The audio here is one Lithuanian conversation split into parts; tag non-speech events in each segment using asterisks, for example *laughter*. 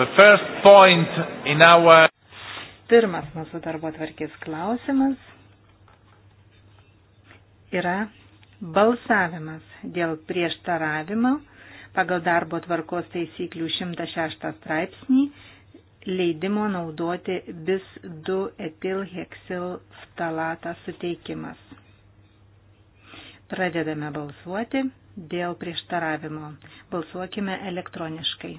The first point in our... Pirmas mūsų darbo tvarkės klausimas yra balsavimas dėl prieštaravimo pagal darbo tvarkos taisyklių 106 straipsnį leidimo naudoti bis 2 etilheksil ftalatą suteikimas. Pradedame balsuoti dėl prieštaravimo. Balsuokime elektroniškai.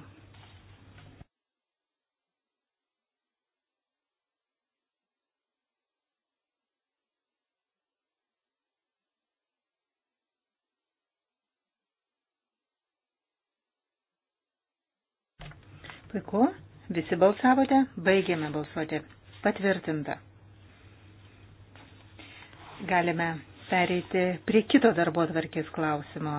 Puiku, visi balsavote, baigėme balsuoti. Patvirtinta. Galime pereiti prie kito darbo atvarkės klausimo.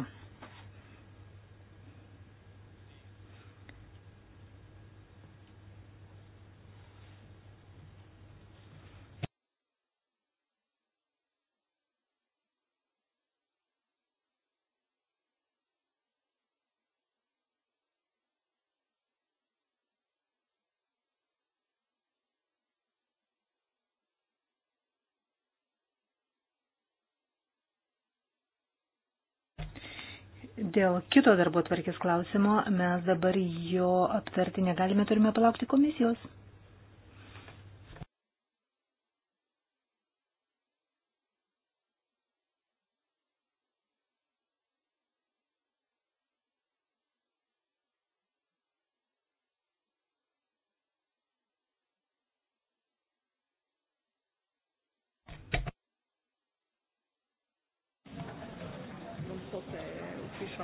Dėl kito darbo tvarkės klausimo mes dabar jo aptarti negalime, turime palaukti komisijos.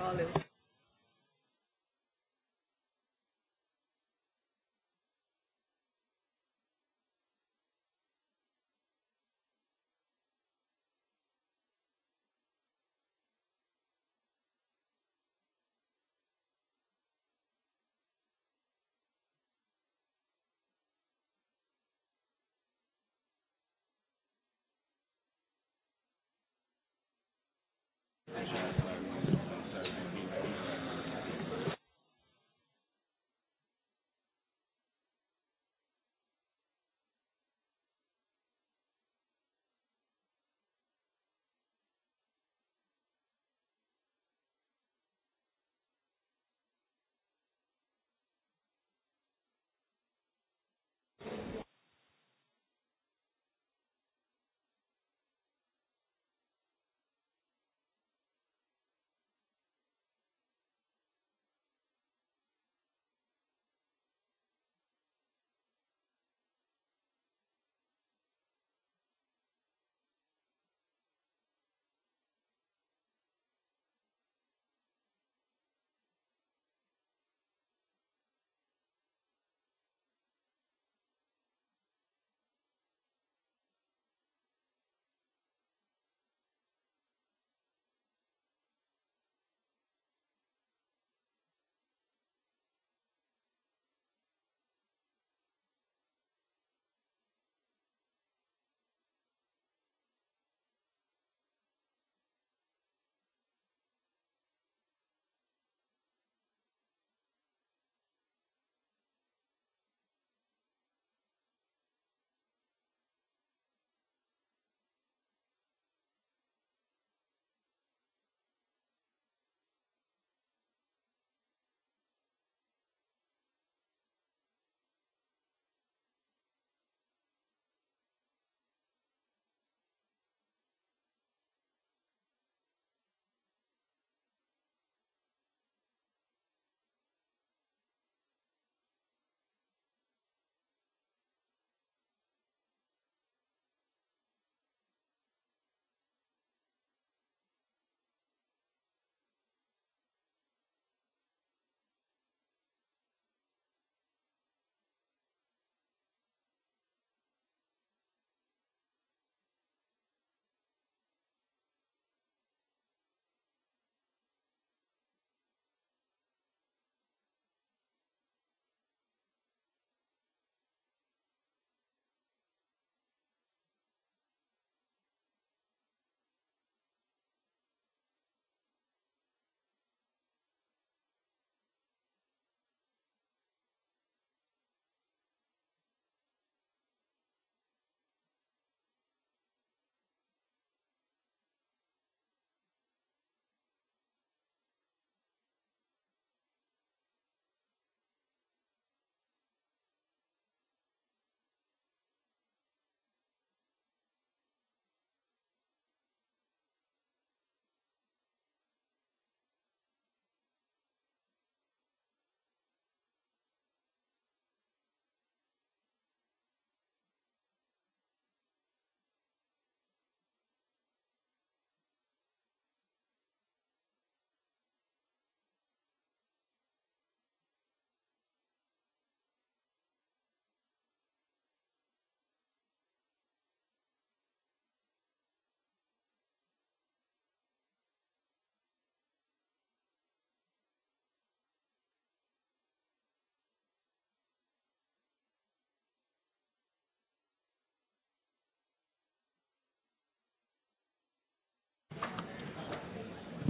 Harlow.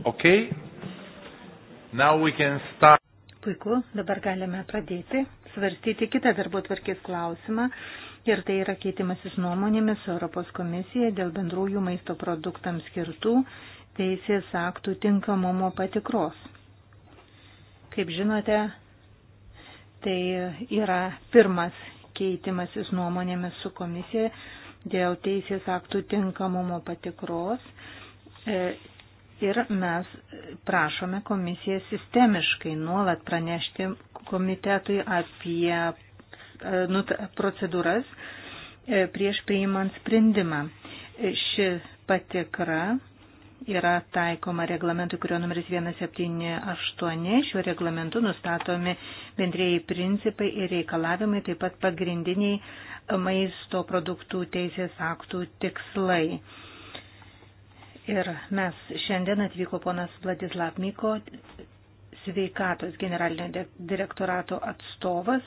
Okay. Now we can start. Puiku, dabar galime pradėti svarstyti kitą darbo tvarkės klausimą ir tai yra keitimasis nuomonėmis Europos komisija dėl bendrųjų maisto produktams skirtų teisės aktų tinkamumo patikros. Kaip žinote, tai yra pirmas keitimasis nuomonėmis su komisija dėl teisės aktų tinkamumo patikros e, Ir mes prašome komisiją sistemiškai nuolat pranešti komitetui apie e, nu, procedūras e, prieš priimant sprendimą. Ši patikra yra taikoma reglamentui, kurio numeris 178. Šiuo reglamentu nustatomi bendrėjai principai ir reikalavimai, taip pat pagrindiniai maisto produktų teisės aktų tikslai. Ir mes šiandien atvyko ponas Vladislav Miko, sveikatos generalinio direktorato atstovas.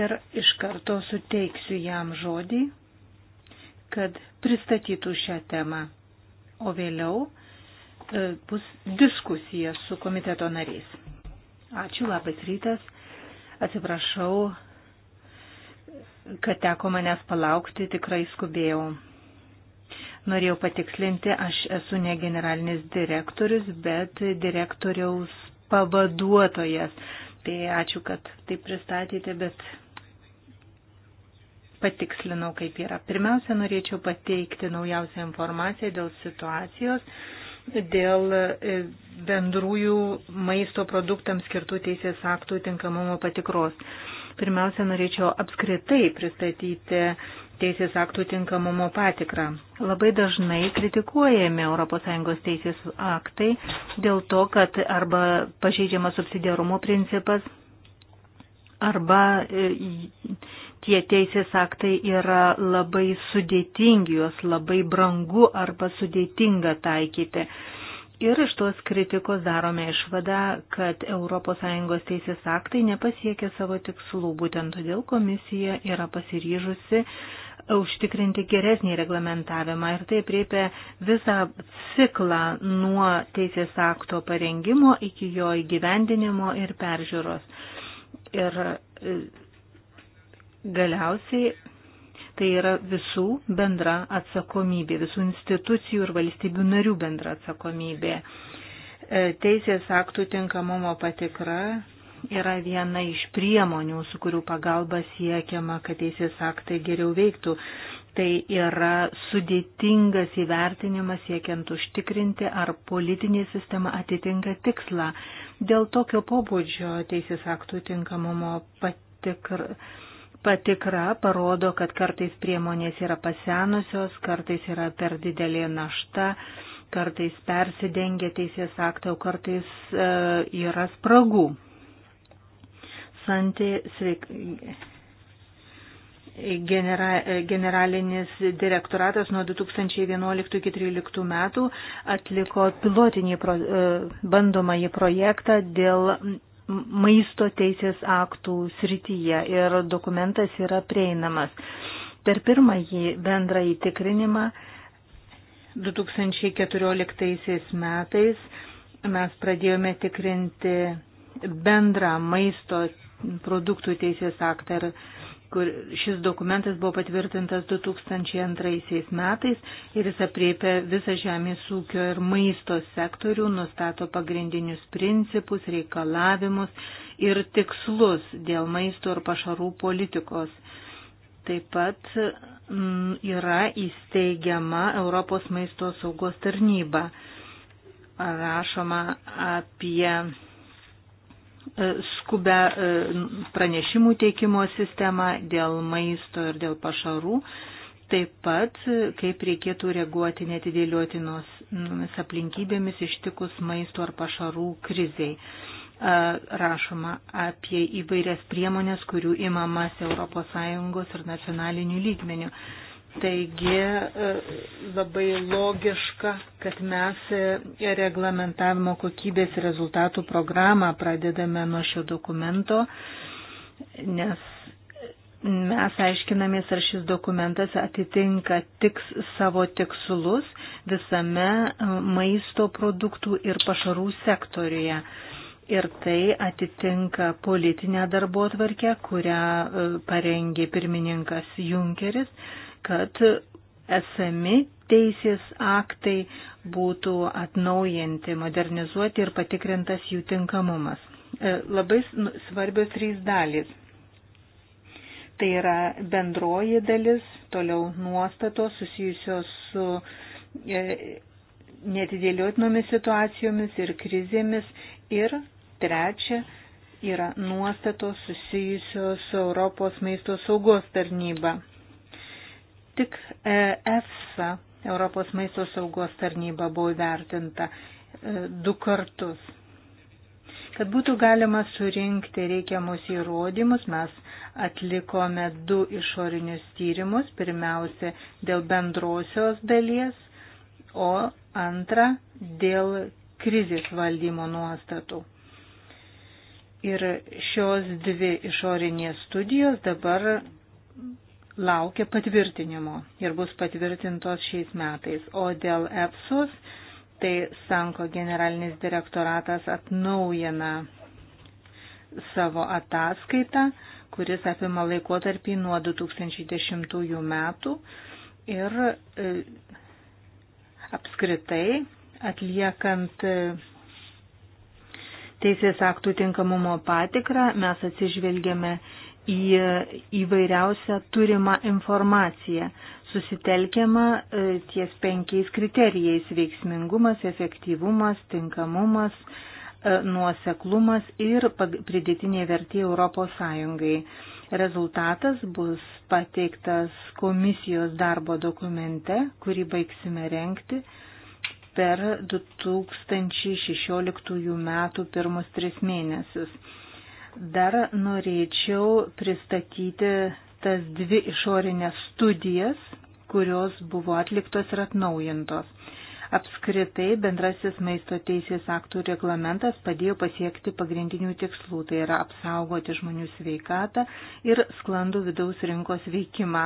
Ir iš karto suteiksiu jam žodį, kad pristatytų šią temą. O vėliau e, bus diskusija su komiteto nariais. Ačiū, labas rytas. Atsiprašau, kad teko manęs palaukti, tikrai skubėjau. Norėjau patikslinti, aš esu ne generalinis direktorius, bet direktoriaus pavaduotojas. Tai ačiū, kad tai pristatėte, bet patikslinau, kaip yra. Pirmiausia, norėčiau pateikti naujausią informaciją dėl situacijos, dėl e, bendrųjų maisto produktams skirtų teisės aktų tinkamumo patikros. Pirmiausia, norėčiau apskritai pristatyti teisės aktų tinkamumo patikrą. Labai dažnai kritikuojami ES teisės aktai dėl to, kad arba pažeidžiamas subsidiarumo principas, arba e, tie teisės aktai yra labai sudėtingi, juos labai brangu arba sudėtinga taikyti. Ir iš tos kritikos darome išvadą, kad ES teisės aktai nepasiekia savo tikslų, būtent todėl komisija yra pasiryžusi užtikrinti geresnį reglamentavimą ir tai priepia visą ciklą nuo teisės akto parengimo iki jo įgyvendinimo ir peržiūros. Ir e, galiausiai tai yra visų bendra atsakomybė, visų institucijų ir valstybių narių bendra atsakomybė. E, teisės aktų tinkamumo patikra yra viena iš priemonių, su kurių pagalba siekiama, kad teisės aktai geriau veiktų. Tai yra sudėtingas įvertinimas siekiant užtikrinti, ar politinė sistema atitinka tikslą. Dėl tokio pobūdžio teisės aktų tinkamumo patikr, patikra parodo, kad kartais priemonės yra pasenusios, kartais yra per didelė našta kartais persidengia teisės aktai, o kartais e, yra spragų. Santi sveik, genera, generalinis direktoratas nuo 2011 iki 2013 metų atliko pilotinį pro, e, bandomąjį projektą dėl maisto teisės aktų srityje ir dokumentas yra prieinamas. Per pirmąjį bendrąjį tikrinimą 2014 metais mes pradėjome tikrinti bendrą maisto produktų teisės aktą, kur šis dokumentas buvo patvirtintas 2002 metais ir jis apriepia visą žemės ūkio ir maisto sektorių, nustato pagrindinius principus, reikalavimus ir tikslus dėl maisto ir pašarų politikos. Taip pat mm, yra įsteigiama Europos maisto saugos tarnyba. Rašoma apie E, skubę e, pranešimų teikimo sistemą dėl maisto ir dėl pašarų, taip pat e, kaip reikėtų reaguoti netidėliotinos aplinkybėmis ištikus maisto ar pašarų kriziai. Rašoma apie įvairias priemonės, kurių imamas ES ir nacionalinių lygmenių. Taigi e, labai logiška, kad mes e, reglamentavimo kokybės rezultatų programą pradedame nuo šio dokumento, nes mes aiškinamės, ar šis dokumentas atitinka tik savo tikslus visame e, maisto produktų ir pašarų sektoriuje. Ir tai atitinka politinę darbo atvarkę, kurią parengė pirmininkas Junkeris kad esami teisės aktai būtų atnaujinti, modernizuoti ir patikrintas jų tinkamumas. E, labai nu, svarbios trys dalys. Tai yra bendroji dalis, toliau nuostatos susijusios su e, netidėliotinomis situacijomis ir krizėmis ir trečia yra nuostatos susijusios su Europos maisto saugos tarnyba. Tik e, EFSA, Europos maisto saugos tarnyba, buvo įvertinta e, du kartus. Kad būtų galima surinkti reikiamus įrodymus, mes atlikome du išorinius tyrimus. Pirmiausia, dėl bendrosios dalies, o antra, dėl krizės valdymo nuostatų. Ir šios dvi išorinės studijos dabar laukia patvirtinimo ir bus patvirtintos šiais metais. O dėl EPSUS, tai Sanko generalinis direktoratas atnaujina savo ataskaitą, kuris apima laikotarpį nuo 2010 metų ir e, apskritai atliekant e, teisės aktų tinkamumo patikrą mes atsižvelgėme į įvairiausią turimą informaciją. Susitelkiama e, ties penkiais kriterijais - veiksmingumas, efektyvumas, tinkamumas, e, nuoseklumas ir pridėtinė vertė Europos Sąjungai. Rezultatas bus pateiktas komisijos darbo dokumente, kurį baigsime renkti per 2016 metų pirmus tris mėnesius. Dar norėčiau pristatyti tas dvi išorinės studijas, kurios buvo atliktos ir atnaujintos. Apskritai bendrasis maisto teisės aktų reglamentas padėjo pasiekti pagrindinių tikslų, tai yra apsaugoti žmonių sveikatą ir sklandų vidaus rinkos veikimą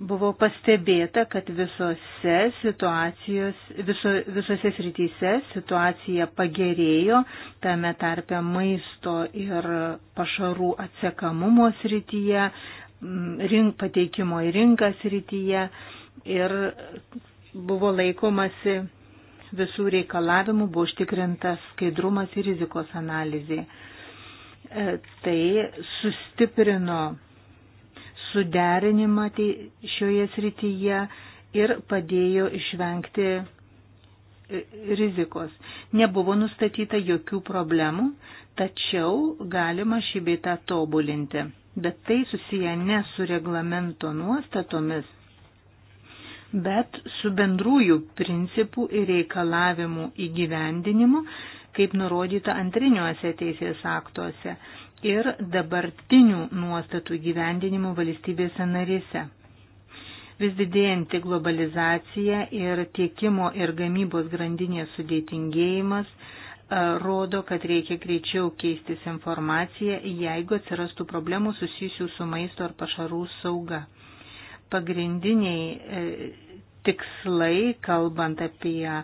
buvo pastebėta, kad visose situacijos, viso, visose srityse situacija pagerėjo, tame tarpe maisto ir pašarų atsekamumo srityje, rink, pateikimo į rinką srityje ir buvo laikomasi visų reikalavimų, buvo užtikrintas skaidrumas ir rizikos analizė. E, tai sustiprino suderinimą šioje srityje ir padėjo išvengti e, rizikos. Nebuvo nustatyta jokių problemų, tačiau galima šį beitą tobulinti. Bet tai susiję ne su reglamento nuostatomis, bet su bendrųjų principų ir reikalavimų įgyvendinimu, kaip nurodyta antriniuose teisės aktuose ir dabartinių nuostatų gyvendinimu valstybėse narėse. Vis didėjanti globalizacija ir tiekimo ir gamybos grandinės sudėtingėjimas e, rodo, kad reikia greičiau keistis informaciją, jeigu atsirastų problemų susijusių su maisto ar pašarų sauga. Pagrindiniai e, tikslai, kalbant apie e,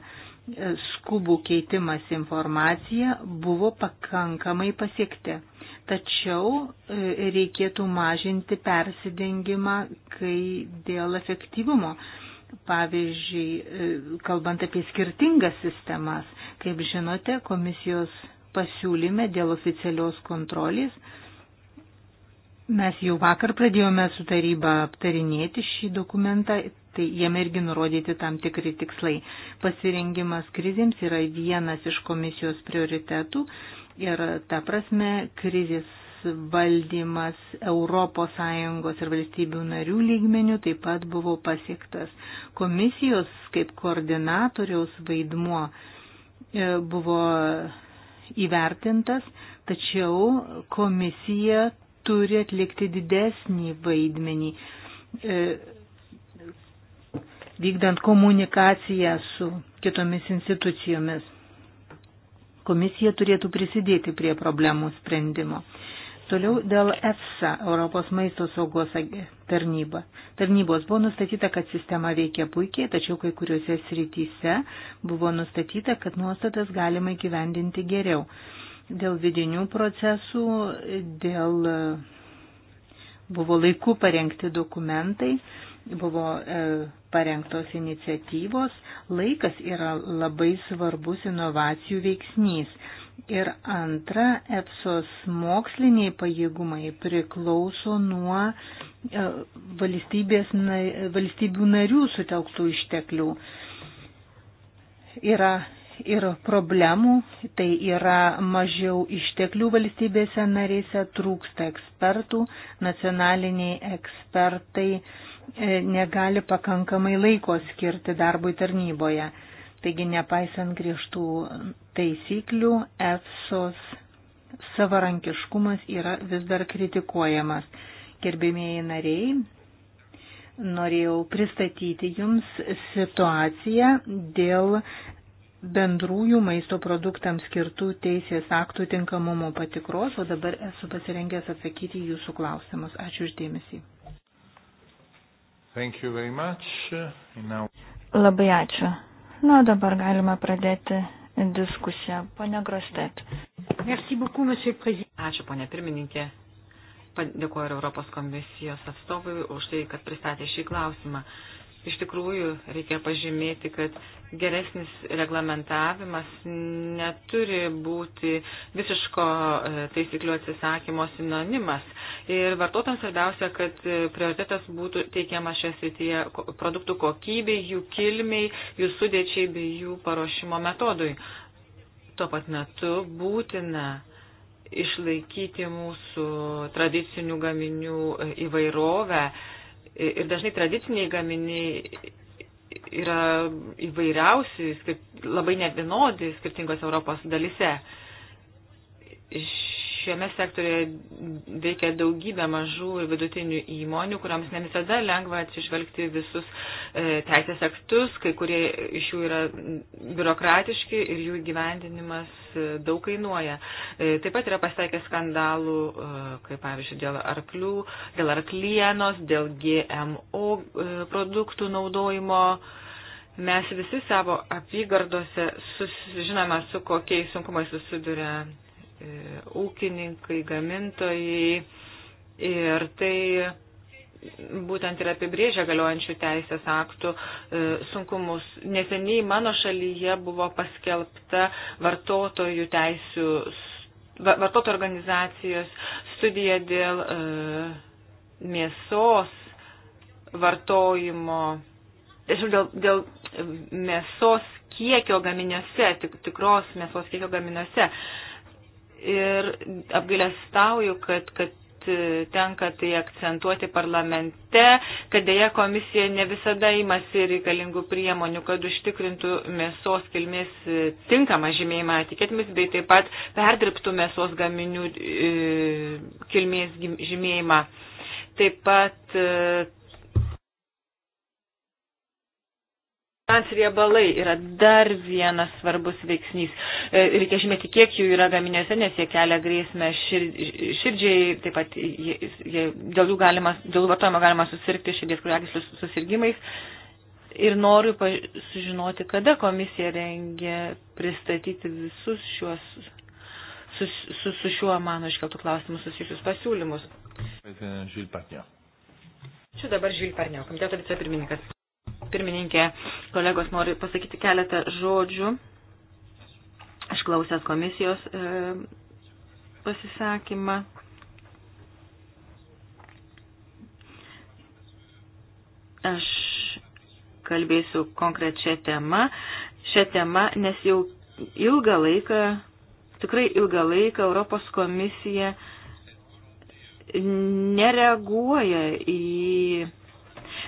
skubų keitimas informacija, buvo pakankamai pasiekti. Tačiau e, reikėtų mažinti persidengimą, kai dėl efektyvumo. Pavyzdžiui, e, kalbant apie skirtingas sistemas, kaip žinote, komisijos pasiūlyme dėl oficialios kontrolės mes jau vakar pradėjome su taryba aptarinėti šį dokumentą, tai jame irgi nurodyti tam tikri tikslai. Pasirengimas krizėms yra vienas iš komisijos prioritetų Ir ta prasme, krizės valdymas ES ir valstybių narių lygmenių taip pat buvo pasiektas. Komisijos kaip koordinatoriaus vaidmuo e, buvo įvertintas, tačiau komisija turi atlikti didesnį vaidmenį e, vykdant komunikaciją su kitomis institucijomis komisija turėtų prisidėti prie problemų sprendimo. Toliau dėl EFSA, Europos maisto saugos tarnyba. Tarnybos buvo nustatyta, kad sistema veikia puikiai, tačiau kai kuriuose srityse buvo nustatyta, kad nuostatas galima įgyvendinti geriau. Dėl vidinių procesų, dėl buvo laiku parengti dokumentai, buvo e, parengtos iniciatyvos, laikas yra labai svarbus inovacijų veiksnys. Ir antra, EPSOS moksliniai pajėgumai priklauso nuo e, valstybių narių sutelktų išteklių. Yra ir problemų, tai yra mažiau išteklių valstybėse narėse, trūksta ekspertų, nacionaliniai ekspertai E, negali pakankamai laiko skirti darbui tarnyboje. Taigi, nepaisant griežtų taisyklių, EFSOS savarankiškumas yra vis dar kritikuojamas. Gerbėmėjai nariai, norėjau pristatyti Jums situaciją dėl bendrųjų maisto produktams skirtų teisės aktų tinkamumo patikros, o dabar esu pasirengęs atsakyti Jūsų klausimus. Ačiū uždėmesį. Thank you very much. Now... Labai ačiū. Na, dabar galima pradėti diskusiją. Pone Grostet. Merci beaucoup, monsieur président. Ačiū, ponė pirmininkė. Dėkuoju Europos komisijos atstovui už tai, kad pristatė šį klausimą. Uh, Iš tikrųjų, reikia pažymėti, kad geresnis reglamentavimas neturi būti visiško e, taisyklių atsisakymo sinonimas. Ir vartotams svarbiausia, kad prioritetas būtų teikiamas šią srityje produktų kokybei, jų kilmiai, jų sudėčiai bei jų paruošimo metodui. Tuo pat metu būtina išlaikyti mūsų tradicinių gaminių e, įvairovę ir dažnai tradiciniai gaminiai yra įvairiausi, labai nevienodi skirtingose Europos dalise šiame sektorėje veikia daugybė mažų ir vidutinių įmonių, kuriams ne visada lengva atsižvelgti visus e, teisės aktus, kai kurie iš jų yra biurokratiški ir jų gyvendinimas e, daug kainuoja. E, taip pat yra pasitaikę skandalų, e, kaip pavyzdžiui, dėl arklių, dėl arklienos, dėl GMO e, produktų naudojimo. Mes visi savo apygardose susižinome, su kokiais sunkumais susiduria E, ūkininkai, gamintojai ir tai būtent ir apibrėžia galiojančių teisės aktų e, sunkumus. Neseniai mano šalyje buvo paskelbta vartotojų teisių, vartotojų organizacijos studija dėl e, mėsos vartojimo, dėl, dėl mėsos kiekio gaminiuose, tik, tikros mėsos kiekio gaminiuose ir apgailestauju, kad, kad e, tenka tai akcentuoti parlamente, kad dėja komisija ne visada imasi reikalingų priemonių, kad užtikrintų mėsos kilmės e, tinkamą žymėjimą etiketėmis, bei taip pat perdirbtų mėsos gaminių e, kilmės žymėjimą. Taip pat Transriebalai yra dar vienas svarbus veiksnys. E, reikia žymėti, kiek jų yra gaminiuose, nes jie kelia grėsmę šir, širdžiai, taip pat jie, jie, dėl jų galima, dėl vartojimo galima susirgti širdies kraujagyslių susirgymais. Ir noriu sužinoti, kada komisija rengia pristatyti visus šiuos su, su, su šiuo mano iškeltų klausimų susijusius pasiūlymus. Čia dabar Žilparnio, komiteto vicepirmininkas pirmininkė, kolegos, noriu pasakyti keletą žodžių. Aš klausęs komisijos e, pasisakymą. Aš kalbėsiu konkrečią temą. Šią temą, nes jau ilgą laiką, tikrai ilgą laiką Europos komisija nereaguoja į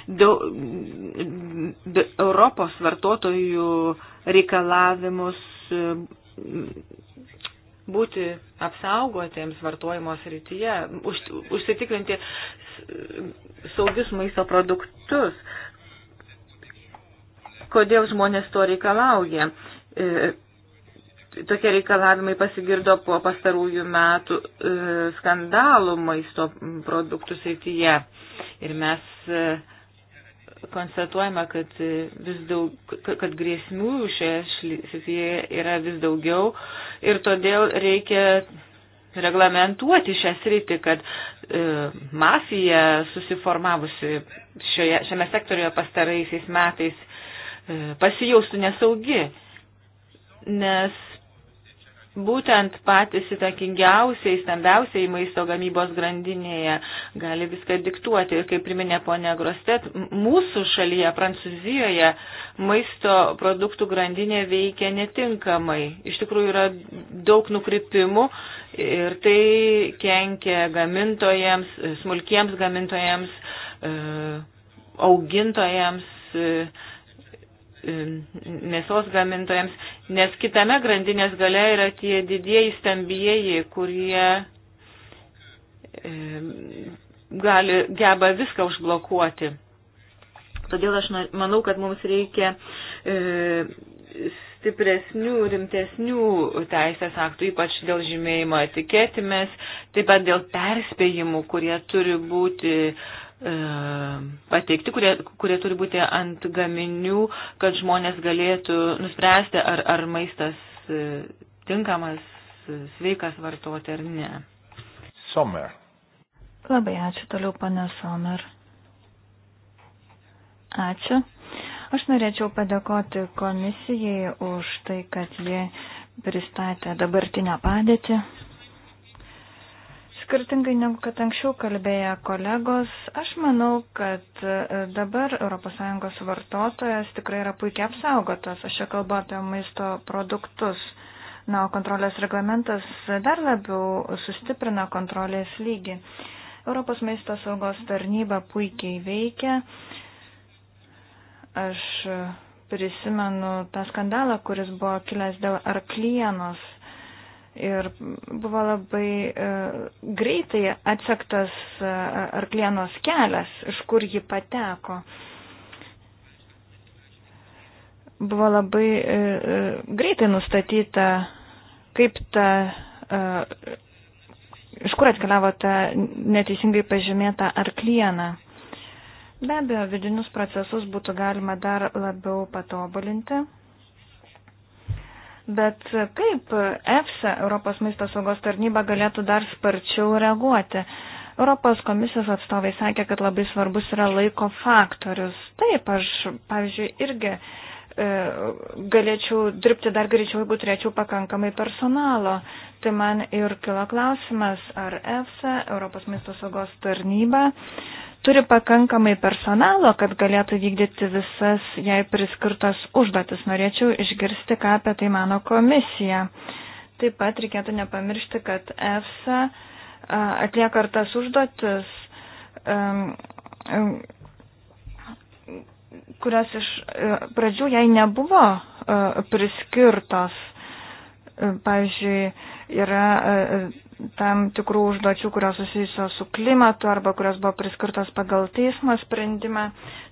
daug, da, Europos vartotojų reikalavimus e, būti apsaugotiems vartojimo srityje, už, užsitikrinti saugius maisto produktus. Kodėl žmonės to reikalauja? E, tokie reikalavimai pasigirdo po pastarųjų metų e, skandalų maisto produktų srityje. Ir mes konstatuojama, kad, vis daug, kad grėsmių šioje srityje yra vis daugiau ir todėl reikia reglamentuoti šią sritį, kad e, mafija susiformavusi šioje, šiame sektoriuje pastaraisiais metais e, pasijaustų nesaugi, nes būtent patys įtakingiausiai, stambiausiai maisto gamybos grandinėje gali viską diktuoti. Ir kaip priminė ponia Grostet, mūsų šalyje, Prancūzijoje, maisto produktų grandinė veikia netinkamai. Iš tikrųjų yra daug nukrypimų ir tai kenkia gamintojams, smulkiems gamintojams, e, augintojams e, mėsos gamintojams, nes kitame grandinės gale yra tie didieji stambieji, kurie gali, geba viską užblokuoti. Todėl aš manau, kad mums reikia e, stipresnių, rimtesnių teisės aktų, ypač dėl žymėjimo etiketimės, taip pat dėl perspėjimų, kurie turi būti uh, E, pateikti, kurie, kurie turi būti ant gaminių, kad žmonės galėtų nuspręsti, ar, ar maistas e, tinkamas, e, sveikas vartoti ar ne. Somer. Labai ačiū toliau, pane Somer. Ačiū. Aš norėčiau padėkoti komisijai už tai, kad jie pristatė dabartinę padėtį. Skirtingai negu kad anksčiau kalbėjo kolegos, aš manau, kad e, dabar ES vartotojas tikrai yra puikiai apsaugotas. Aš čia kalbu apie maisto produktus. Na, o kontrolės reglamentas dar labiau sustiprina kontrolės lygį. Europos maisto saugos tarnyba puikiai veikia. Aš e, prisimenu tą skandalą, kuris buvo kilęs dėl arklienos ir buvo labai e, greitai atsektas e, arklienos kelias, iš kur ji pateko. Buvo labai e, greitai nustatyta, kaip ta, iš kur atkeliavo ta neteisingai pažymėta arkliena. Be abejo, vidinius procesus būtų galima dar labiau patobulinti. Bet kaip EFSA, Europos maisto saugos tarnyba, galėtų dar sparčiau reaguoti? Europos komisijos atstovai sakė, kad labai svarbus yra laiko faktorius. Taip, aš, pavyzdžiui, irgi e, galėčiau dirbti dar greičiau, jeigu turėčiau pakankamai personalo. Tai man ir kilo klausimas, ar EFSA, Europos maisto saugos tarnyba, e, turi pakankamai personalo, kad galėtų vykdyti visas jai priskirtas užduotis. Norėčiau išgirsti, ką apie tai mano komisija. Taip pat reikėtų nepamiršti, kad EFSA atlieka ir tas užduotis, kurios iš e, pradžių jai nebuvo e, priskirtos. Pavyzdžiui, yra e, tam tikrų užduočių, kurios susijusios su klimatu arba kurios buvo priskirtos pagal teismo sprendimą.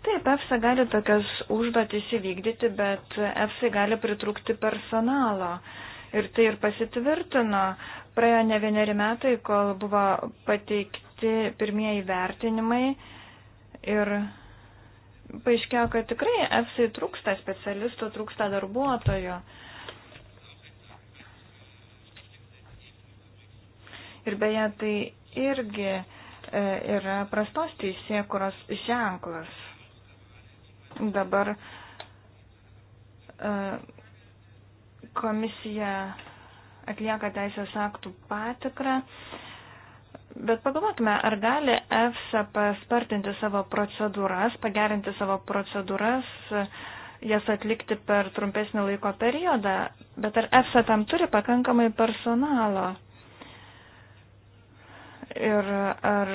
Taip, EFSA gali tokias užduotis įvykdyti, bet EFSA gali pritrūkti personalo. Ir tai ir pasitvirtino. Praėjo ne vieneri metai, kol buvo pateikti pirmieji vertinimai. Ir paaiškėjo, kad tikrai EFSA trūksta specialistų, trūksta darbuotojų. Ir beje, tai irgi e, yra prastos teisėkuros ženklas. Dabar e, komisija atlieka teisės aktų patikrą, bet pagalvokime, ar gali EFSA paspartinti savo procedūras, pagerinti savo procedūras, jas atlikti per trumpesnį laiko periodą, bet ar EFSA tam turi pakankamai personalo? ir ar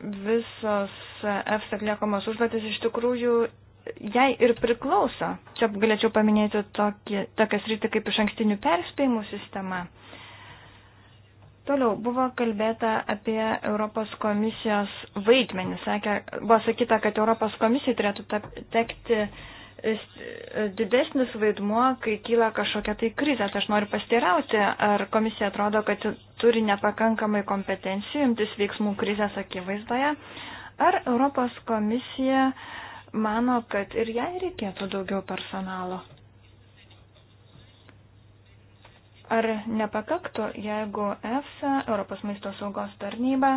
visos EFSA atliekamos užduotis iš tikrųjų jai ir priklauso. Čia galėčiau paminėti tokį, tokią sritį kaip iš ankstinių perspėjimų sistema. Toliau buvo kalbėta apie Europos komisijos vaidmenį. Sakė, buvo sakyta, kad Europos komisijai turėtų tap, tekti uh, didesnis vaidmuo, kai kyla kažkokia tai krizė. Tai aš noriu pasteirauti, ar komisija atrodo, kad turi nepakankamai kompetencijų imtis veiksmų krizės akivaizdoje, ar Europos komisija mano, kad ir jai reikėtų daugiau personalo. Ar nepakaktų, jeigu EFSA, Europos maisto saugos tarnyba,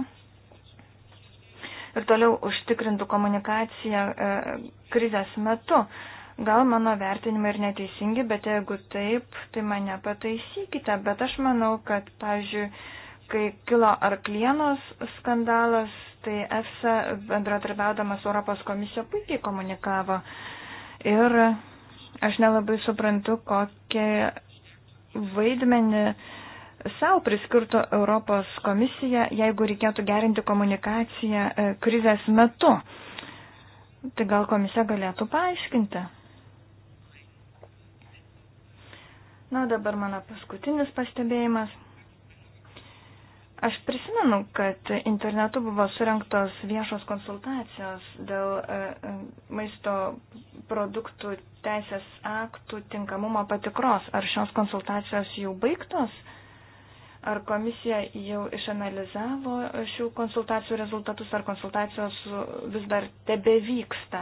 ir toliau užtikrintų komunikaciją e, krizės metu. Gal mano vertinimai ir neteisingi, bet jeigu taip, tai mane pataisykite. Bet aš manau, kad, pavyzdžiui, kai kilo arklienos skandalas, tai EFSA bendratarbiaudamas Europos komisija puikiai komunikavo. Ir aš nelabai suprantu, kokie vaidmenį uh, savo priskirtų Europos komisiją, jeigu reikėtų gerinti komunikaciją e, krizės metu. Tai gal komisija galėtų paaiškinti? Na, dabar mano paskutinis pastebėjimas. Aš prisimenu, kad internetu buvo surinktos viešos konsultacijos dėl e, e, maisto produktų teisės aktų tinkamumo patikros. Ar šios konsultacijos jau baigtos? Ar komisija jau išanalizavo šių konsultacijų rezultatus, ar konsultacijos vis dar tebe vyksta?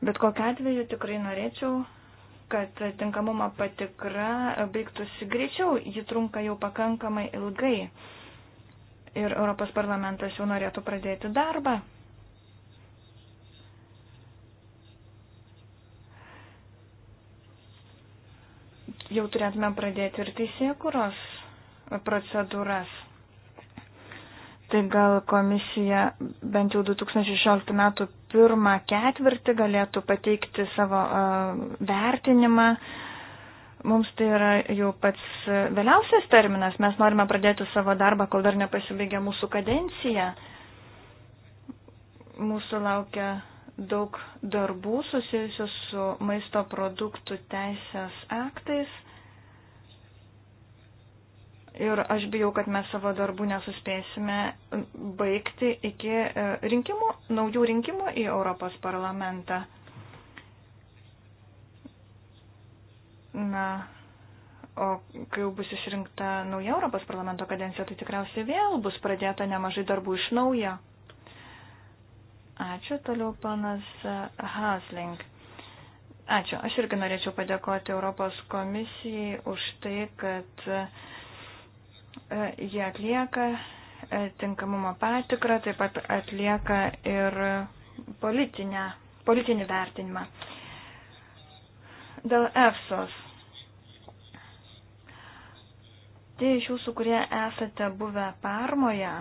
Bet kokiu atveju tikrai norėčiau, kad tinkamumo patikra baigtųsi greičiau, ji trunka jau pakankamai ilgai ir Europos parlamentas jau norėtų pradėti darbą. jau turėtume pradėti ir teisėkuros procedūras. Tai gal komisija bent jau 2016 metų pirmą ketvirtį galėtų pateikti savo uh, vertinimą. Mums tai yra jau pats vėliausias terminas. Mes norime pradėti savo darbą, kol dar nepasibaigė mūsų kadencija. Mūsų laukia daug darbų susijusių su maisto produktų teisės aktais. Ir aš bijau, kad mes savo darbų nesuspėsime baigti iki e, rinkimų, naujų rinkimų į Europos parlamentą. Na, o kai jau bus išrinkta nauja Europos parlamento kadencija, tai tikriausiai vėl bus pradėta nemažai darbų iš naujo. Ačiū. Toliau panas Hasling. Ačiū. Aš irgi norėčiau padėkoti Europos komisijai už tai, kad e, jie atlieka e, tinkamumo patikrą, taip pat atlieka ir politinę, politinį vertinimą. Dėl EFSOS. Tai iš jūsų, kurie esate buvę parmoje,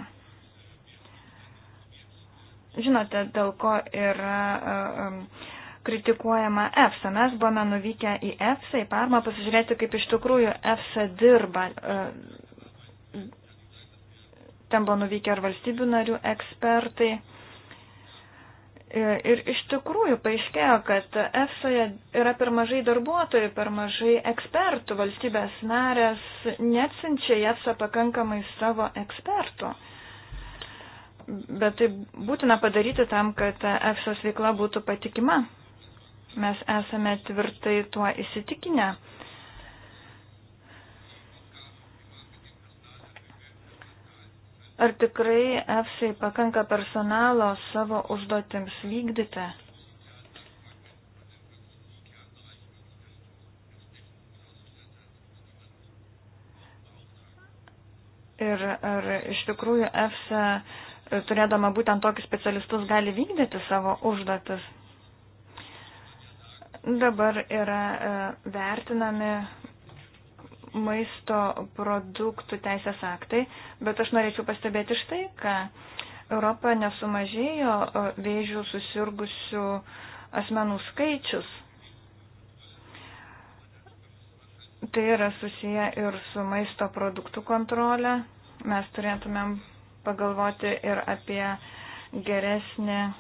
Žinote, dėl ko yra e, e, kritikuojama EFSA. Mes buvome nuvykę į EFSA, į Parmą, pasižiūrėti, kaip iš tikrųjų EFSA dirba. E, ten buvo nuvykę ir valstybių narių ekspertai. Ir iš tikrųjų paaiškėjo, kad EFSOje yra per mažai darbuotojų, per mažai ekspertų. Valstybės narės neatsinčia į EFSA pakankamai savo ekspertų bet tai būtina padaryti tam, kad EFSOS veikla būtų patikima. Mes esame tvirtai tuo įsitikinę. Ar tikrai EFSAI pakanka personalo savo užduotims vykdyti? Ir ar iš tikrųjų EFSA turėdama būtent tokius specialistus, gali vykdyti savo užduotis. Dabar yra e, vertinami maisto produktų teisės aktai, bet aš norėčiau pastebėti štai, kad Europoje nesumažėjo e, vėžių susirgusių asmenų skaičius. Tai yra susiję ir su maisto produktų kontrolė. Mes turėtumėm pagalvoti ir apie geresnį e,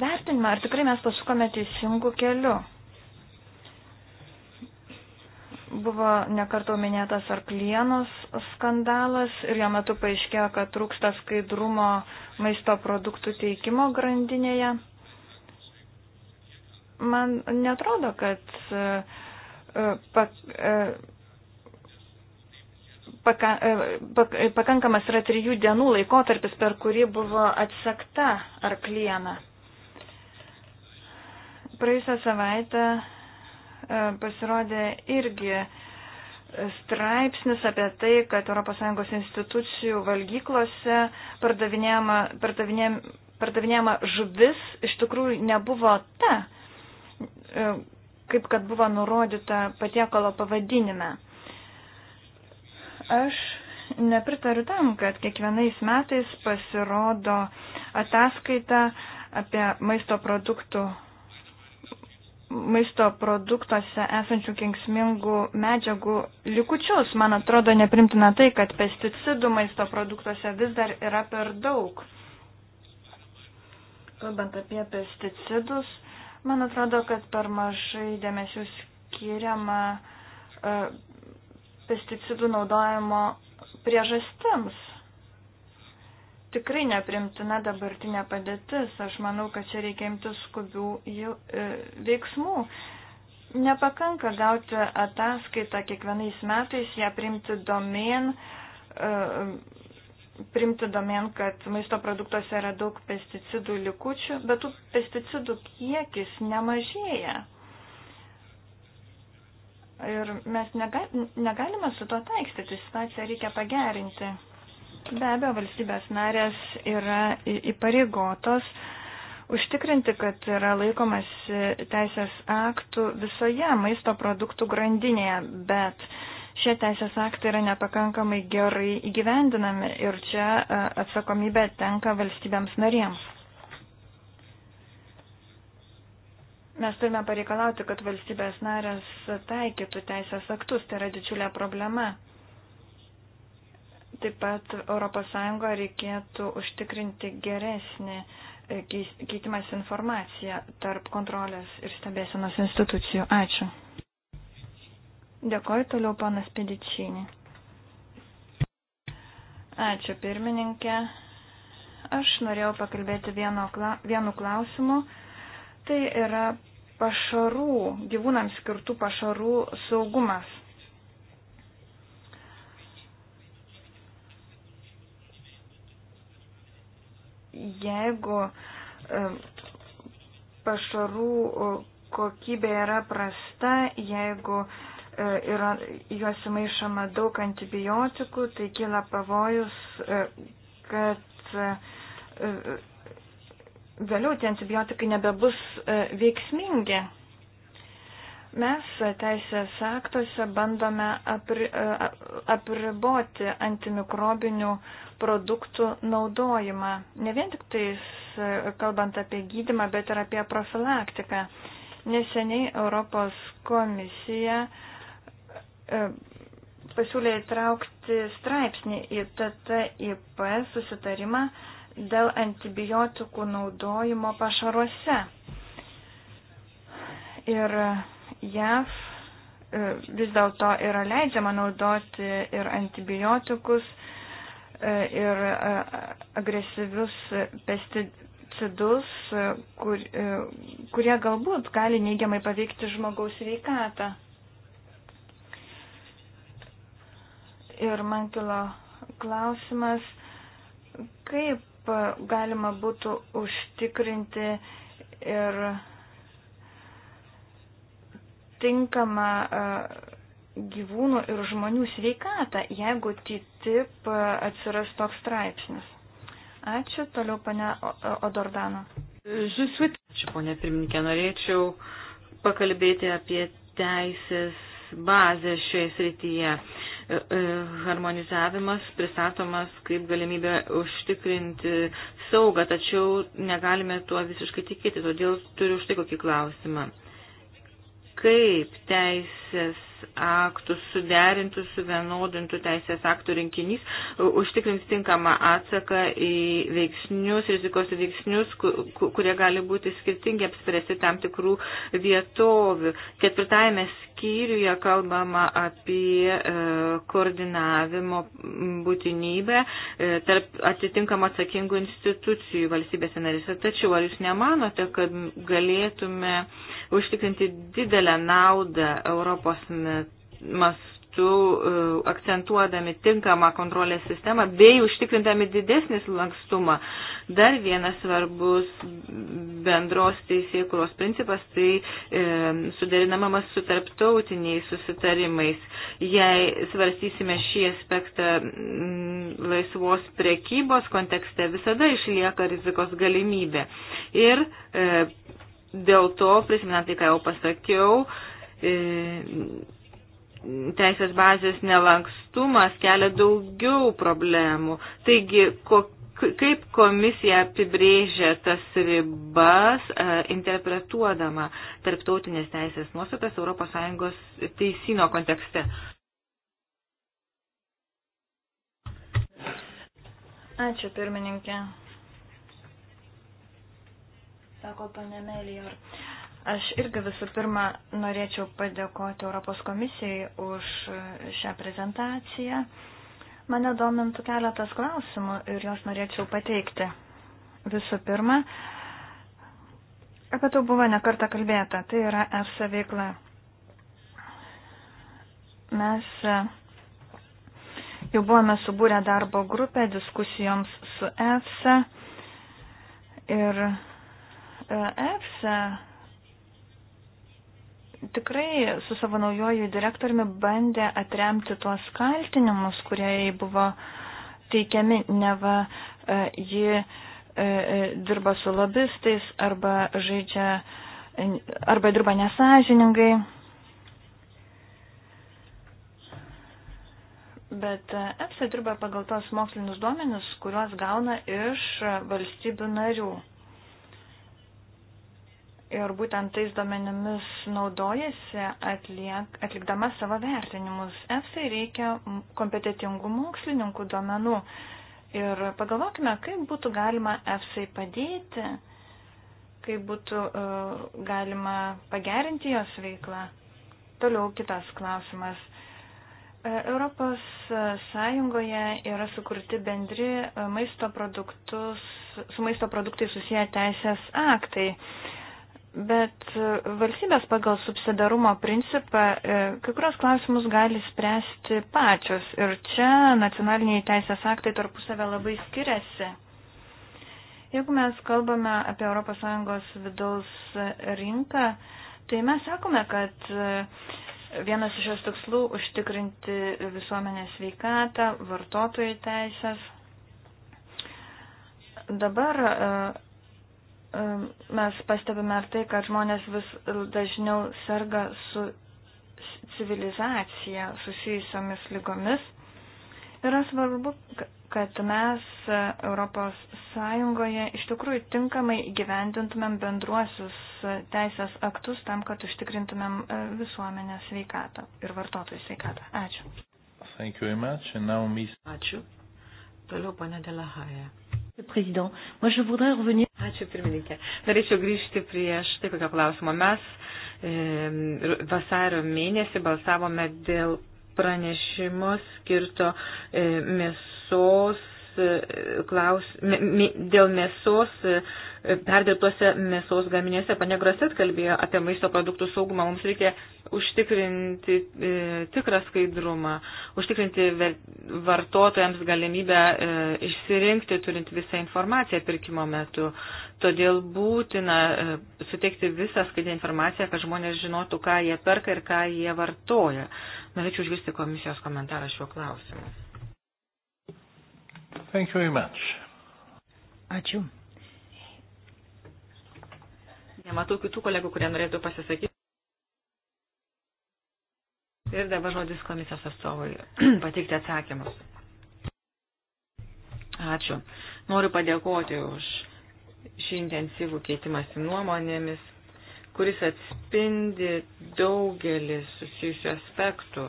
vertinimą, ar tikrai mes pasukome teisingų kelių. Buvo nekartau minėtas arklienos skandalas ir jo metu paaiškėjo, kad trūksta skaidrumo maisto produktų teikimo grandinėje. Man netrodo, kad e, e, E, pakankamas yra trijų dienų laikotarpis, per kurį buvo atsekta arkliena. Praėjusią savaitę e, pasirodė irgi straipsnis apie tai, kad ES institucijų valgyklose pardavinėjama, pardavinėjama, pardavinėjama žuvis iš tikrųjų nebuvo ta, e, kaip kad buvo nurodyta patiekalo pavadinime. Aš nepritariu tam, kad kiekvienais metais pasirodo ataskaita apie maisto produktų maisto produktuose esančių kenksmingų medžiagų likučius. Man atrodo neprimtina tai, kad pesticidų maisto produktuose vis dar yra per daug. Kalbant apie pesticidus, man atrodo, kad per mažai dėmesio skiriama uh, pesticidų naudojimo priežastims. Tikrai neprimtina dabartinė padėtis. Aš manau, kad čia reikia imtis skubių e, veiksmų. Nepakanka gauti ataskaitą kiekvienais metais, ją priimti domen, e, primti domen, kad maisto produktuose yra daug pesticidų likučių, bet tų pesticidų kiekis nemažėja. Ir mes nega, negalime su tuo taikstyti, situaciją reikia pagerinti. Be abejo, valstybės narės yra įpareigotos užtikrinti, kad yra laikomas e, teisės aktų visoje maisto produktų grandinėje, bet šie teisės aktai yra nepakankamai gerai įgyvendinami ir čia e, atsakomybė tenka valstybėms narėms. Mes turime pareikalauti, kad valstybės narės taikytų teisės aktus, tai yra didžiulė problema. Taip pat ES reikėtų užtikrinti geresnį e, keitimas informacija tarp kontrolės ir stebėsenos institucijų. Ačiū. Dėkoju toliau panas Pedičinį. Ačiū pirmininkė. Aš norėjau pakalbėti vieno, vienu klausimu, tai yra pašarų, gyvūnams skirtų pašarų saugumas. Jeigu e, pašarų e, kokybė yra prasta, jeigu e, yra, juos maišama daug antibiotikų, tai kyla pavojus, kad vėliau tie antibiotikai nebebus e, veiksmingi. Mes teisės aktuose bandome apri, e, apriboti antimikrobinių produktų naudojimą. Ne vien tik tais e, kalbant apie gydimą, bet ir apie profilaktiką. Neseniai Europos komisija pasiūlė įtraukti straipsnį į TTIP susitarimą dėl antibiotikų naudojimo pašaruose. Ir JAV e, vis dėlto yra leidžiama naudoti ir antibiotikus, e, ir e, agresyvius pesticidus, kur, kurie galbūt gali neigiamai paveikti žmogaus veikatą. Ir man kilo klausimas, kaip kaip galima būtų užtikrinti ir tinkamą gyvūnų ir žmonių sveikatą, jeigu TTIP atsiras toks straipsnis. Ačiū, toliau pane Odordano. Ačiū, ponė pirmininkė, norėčiau pakalbėti apie teisės bazę šioje srityje. E, e, harmonizavimas pristatomas kaip galimybė užtikrinti saugą, tačiau negalime tuo visiškai tikėti, todėl turiu štai kokį klausimą. Kaip teisės aktus suderintų, suvienodintų teisės aktų rinkinys užtikrins tinkamą atsaką į veiksnius, rizikos veiksnius, kurie gali būti skirtingi apspręsti tam tikrų vietovių. Ketvirtajame skyriuje kalbama apie e, koordinavimo būtinybę e, tarp atitinkamų atsakingų institucijų valstybėse narise. Tačiau ar jūs nemanote, kad galėtume užtikrinti didelę naudą Europos mastu, e, akcentuodami tinkamą kontrolės sistemą bei užtikrintami didesnis lankstumą. Dar vienas svarbus bendros teisėkuros principas - tai e, suderinamamas su tarptautiniais susitarimais. Jei svarstysime šį aspektą m, mm, laisvos prekybos kontekste, visada išlieka rizikos galimybė. Ir e, dėl to, prisimenant tai, ką jau pasakiau, e, teisės bazės nelankstumas kelia daugiau problemų. Taigi, kokie kaip komisija apibrėžia tas ribas, e, interpretuodama tarptautinės teisės nuostatas ES teisino kontekste? Ačiū, pirmininkė. Sako panemelį, ar Aš irgi visų pirma norėčiau padėkoti Europos komisijai už šią prezentaciją. Mane domintų keletas klausimų ir juos norėčiau pateikti. Visų pirma, apie tai buvo nekarta kalbėta, tai yra EFSA veikla. Mes e, jau buvome subūrę darbo grupę diskusijoms su EFSA ir e, EFSA tikrai su savo naujoju direktoriumi bandė atremti tuos kaltinimus, kurie jai buvo teikiami, neva e, ji e, e, dirba su lobistais arba žaidžia, arba dirba nesažiningai. Bet EPSA dirba pagal tos mokslinius duomenis, kuriuos gauna iš valstybių narių ir būtent tais duomenimis naudojasi atliek, atlikdama savo vertinimus. EFSA reikia kompetitingų mokslininkų duomenų ir pagalvokime, kaip būtų galima EFSA padėti, kaip būtų uh, galima pagerinti jos veiklą. Toliau kitas klausimas. E, Europos Sąjungoje yra sukurti bendri e, maisto produktus, su maisto produktai susiję teisės aktai. Uh, Bet e, valstybės pagal subsidarumo principą e, kai kurios klausimus gali spręsti pačios. Ir čia nacionaliniai teisės aktai tarpusavę labai skiriasi. Jeigu mes kalbame apie ES vidaus rinką, tai mes sakome, kad e, vienas iš jos tikslų užtikrinti visuomenės veikatą, vartotojų teisės. Dabar mes pastebime ir tai, kad žmonės vis dažniau serga su civilizacija susijusiomis lygomis. Yra svarbu, kad mes e, Europos Sąjungoje iš tikrųjų tinkamai gyvendintumėm bendruosius e, teisės aktus tam, kad užtikrintumėm e, visuomenės sveikatą ir vartotojų sveikatą. Ačiū. Thank you very much. And now, Miss... Ačiū. Toliau, ponė Delahaja. Président, moi je voudrais revenir Ačiū pirmininkė. Norėčiau grįžti prie štai kokio klausimo. Mes e, vasario mėnesį balsavome dėl pranešimo skirto e, mėsos E, klaus, dėl mėsos, e, perdėtuose mėsos gaminėse, panegrasit kalbėjo apie maisto produktų saugumą, mums reikia užtikrinti e, tikrą skaidrumą, užtikrinti vartotojams galimybę e, išsirinkti, turint visą informaciją pirkimo metu. Todėl būtina e, suteikti visą skaidrę informaciją, kad žmonės žinotų, ką jie perka ir ką jie vartoja. Norėčiau išgirsti komisijos komentarą šiuo klausimu. Thank you very much. Ačiū. Nematau kitų kolegų, kurie norėtų pasisakyti. Ir dabar žodis komisijos atstovui *clears throat* pateikti atsakymus. Ačiū. Noriu padėkoti už šį intensyvų keitimąsi nuomonėmis, kuris atspindi daugelį susijusių aspektų.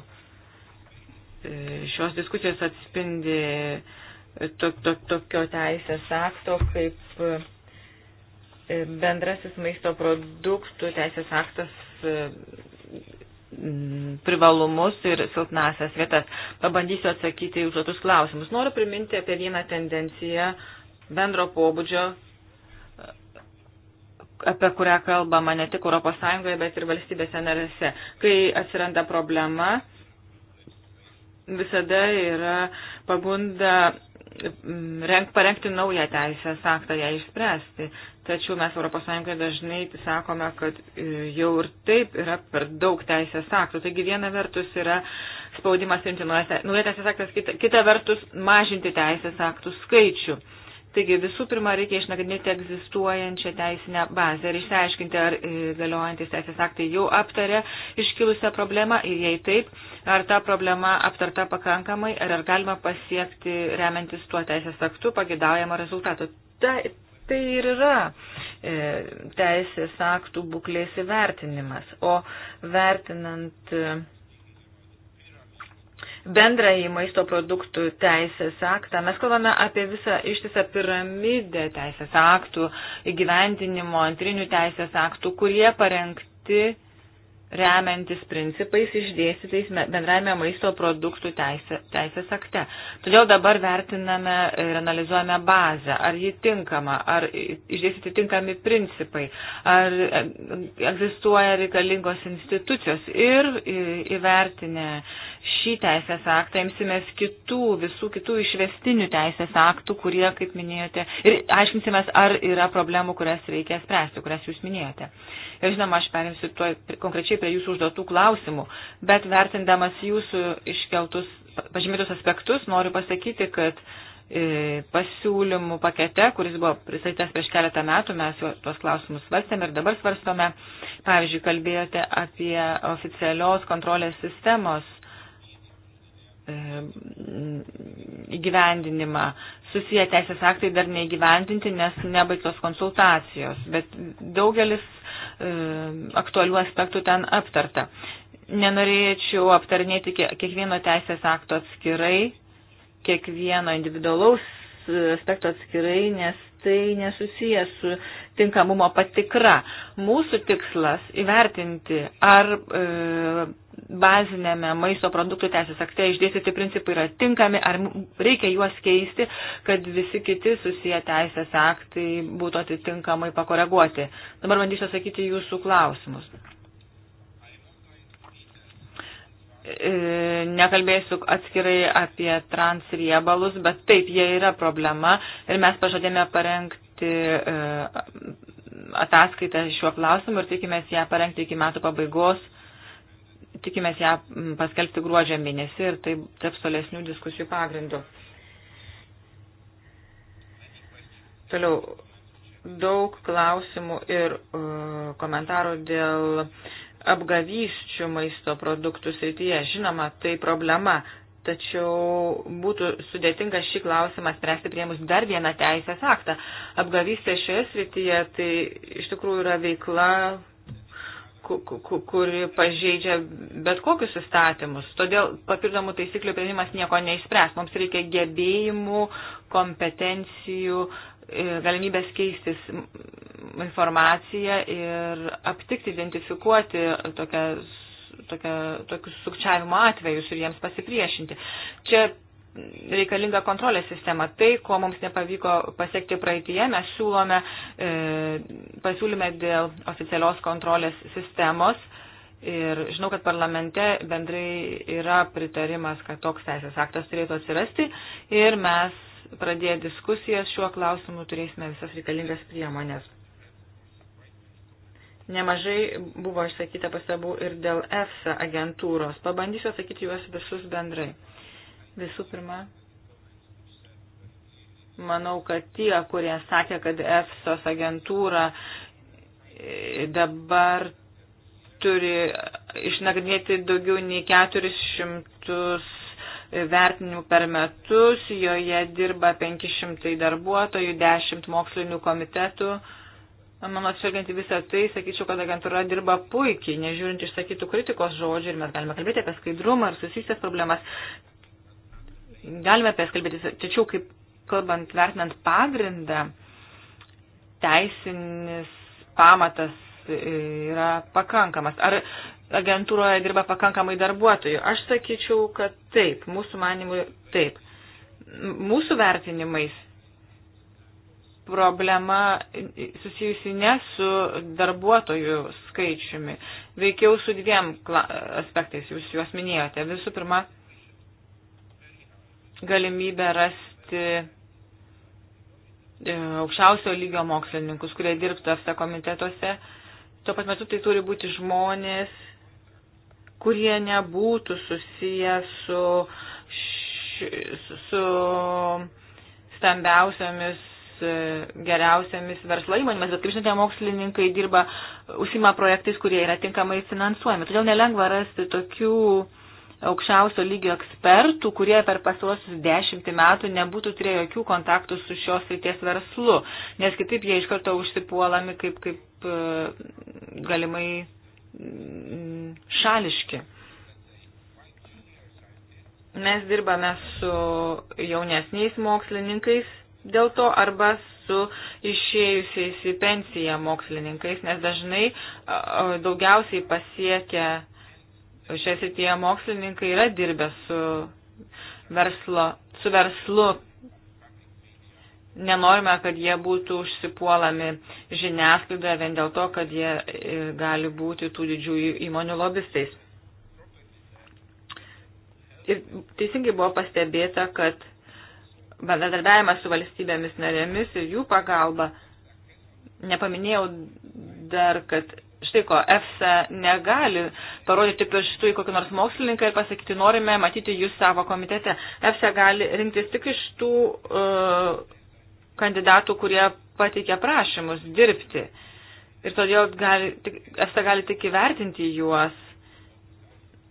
E, šios diskusijos atspindi uh, to, to, tokio teisės akto kaip e, bendrasis maisto produktų teisės aktas e, privalumus ir silpnasias vietas. Pabandysiu atsakyti į užduotus klausimus. Noriu priminti apie vieną tendenciją bendro pobūdžio, apie kurią kalbama ne tik ES, bet ir valstybėse narėse. Kai atsiranda problema, visada yra pagunda Mm, renk, parengti naują teisės aktą, ją išspręsti. Tačiau mes ES dažnai sakome, kad e, jau ir taip yra per daug teisės aktų. Taigi viena vertus yra spaudimas rimti naują teisės aktas, kita, kita vertus mažinti teisės aktų skaičių. Taigi visų pirma reikia išnagrinėti egzistuojančią teisinę bazę ir išsiaiškinti, ar e, galiojantis teisės aktai jau aptarė iškilusią problemą ir jei taip, ar ta problema aptarta pakankamai, ar, ar galima pasiekti remiantis tuo teisės aktu pagidaujamo rezultato. Ta, tai ir yra e, teisės aktų būklės įvertinimas, o vertinant e, bendrąjį maisto produktų teisės aktą. Mes kalbame apie visą ištisą piramidę teisės aktų, įgyvendinimo antrinių teisės aktų, kurie parengti remiantis principais išdėstytais bendraime maisto produktų teisė, teisės akte. Todėl dabar vertiname ir analizuojame bazę, ar ji tinkama, ar išdėstyti tinkami principai, ar egzistuoja reikalingos institucijos ir įvertinę šį teisės aktą imsimės kitų, visų kitų išvestinių teisės aktų, kurie, kaip minėjote, ir aiškinsimės, ar yra problemų, kurias reikia spręsti, kurias jūs minėjote. Uh, Žinoma, aš perimsiu tuo, konkrečiai prie jūsų užduotų klausimų, bet vertindamas jūsų iškeltus pažymėtus aspektus, noriu pasakyti, kad e, pasiūlymų pakete, kuris buvo pristatytas prieš keletą metų, mes jo, tuos klausimus svarstėme ir dabar svarstome. Pavyzdžiui, kalbėjote apie oficialios kontrolės sistemos e, įgyvendinimą. Susiję teisės aktai dar neįgyvendinti, nes nebaigtos konsultacijos. Bet daugelis aktualių aspektų ten aptarta. Nenorėčiau aptarnėti kiekvieno teisės akto atskirai, kiekvieno individualaus e, aspekto atskirai, nes tai nesusijęs su tinkamumo patikra. Mūsų tikslas įvertinti, ar e, bazinėme maisto produktų teisės akte išdėstyti principai yra tinkami, ar reikia juos keisti, kad visi kiti susiję teisės aktai būtų atitinkamai pakoreguoti. Dabar bandysiu atsakyti jūsų klausimus. E, nekalbėsiu atskirai apie transriebalus, bet taip, jie yra problema ir mes pažadėme parengti e, ataskaitą šiuo klausimu ir tikimės ją parengti iki metų pabaigos, tikimės ją paskelbti gruodžio mėnesį ir tai taps tolesnių diskusijų pagrindu. Toliau, daug klausimų ir uh, komentarų dėl uh, apgavysčių maisto produktų srityje. Žinoma, tai problema, tačiau būtų sudėtinga šį klausimą spręsti priemus dar vieną teisės aktą. Apgavystė šioje srityje tai iš tikrųjų yra veikla, kuri pažeidžia bet kokius įstatymus. Todėl papildomų taisyklių prieimas nieko neišspręs. Mums reikia gebėjimų, kompetencijų, E, galimybės keistis informaciją ir aptikti, identifikuoti tokią, tokią, tokius sukčiavimo atvejus ir jiems pasipriešinti. Čia reikalinga kontrolės sistema. Tai, ko mums nepavyko pasiekti praeitie, mes siūlome, e, pasiūlyme dėl oficialios kontrolės sistemos ir žinau, kad parlamente bendrai yra pritarimas, kad toks teisės aktas turėtų atsirasti ir mes pradėję diskusijas šiuo klausimu turėsime visas reikalingas priemonės. Nemažai buvo išsakyta pasabų ir dėl EFSA agentūros. Pabandysiu atsakyti juos visus bendrai. Visų pirma, manau, kad tie, kurie sakė, kad EFSOS agentūra e, dabar turi išnagrinėti daugiau nei 400 vertinimų per metus, joje dirba 500 darbuotojų, 10 mokslinių komitetų. Mano atsvelgiant į visą tai, sakyčiau, kad agentūra dirba puikiai, nežiūrint išsakytų kritikos žodžių ir mes galime kalbėti apie skaidrumą ir susijusias problemas. Galime apie jas kalbėti, tačiau kaip kalbant, vertinant pagrindą, teisinis pamatas e, yra pakankamas. Ar agentūroje dirba pakankamai darbuotojų. Aš sakyčiau, kad taip, mūsų manimui taip. Mūsų vertinimais problema susijusi ne su darbuotojų skaičiumi, veikiau su dviem aspektais, jūs juos minėjote. Visų pirma, galimybė rasti e, aukščiausio lygio mokslininkus, kurie dirbtų EFSA komitetuose. Tuo pat metu tai turi būti žmonės, kurie nebūtų susiję su, su stambiausiamis geriausiamis verslo įmonėmis, bet kaip žinote, mokslininkai dirba, užsima projektais, kurie yra tinkamai finansuojami. Todėl nelengva rasti tokių aukščiausio lygio ekspertų, kurie per pastaruosius dešimtį metų nebūtų turėję jokių kontaktų su šios ryties verslu, nes kitaip jie iš karto užsipuolami kaip, kaip e, galimai šališki. Mes dirbame su jaunesniais mokslininkais dėl to arba su išėjusiais į pensiją mokslininkais, nes dažnai daugiausiai pasiekia šią srityje mokslininkai yra dirbę su, verslo, su verslu Nenorime, kad jie būtų užsipuolami žiniasklaidoje vien dėl to, kad jie e, gali būti tų didžiųjų įmonių lobistais. Ir teisingai buvo pastebėta, kad bendradarbiavimas su valstybėmis narėmis ir jų pagalba, nepaminėjau dar, kad štai ko, EFSA negali parodyti pirštų į kokį nors mokslininką ir pasakyti, norime matyti jūs savo komitete. EFSA gali rinktis tik iš tų uh, kandidatų, kurie pateikia prašymus dirbti. Ir todėl gali, EFSA gali tik įvertinti juos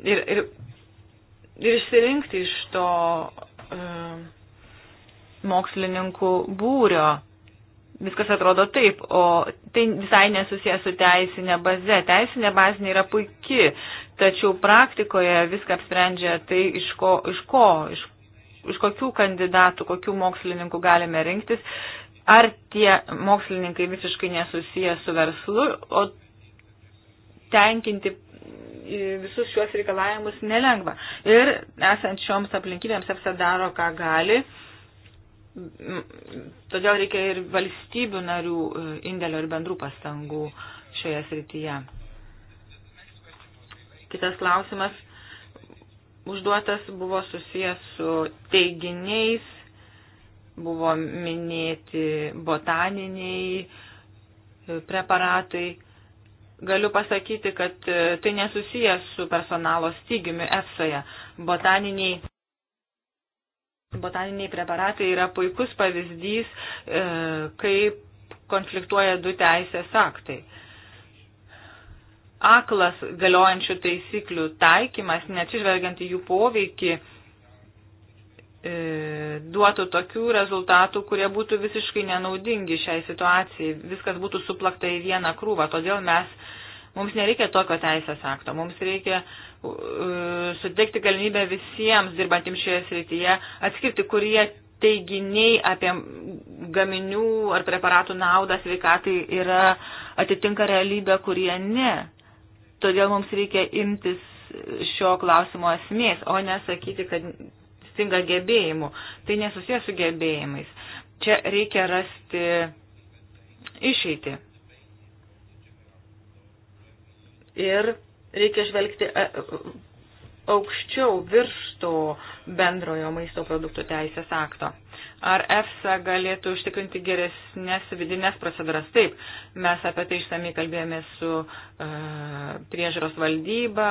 ir, ir, ir išsirinkti iš to e, mokslininkų būrio. Viskas atrodo taip, o tai visai nesusijęs su teisinė baze. Teisinė bazinė yra puiki, tačiau praktikoje viską apsprendžia tai, iš ko, iš ko, iš iš kokių kandidatų, kokių mokslininkų galime rinktis, ar tie mokslininkai visiškai nesusiję su verslu, o tenkinti visus šiuos reikalavimus nelengva. Ir esant šioms aplinkybėms EFSA daro, ką gali. Todėl reikia ir valstybių narių e, indėlio ir bendrų pastangų šioje srityje. Kitas klausimas užduotas buvo susijęs su teiginiais, buvo minėti botaniniai e, preparatai. Galiu pasakyti, kad e, tai nesusijęs su personalo stygiumi EFSOje. Botaniniai, botaniniai preparatai yra puikus pavyzdys, e, kaip konfliktuoja du teisės aktai aklas galiojančių taisyklių taikymas, neatsižvelgiant į jų poveikį, e, duotų tokių rezultatų, kurie būtų visiškai nenaudingi šiai situacijai. Viskas būtų suplakta į vieną krūvą. Todėl mes, mums nereikia tokio teisės akto. Mums reikia uh, suteikti galimybę visiems dirbantiems šioje srityje atskirti, kurie teiginiai apie gaminių ar preparatų naudą sveikatai yra atitinka realybę, kurie ne. Todėl mums reikia imtis šio klausimo esmės, o nesakyti, kad stinga gebėjimų. Tai nesusijęs su gebėjimais. Čia reikia rasti išeitį. Ir reikia žvelgti e, aukščiau virš to bendrojo maisto produktų teisės akto. Ar EFSA galėtų užtikrinti geresnės vidinės procedūras? Taip, mes apie tai išsamei kalbėjome su e, priežiūros valdyba,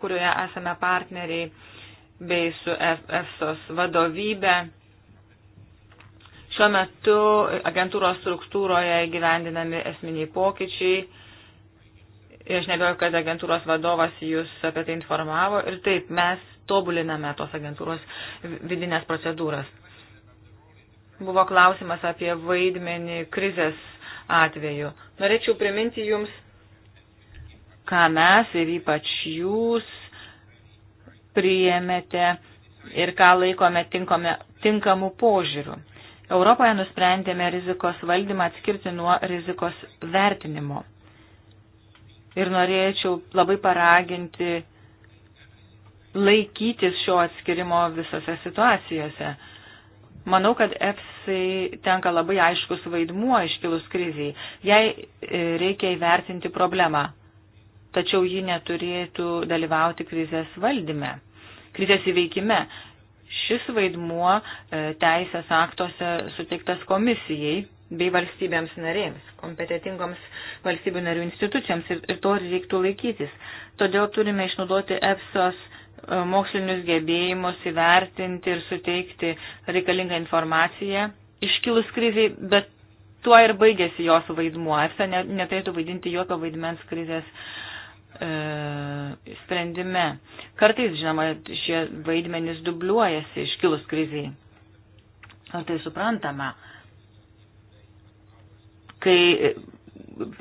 kurioje esame partneriai, bei su EFSOS vadovybė. Šiuo metu agentūros struktūroje gyvendinami esminiai pokyčiai. Ir aš nebejoju, kad agentūros vadovas jūs apie tai informavo. Ir taip, mes tobuliname tos agentūros vidinės procedūras. Buvo klausimas apie vaidmenį krizės atveju. Norėčiau priminti Jums, ką mes ir ypač Jūs priėmėte ir ką laikome tinkome, tinkamų požiūrių. Europoje nusprendėme rizikos valdymą atskirti nuo rizikos vertinimo. Ir norėčiau labai paraginti laikytis šio atskirimo visose situacijose. Manau, kad EFSAI tenka labai aiškus vaidmuo iškilus kriziai. Jai e, reikia įvertinti problemą, tačiau ji neturėtų dalyvauti krizės valdyme, krizės įveikime. Šis vaidmuo e, teisės aktuose suteiktas komisijai bei valstybėms narėms, kompetitingoms valstybių narių institucijoms ir, ir to reiktų laikytis. Todėl turime išnaudoti EFSOS E, mokslinius gebėjimus įvertinti ir suteikti reikalingą informaciją iškilus kriziai, bet tuo ir baigėsi jos vaidmuo. EFSA neturėtų vaidinti jokio vaidmens krizės e, sprendime. Kartais, žinoma, šie vaidmenys dubliuojasi iškilus kriziai. Ar tai suprantama? Kai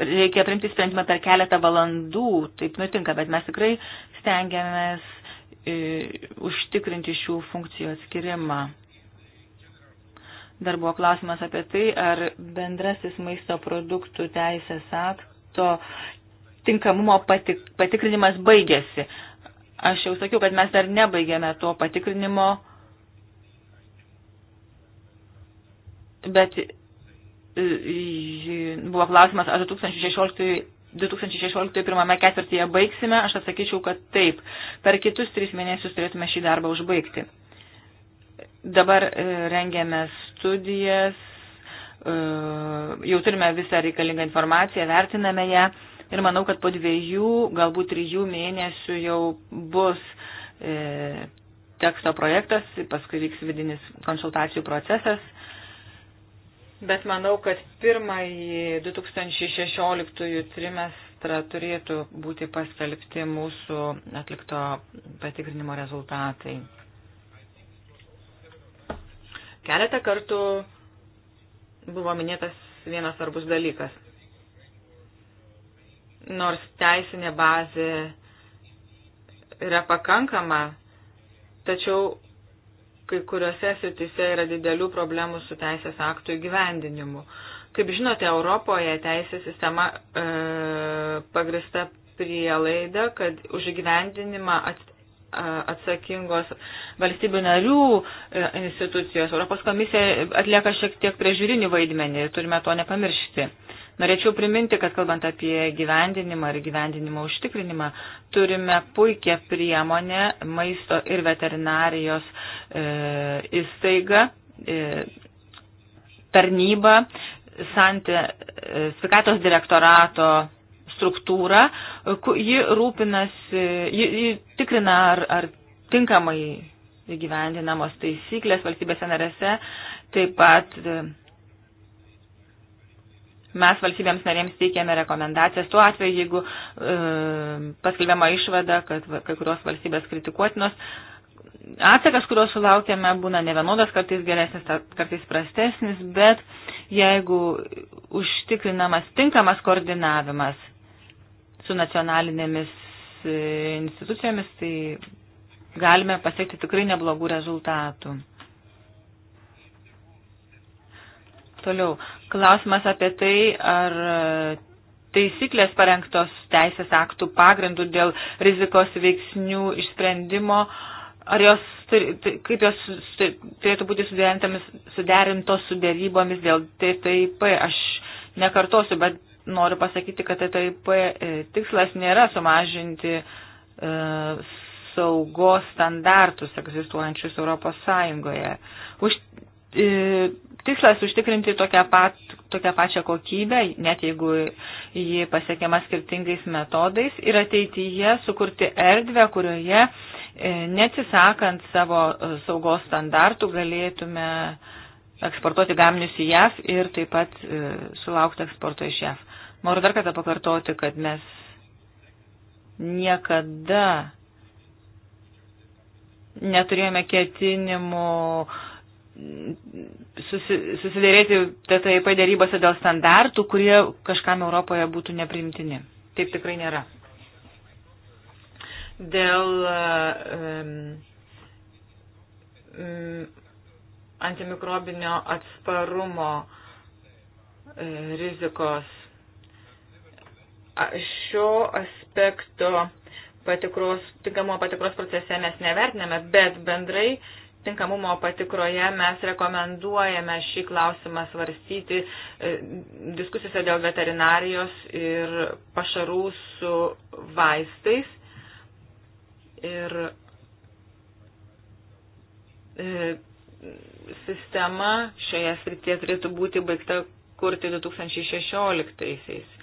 reikia priimti sprendimą per keletą valandų, taip nutinka, bet mes tikrai stengiamės užtikrinti šių funkcijų atskirimą. Dar buvo klausimas apie tai, ar bendrasis maisto produktų teisės akto tinkamumo patik, patikrinimas baigėsi. Aš jau sakiau, kad mes dar nebaigėme to patikrinimo, bet e, buvo klausimas, ar 2016 2016 pirmame ketvirtyje baigsime, aš atsakyčiau, kad taip. Per kitus tris mėnesius turėtume šį darbą užbaigti. Dabar e, rengiame studijas, e, jau turime visą reikalingą informaciją, vertiname ją ir manau, kad po dviejų, galbūt trijų mėnesių jau bus e, teksto projektas, paskui vyks vidinis konsultacijų procesas bet manau, kad pirmąjį 2016 trimestrą turėtų būti paskelbti mūsų atlikto patikrinimo rezultatai. Keletą kartų buvo minėtas vienas svarbus dalykas. Nors teisinė bazė yra pakankama, tačiau kai kuriuose sritise yra didelių problemų su teisės aktų įgyvendinimu. Kaip žinote, Europoje teisės sistema e, pagrista prielaida, kad už įgyvendinimą at, atsakingos valstybių narių e, institucijos. Europos komisija atlieka šiek tiek priežiūrinį vaidmenį, turime to nepamiršti. Norėčiau priminti, kad kalbant apie gyvendinimą ir gyvendinimo užtikrinimą, turime puikią priemonę maisto ir veterinarijos e, įstaiga, e, tarnyba, santė, e, sveikatos direktorato struktūra, ji rūpinasi, ji, ji tikrina, ar, ar tinkamai įgyvendinamos taisyklės valstybėse narėse, taip pat e, Mes valstybėms narėms teikėme rekomendacijas tuo atveju, jeigu e, paskelbėma išvada, kad kai kurios valstybės kritikuotinos, atsakas, kurio sulaukėme, būna ne vienodas, kartais geresnis, kartais prastesnis, bet jeigu užtikrinamas tinkamas koordinavimas su nacionalinėmis e, institucijomis, tai galime pasiekti tikrai neblogų rezultatų. Toliau, klausimas apie tai, ar taisyklės parengtos teisės aktų pagrindų dėl rizikos veiksnių išsprendimo, ar jos, tai kaip jos turėtų būti suderintos su dėrybomis dėl TTIP. Aš nekartosiu, bet noriu pasakyti, kad TTIP e, tikslas nėra sumažinti e, saugos standartus egzistuojančius Europos Sąjungoje. Už E, tikslas užtikrinti tokią, pat, tokią pačią kokybę, net jeigu ji pasiekiama skirtingais metodais ir ateityje sukurti erdvę, kurioje e, neatsisakant savo e, saugos standartų galėtume eksportuoti gaminius į JAV ir taip pat sulaukti eksporto iš JAV. Noriu dar kartą pakartoti, kad mes niekada neturėjome ketinimų uh, susi, susidėrėti TTIP dėrybose dėl standartų, kurie kažkam Europoje būtų neprimtini. Taip tikrai nėra. Dėl um, antimikrobinio atsparumo e, rizikos. Šio aspekto patikros, tinkamo patikros procese mes nevertiname, bet bendrai uh, tinkamumo patikroje mes rekomenduojame šį klausimą svarstyti e, diskusijose dėl veterinarijos ir pašarų su vaistais. Ir e, sistema šioje srityje turėtų būti baigta kurti 2016. -aisiais.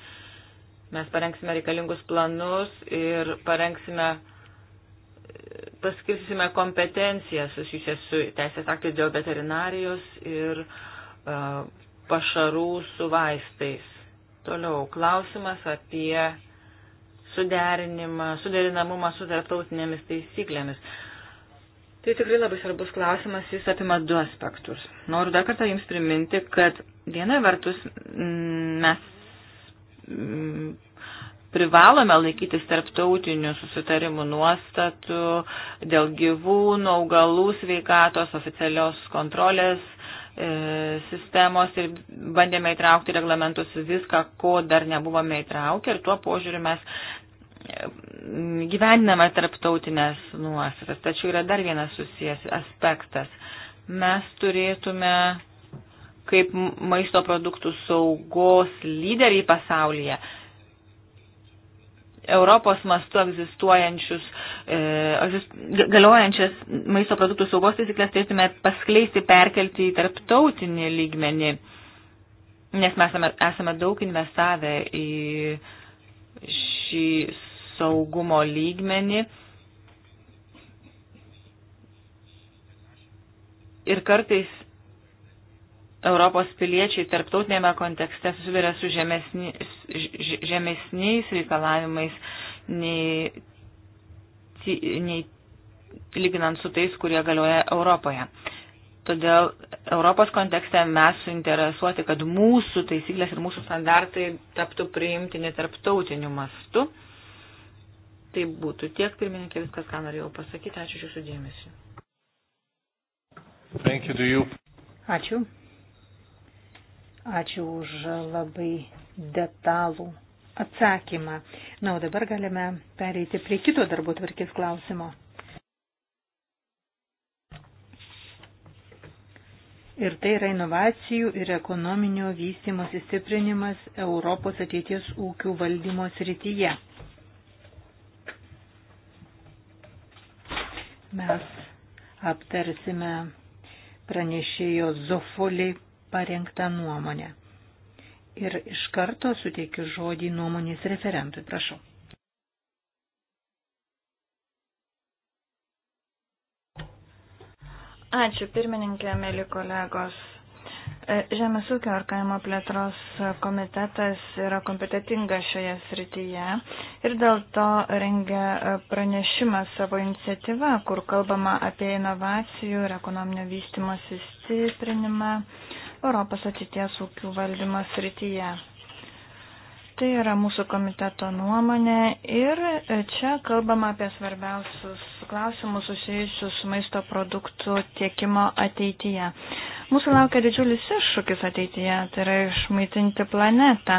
Mes parengsime reikalingus planus ir parengsime paskirsime kompetenciją susijusią su teisės aktais dėl veterinarijos ir uh, pašarų su vaistais. Toliau klausimas apie suderinimą, suderinamumą su tarptautinėmis taisyklėmis. Tai tikrai labai svarbus klausimas, jis apima du aspektus. Noriu dar kartą Jums priminti, kad viena vertus mes privalome laikytis tarptautinių susitarimų nuostatų dėl gyvūnų, augalų sveikatos, oficialios kontrolės e, sistemos ir bandėme įtraukti reglamentus viską, ko dar nebuvome įtraukę ir tuo požiūriu mes e, gyveniname tarptautinės nuostatas. Tačiau yra dar vienas susijęs aspektas. Mes turėtume kaip maisto produktų saugos lyderiai pasaulyje Europos mastu egzistuojančius, e, galiojančias maisto produktų saugos taisyklės turėtume paskleisti, perkelti į tarptautinį lygmenį, nes mes esame, esame daug investavę į šį saugumo lygmenį. Ir kartais Europos piliečiai tarptautinėme kontekste susiduria su žemesni, žemesniais reikalavimais nei, nei lyginant su tais, kurie galioja Europoje. Todėl Europos kontekste mes suinteresuoti, kad mūsų taisyklės ir mūsų standartai taptų priimtini tarptautiniu mastu. Tai būtų tiek, pirmininkė, viskas, ką norėjau pasakyti. Ačiū jūsų dėmesį. Ačiū. Ačiū už labai detalų atsakymą. Na, o dabar galime pereiti prie kito darbo tvarkės klausimo. Ir tai yra inovacijų ir ekonominio vystimo sustiprinimas Europos ateities ūkių valdymo srityje. Mes aptarsime pranešėjo Zofoli parengtą nuomonę. Ir iš karto suteikiu žodį nuomonės referentui, prašau. Ačiū pirmininkė, mėly kolegos. E, Žemės ūkio ar kaimo plėtros komitetas yra kompetitinga šioje srityje ir dėl to rengia e, pranešimą savo iniciatyvą, kur kalbama apie inovacijų ir ekonominio vystimosi stiprinimą. Uh, Europos ateities ūkių valdymo srityje. Tai yra mūsų komiteto nuomonė ir čia kalbama apie svarbiausius klausimus susijusius su maisto produktų tiekimo ateityje. Mūsų laukia didžiulis iššūkis ateityje, tai yra išmaitinti planetą.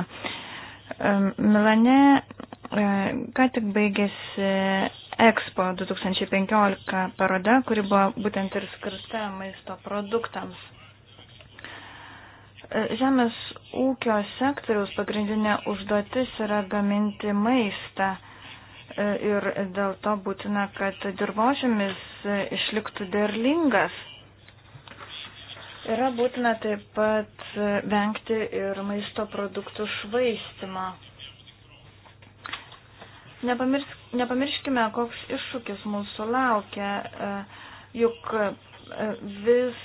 Milane e, ką tik baigėsi Expo 2015 paroda, kuri buvo būtent ir skirta maisto produktams. Žemės ūkio sektoriaus pagrindinė užduotis yra gaminti maistą e, ir dėl to būtina, kad dirbožėmis e, išliktų derlingas. Yra būtina taip pat e, vengti ir maisto produktų švaistimo. Nepamirškime, koks iššūkis mūsų laukia, juk vis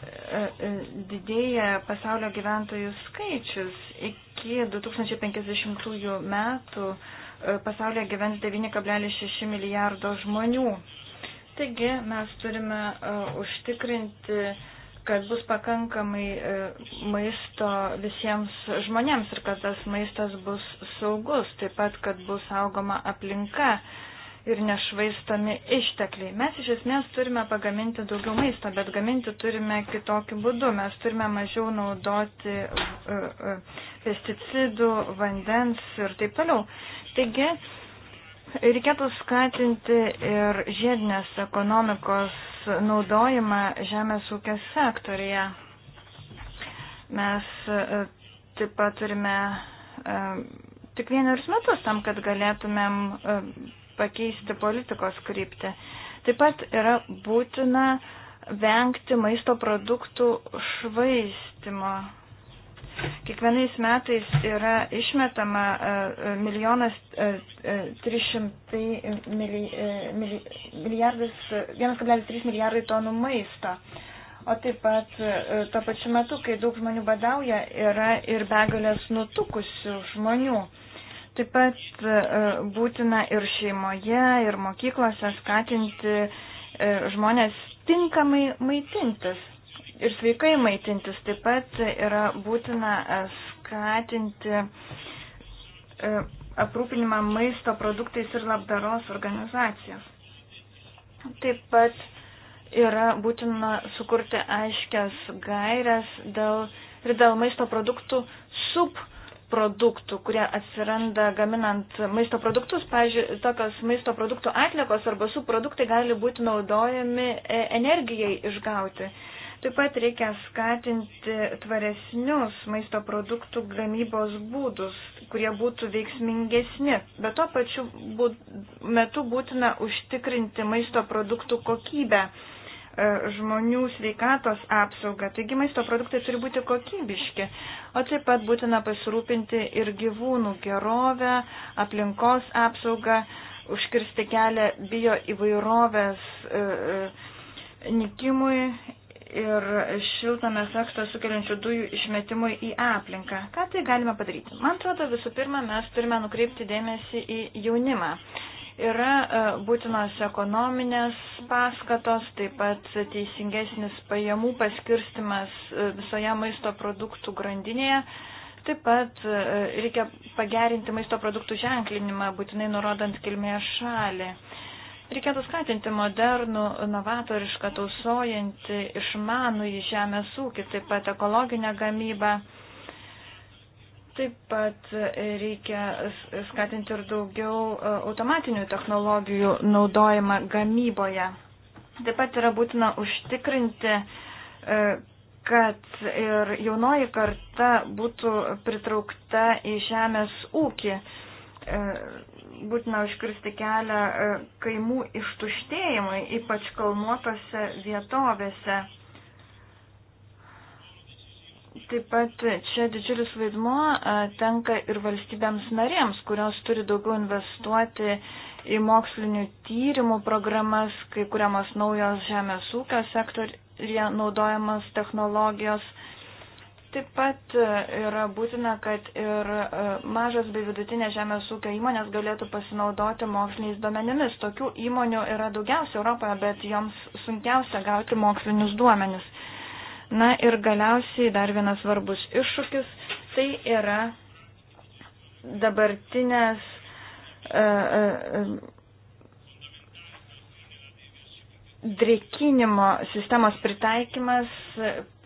E, e, didėja pasaulio gyventojų skaičius. Iki 2050 metų e, pasaulyje gyvens 9,6 milijardo žmonių. Taigi mes turime užtikrinti, kad bus pakankamai maisto visiems žmonėms ir kad tas maistas bus saugus, taip pat, kad bus saugoma aplinka ir nešvaistami ištekliai. Mes iš esmės turime pagaminti daugiau maisto, bet gaminti turime kitokiu būdu. Mes turime mažiau naudoti e, e, pesticidų, vandens ir taip toliau. Taigi, reikėtų skatinti ir žiedinės ekonomikos naudojimą žemės ūkio sektorija. Mes e, taip pat turime tik vienerius metus tam, kad galėtumėm pakeisti politikos kryptį. Taip pat yra būtina vengti maisto produktų švaistimo. Kiekvienais metais yra išmetama e, e, milijonas e, trys šimtai milijardus, 1,3 milijardai tonų maisto. O taip pat tuo pačiu metu, kai daug žmonių badauja, yra ir begalės nutukusių žmonių. Taip pat e, būtina ir šeimoje, ir mokyklose skatinti e, žmonės tinkamai maitintis ir sveikai maitintis. Taip pat yra būtina e, skatinti aprūpinimą maisto produktais ir labdaros organizacijas. Taip pat yra būtina sukurti aiškias gairias dėl, ir dėl maisto produktų sub produktų, kurie atsiranda gaminant maisto produktus. Pavyzdžiui, tokios maisto produktų atlikos arba su produktai gali būti naudojami e, energijai išgauti. Taip pat reikia skatinti tvaresnius maisto produktų gamybos būdus, kurie būtų veiksmingesni. Bet tuo pačiu metu būtina užtikrinti maisto produktų kokybę E, žmonių sveikatos apsaugą. Taigi maisto produktai turi būti kokybiški, o taip pat būtina pasirūpinti ir gyvūnų gerovę, aplinkos apsaugą, užkirsti kelią bio įvairovės e, e, nikimui ir šiltamės ekstą sukeliančių dujų išmetimui į aplinką. Ką tai galime padaryti? Man atrodo, visų pirma, mes turime nukreipti dėmesį į jaunimą. Yra e, būtinos ekonominės paskatos, taip pat teisingesnis pajamų paskirstimas e, visoje maisto produktų grandinėje. Taip pat e, reikia pagerinti maisto produktų ženklinimą, būtinai nurodant kilmės šalį. Reikėtų skatinti modernų, novatorišką, tausojantį, išmanų į žemės ūkį, taip pat ekologinę gamybą. Taip pat reikia skatinti ir daugiau e, automatinių technologijų naudojimą gamyboje. Taip pat yra būtina užtikrinti, e, kad ir jaunoji karta būtų pritraukta į žemės ūkį. E, būtina užkirsti kelią kaimų ištuštėjimui, ypač kalnuotose vietovėse. Taip pat čia didžiulis vaidmuo tenka ir valstybėms narėms, kurios turi daugiau investuoti į mokslinių tyrimų programas, kai kuriamas naujos žemės ūkio sektorija naudojamos technologijos. Taip pat yra būtina, kad ir mažas bei vidutinė žemės ūkio įmonės galėtų pasinaudoti moksliniais duomenimis. Tokių įmonių yra daugiausia Europoje, bet joms sunkiausia gauti mokslinius duomenis. Na ir galiausiai dar vienas svarbus iššūkis - tai yra dabartinės e, e, drėkinimo sistemos pritaikymas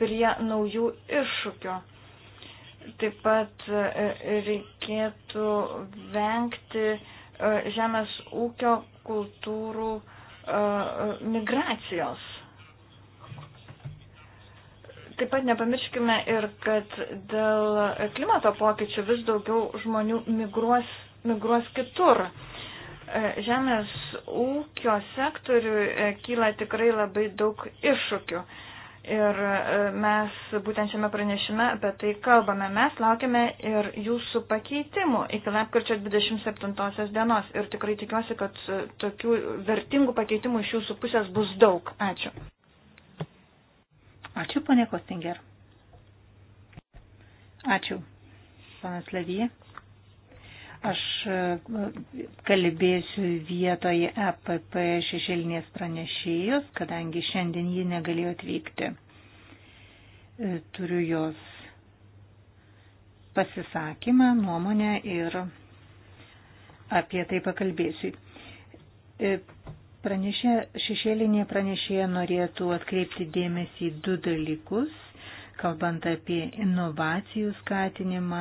prie naujų iššūkių. Taip pat e, reikėtų vengti žemės ūkio kultūrų migracijos. Taip pat nepamirškime ir, kad dėl klimato pokyčių vis daugiau žmonių migruos, migruos kitur. E, žemės ūkio sektoriui e, kyla tikrai labai daug iššūkių. Ir e, mes būtent šiame pranešime apie tai kalbame. Mes laukiame ir jūsų pakeitimų iki lapkričio 27 dienos. Ir tikrai tikiuosi, kad tokių vertingų pakeitimų iš jūsų pusės bus daug. Ačiū. Ačiū, ponė Kostinger. Ačiū, panas Levyje. Aš e, kalbėsiu vietoje EPP šešėlinės pranešėjos, kadangi šiandien ji negalėjo atvykti. E, turiu jos pasisakymą, nuomonę ir apie tai pakalbėsiu. E, Pranešė, šešėlinė pranešėja norėtų atkreipti dėmesį į du dalykus. Kalbant apie inovacijų skatinimą,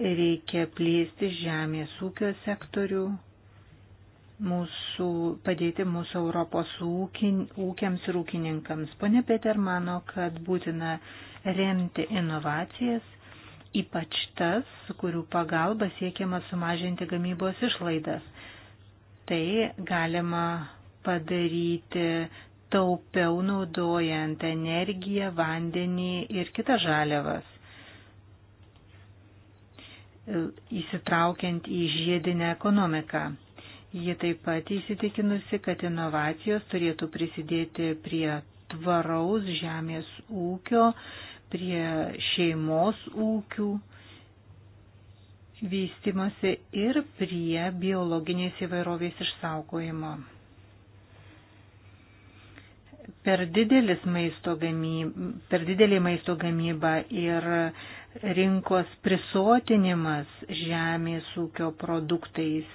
reikia plėsti žemės ūkio sektorių, mūsų, padėti mūsų Europos ūkin, ūkiams ir ūkininkams. Pone Peter mano, kad būtina remti inovacijas, ypač tas, kurių pagalba siekiama sumažinti gamybos išlaidas. Tai galima padaryti taupiau naudojant energiją, vandenį ir kitas žaliavas, įsitraukiant į žiedinę ekonomiką. Ji taip pat įsitikinusi, kad inovacijos turėtų prisidėti prie tvaraus žemės ūkio, prie šeimos ūkių vystimosi ir prie biologinės įvairovės išsaugojimo per, maisto gamyba, per didelį maisto gamybą ir rinkos prisotinimas žemės ūkio produktais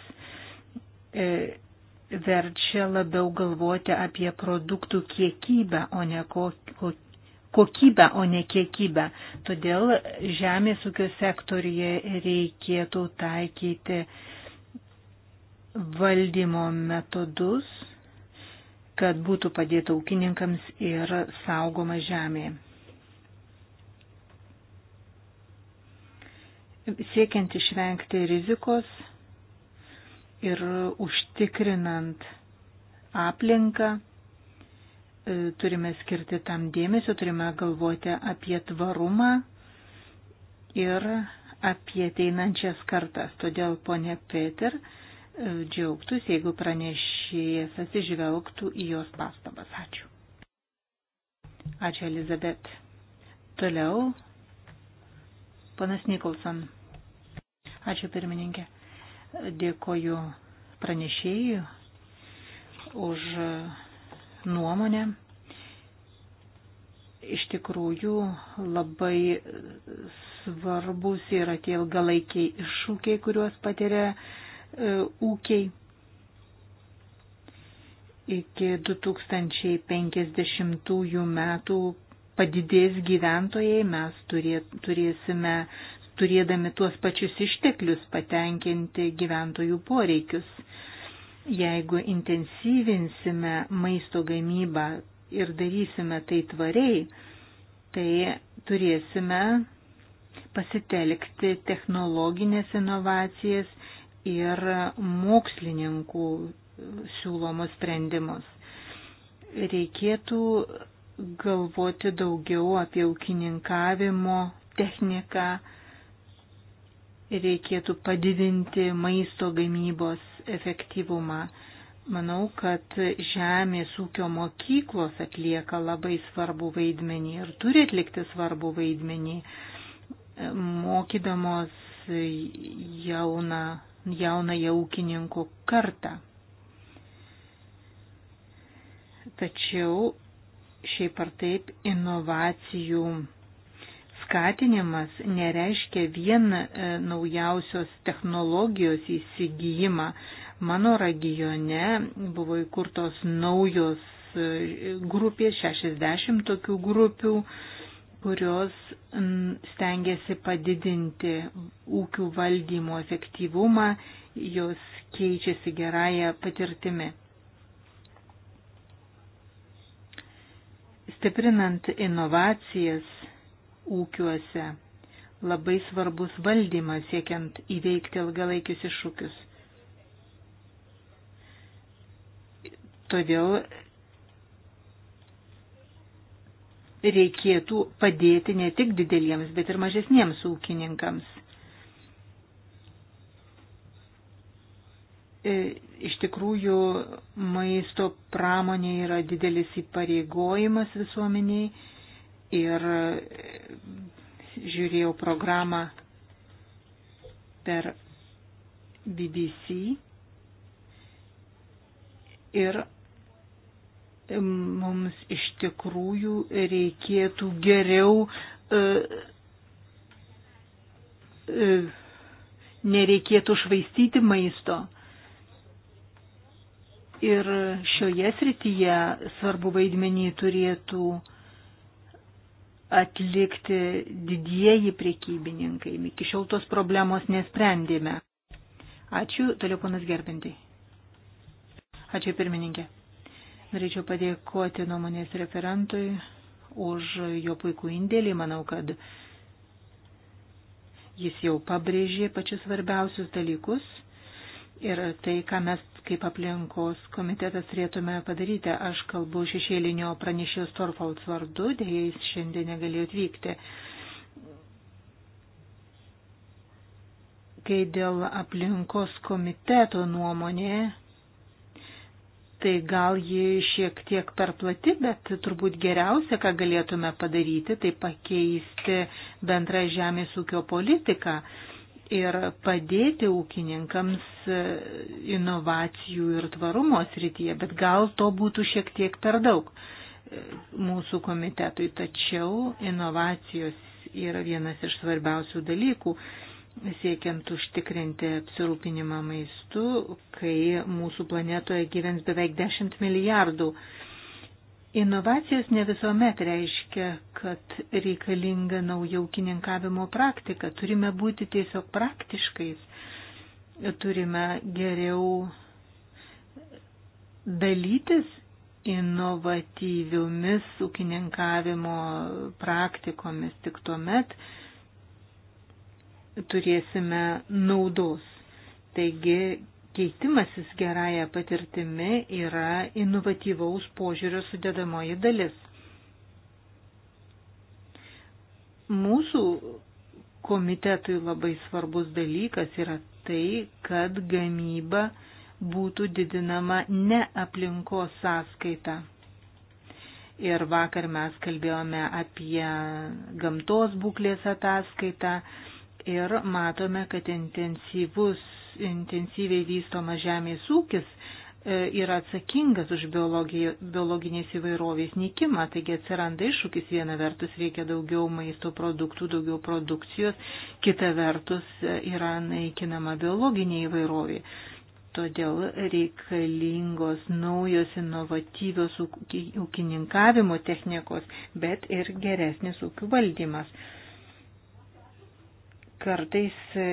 e, verčia labiau galvoti apie produktų kiekybę, o ne kokybę, o ne kiekybę. Todėl žemės ūkio sektorije reikėtų taikyti valdymo metodus kad būtų padėta ūkininkams ir saugoma žemė. Siekiant išvengti rizikos ir užtikrinant aplinką, e, turime skirti tam dėmesio, turime galvoti apie tvarumą ir apie ateinančias kartas. Todėl ponė Peter e, džiaugtus, jeigu praneš pranešėjas atsižvelgtų į jos pastabas. Ačiū. Ačiū, Elizabet. Toliau, panas Nikolson. Ačiū, pirmininkė. Dėkoju pranešėjui už nuomonę. Iš tikrųjų, labai svarbus yra tie ilgalaikiai iššūkiai, kuriuos patiria e, ūkiai. E, iki 2050 metų padidės gyventojai, mes turėsime, turėdami tuos pačius išteklius, patenkinti gyventojų poreikius. Jeigu intensyvinsime maisto gamybą ir darysime tai tvariai, tai turėsime pasitelkti technologinės inovacijas ir mokslininkų siūlomus sprendimus. Reikėtų galvoti daugiau apie ūkininkavimo techniką, reikėtų padidinti maisto gamybos efektyvumą. Manau, kad žemės ūkio mokyklos atlieka labai svarbu vaidmenį ir turi atlikti svarbu vaidmenį, mokydamos jauną, jauną ūkininkų kartą. Tačiau šiaip ar taip inovacijų skatinimas nereiškia vien e, naujausios technologijos įsigijimą. Mano regione buvo įkurtos naujos e, grupės, 60 tokių grupių, kurios stengiasi padidinti ūkių valdymo efektyvumą, jos keičiasi gerąją patirtimi. stiprinant inovacijas ūkiuose, labai svarbus valdymas siekiant įveikti ilgalaikius iššūkius. Todėl reikėtų padėti ne tik dideliems, bet ir mažesniems ūkininkams. E, iš tikrųjų maisto pramonė yra didelis įpareigojimas visuomeniai ir e, žiūrėjau programą per BBC ir e, mums iš tikrųjų reikėtų geriau nereikėtų švaistyti maisto Ir šioje srityje svarbu vaidmenį turėtų atlikti didieji priekybininkai. Iki šiol tos problemos nesprendėme. Ačiū, toliau ponas Gerbintai. Ačiū pirmininkė. Norėčiau padėkoti nuomonės referentui už jo puikų indėlį. Manau, kad jis jau pabrėžė pačius svarbiausius dalykus ir tai, ką mes kaip aplinkos komitetas turėtume padaryti. Aš kalbu šešėlinio pranešėjo Storfalds vardu, dėja jis šiandien negalėjo atvykti. Kai dėl aplinkos komiteto nuomonė, tai gal ji šiek tiek per plati, bet turbūt geriausia, ką galėtume padaryti, tai pakeisti bendrą žemės ūkio politiką ir padėti ūkininkams e, inovacijų ir tvarumo srityje, bet gal to būtų šiek tiek per daug e, mūsų komitetui. Tačiau inovacijos yra vienas iš svarbiausių dalykų siekiant užtikrinti apsirūpinimą maistu, kai mūsų planetoje gyvens beveik 10 milijardų Inovacijos ne visuomet reiškia, kad reikalinga nauja ūkininkavimo praktika. Turime būti tiesiog praktiškais. Turime geriau dalytis inovatyviomis ūkininkavimo praktikomis. Tik tuomet turėsime naudos. Taigi keitimasis gerąją patirtimi yra inovatyvaus požiūrio sudėdamoji dalis. Mūsų komitetui labai svarbus dalykas yra tai, kad gamyba būtų didinama ne aplinkos sąskaita. Ir vakar mes kalbėjome apie gamtos būklės ataskaitą ir matome, kad intensyvus intensyviai vystomas žemės ūkis e, yra atsakingas už biologinės įvairovės nykimą, taigi atsiranda iššūkis viena vertus reikia daugiau maisto produktų, daugiau produkcijos, kita vertus e, yra naikinama biologinė įvairovė. Todėl reikalingos naujos inovatyvios ūkininkavimo technikos, bet ir geresnis ūkių valdymas. Kartais e,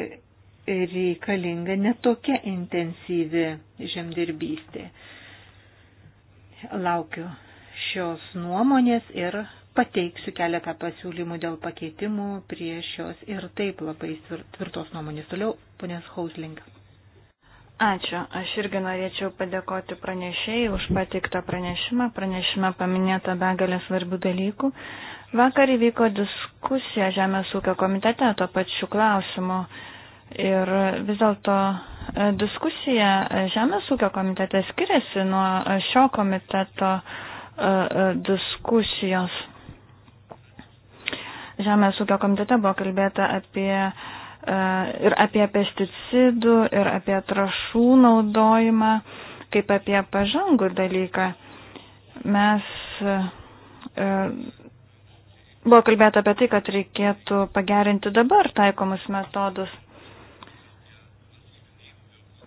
reikalinga netokia intensyvi žemdirbystė. Laukiu šios nuomonės ir pateiksiu keletą pasiūlymų dėl pakeitimų prie šios ir taip labai tvirtos nuomonės. Toliau, ponės Hausling. Ačiū. Aš irgi norėčiau padėkoti pranešėjai už pateiktą pranešimą. Pranešime paminėta begalė svarbių dalykų. Vakar įvyko diskusija Žemės ūkio komitete to pačiu klausimu. Ir vis dėlto e, diskusija e, Žemės ūkio komitete skiriasi nuo e, šio komiteto diskusijos. Žemės ūkio komitete buvo kalbėta apie ir apie pesticidų, ir apie trašų naudojimą, kaip apie pažangų dalyką. Mes buvo kalbėta apie tai, kad reikėtų pagerinti dabar taikomus metodus.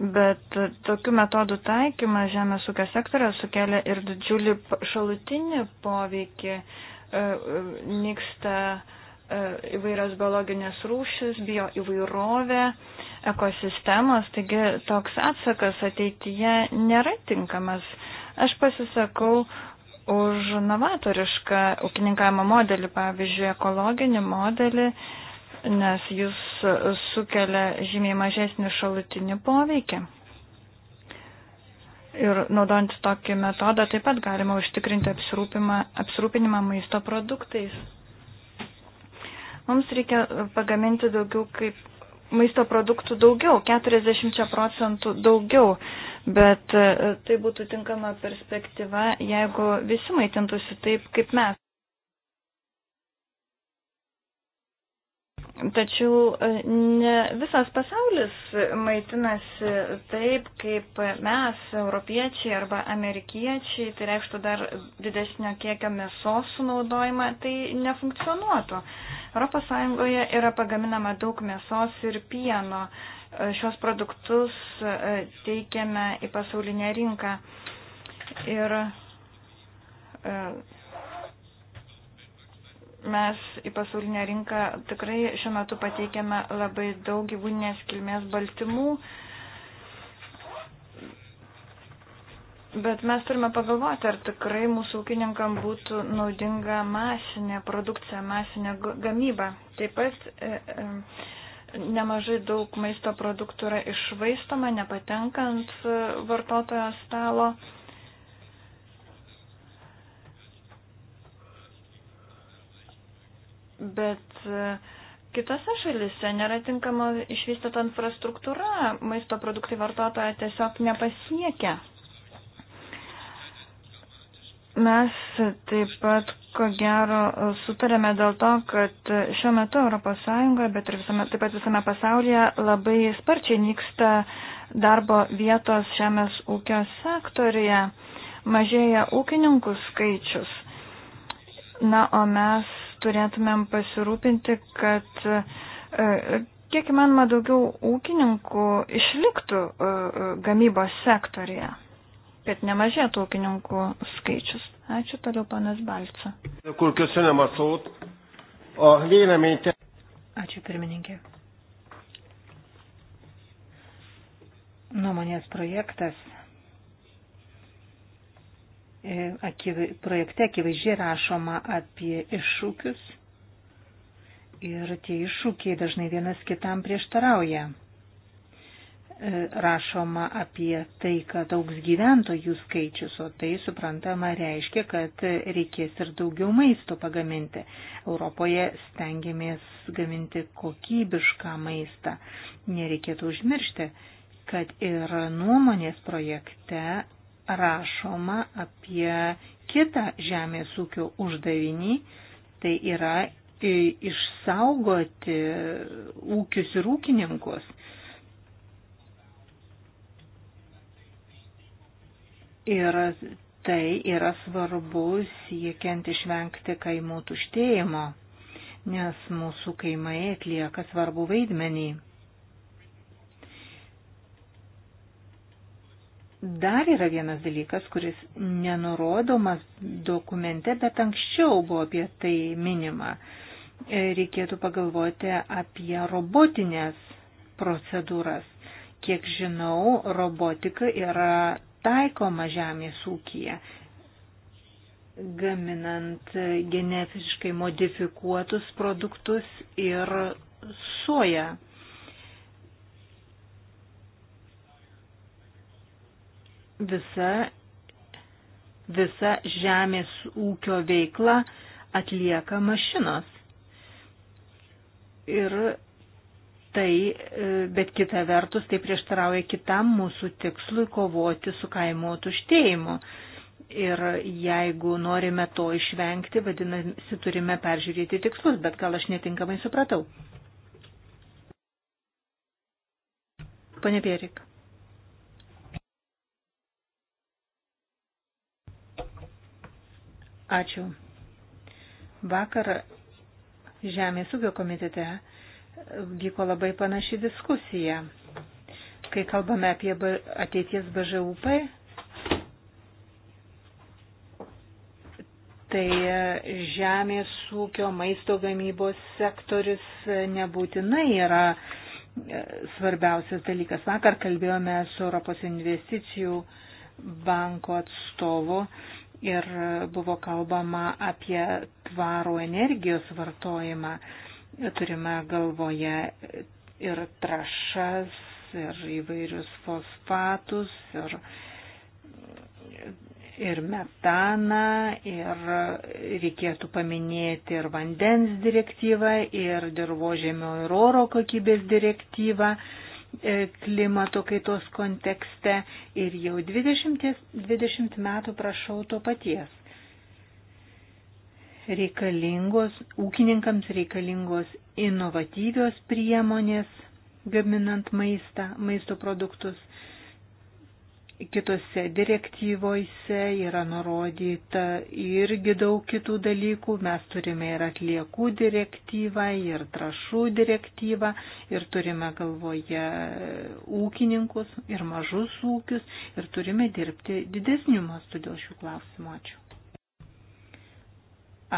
Bet tokių metodų taikymas žemės ūkio sektorio sukelia ir didžiulį šalutinį poveikį. E, e, nyksta e, įvairios biologinės rūšis, bio įvairovė, ekosistemos, taigi toks atsakas ateityje nėra tinkamas. Aš pasisakau už novatorišką ūkininkavimo modelį, pavyzdžiui, ekologinį modelį nes jis sukelia žymiai mažesnį šalutinį poveikį. Ir naudojant tokį metodą taip pat galima užtikrinti apsirūpinimą maisto produktais. Mums reikia pagaminti daugiau kaip maisto produktų daugiau, 40 procentų daugiau, bet e, tai būtų tinkama perspektyva, jeigu visi maitintųsi taip kaip mes. Tačiau e, ne visas pasaulis maitinasi taip, kaip mes, europiečiai arba amerikiečiai, tai reikštų dar didesnio kiekio mėsos sunaudojimą, tai nefunkcionuotų. ES yra pagaminama daug mėsos ir pieno. E, šios produktus e, teikiame į pasaulinę rinką. Ir mes į pasaulinę rinką tikrai šiuo metu pateikiame labai daug gyvūninės kilmės baltymų. Bet mes turime pagalvoti, ar tikrai mūsų ūkininkam būtų naudinga masinė produkcija, masinė gamyba. Taip pat e, e, nemažai daug maisto produktų yra išvaistoma, nepatenkant e, vartotojo stalo. E, bet e, kitose šalise nėra tinkama išvystyta infrastruktūra, maisto produktai vartotoje tiesiog nepasiekia. Mes taip pat, ko gero, sutarėme dėl to, kad šiuo metu ES, bet ir visame, taip pat visame pasaulyje labai sparčiai nyksta darbo vietos žemės ūkio sektorija, mažėja ūkininkų skaičius. Na, o mes turėtumėm pasirūpinti, kad e, kiek įmanoma daugiau ūkininkų išliktų e, e, gamybos sektorija, kad nemažėtų ūkininkų skaičius. Ačiū toliau, panas Balca. Ačiū pirmininkė. Nuomonės projektas E, projekte akivaizdžiai rašoma apie iššūkius ir tie iššūkiai dažnai vienas kitam prieštarauja. E, rašoma apie tai, kad auks gyventojų skaičius, o tai suprantama reiškia, kad reikės ir daugiau maisto pagaminti. Europoje stengiamės gaminti kokybišką maistą. Nereikėtų užmiršti, kad ir nuomonės projekte rašoma apie kitą žemės ūkio uždavinį, tai yra e, išsaugoti ūkius ir ūkininkus. Ir tai yra svarbu siekiant išvengti kaimų tuštėjimo, nes mūsų kaimai atlieka svarbu vaidmenį. Dar yra vienas dalykas, kuris nenurodomas dokumente, bet anksčiau buvo apie tai minima. E, reikėtų pagalvoti apie robotinės procedūras. Kiek žinau, robotika yra taikoma žemės ūkija, gaminant genetiškai modifikuotus produktus ir soją. visa, visa žemės ūkio veikla atlieka mašinos. Ir tai, e, bet kita vertus, tai prieštarauja kitam mūsų tikslui kovoti su kaimo tuštėjimu. Ir jeigu norime to išvengti, vadinasi, turime peržiūrėti tikslus, bet gal aš netinkamai supratau. Pane Pierik. Ačiū. Vakar Žemės ūkio komitete vyko labai panaši diskusija. Kai kalbame apie ateities BŽUP, tai e, žemės ūkio maisto gamybos sektorius e, nebūtinai yra e, svarbiausias dalykas. Vakar kalbėjome su Europos investicijų banko atstovu ir buvo kalbama apie tvarų energijos vartojimą. Turime galvoje ir trašas, ir įvairius fosfatus, ir, ir metaną, ir reikėtų paminėti ir vandens direktyvą, ir dirbožėmio ir oro kokybės direktyvą. E, E, klimato kaitos kontekste ir jau 20, 20 metų prašau to paties. Reikalingos, ūkininkams reikalingos inovatyvios priemonės gaminant maistą, maisto produktus kitose direktyvoise yra nurodyta irgi daug kitų dalykų. Mes turime ir atliekų direktyvą, ir trašų direktyvą, ir turime galvoje ūkininkus, ir mažus ūkius, ir turime dirbti didesnių mastų dėl šių klausimų. Ačiū.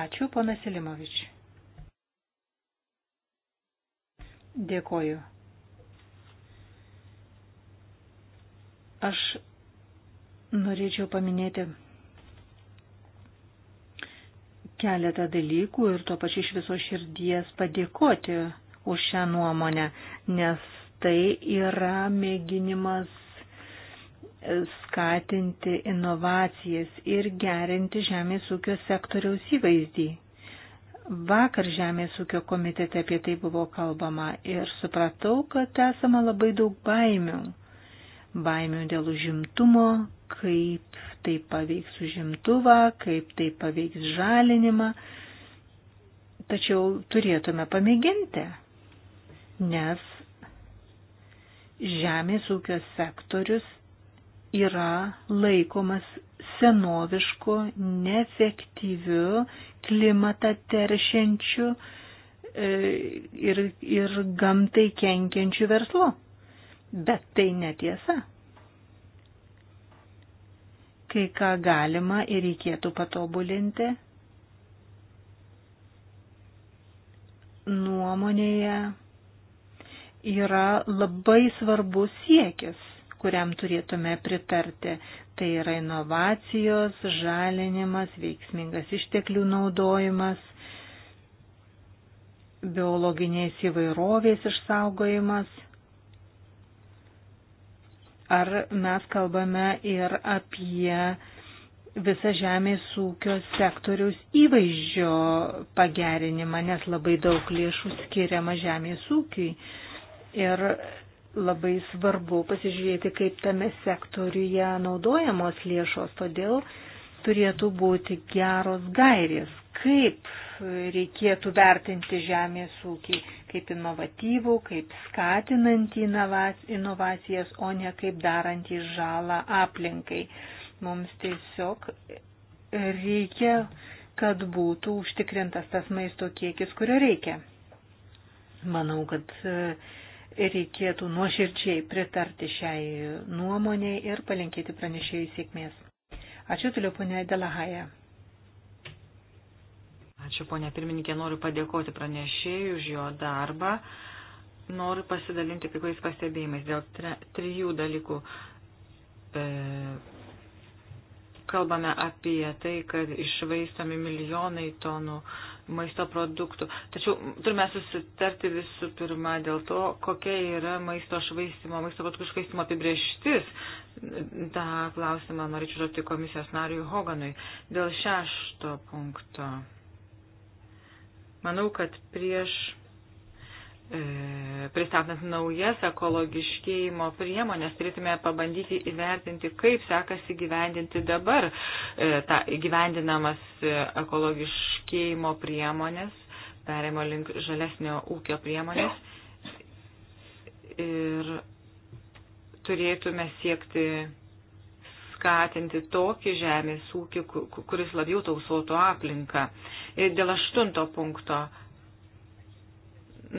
Ačiū, ponas Elimovič. Dėkoju. Aš norėčiau paminėti keletą dalykų ir tuo pačiu iš viso širdies padėkoti už šią nuomonę, nes tai yra mėginimas skatinti inovacijas ir gerinti žemės ūkio sektoriaus įvaizdį. Vakar Žemės ūkio komitete apie tai buvo kalbama ir supratau, kad esama labai daug baimių baimių dėl užimtumo, kaip tai paveiks užimtuvą, kaip tai paveiks žalinimą. Tačiau turėtume pamėginti, nes žemės ūkio sektorius yra laikomas senovišku, neefektyviu, klimatą teršiančiu e, ir, ir gamtai kenkiančiu verslu. Bet tai netiesa. Kai ką galima ir reikėtų patobulinti, nuomonėje yra labai svarbus siekis, kuriam turėtume pritarti. Tai yra inovacijos, žalinimas, veiksmingas išteklių naudojimas, biologinės įvairovės išsaugojimas ar mes kalbame ir apie visą žemės ūkio sektoriaus įvaizdžio pagerinimą, nes labai daug lėšų skiriama žemės ūkiui. Ir labai svarbu pasižiūrėti, kaip tame sektoriuje naudojamos lėšos, todėl turėtų būti geros gairės, kaip reikėtų vertinti žemės ūkį kaip inovatyvų, kaip skatinantį inovacijas, o ne kaip darantį žalą aplinkai. Mums tiesiog reikia, kad būtų užtikrintas tas maisto kiekis, kurio reikia. Manau, kad e, reikėtų nuoširčiai pritarti šiai nuomonėj ir palinkėti pranešėjai sėkmės. Ačiū toliau, ponė Delahaja. Ačiū, ponė pirmininkė, noriu padėkoti pranešėjui už jo darbą. Noriu pasidalinti kai kuriais pastebėjimais dėl tre, trijų dalykų. E, kalbame apie tai, kad išvaistami milijonai tonų maisto produktų. Tačiau turime susitarti visų pirma dėl to, kokia yra maisto švaistimo, maisto produktų švaistimo apibrieštis. Ta klausimą norėčiau žodžiu komisijos nariui Hoganui dėl šešto punkto. Manau, kad prieš e, pristatant naujas ekologiškėjimo priemonės turėtume pabandyti įvertinti, kaip sekasi gyvendinti dabar e, ta, gyvendinamas e, ekologiškėjimo priemonės, perėmo link žalesnio ūkio priemonės. Ir turėtume siekti skatinti tokį žemės ūkį, kuris labiau tausotų aplinką. Ir dėl aštunto punkto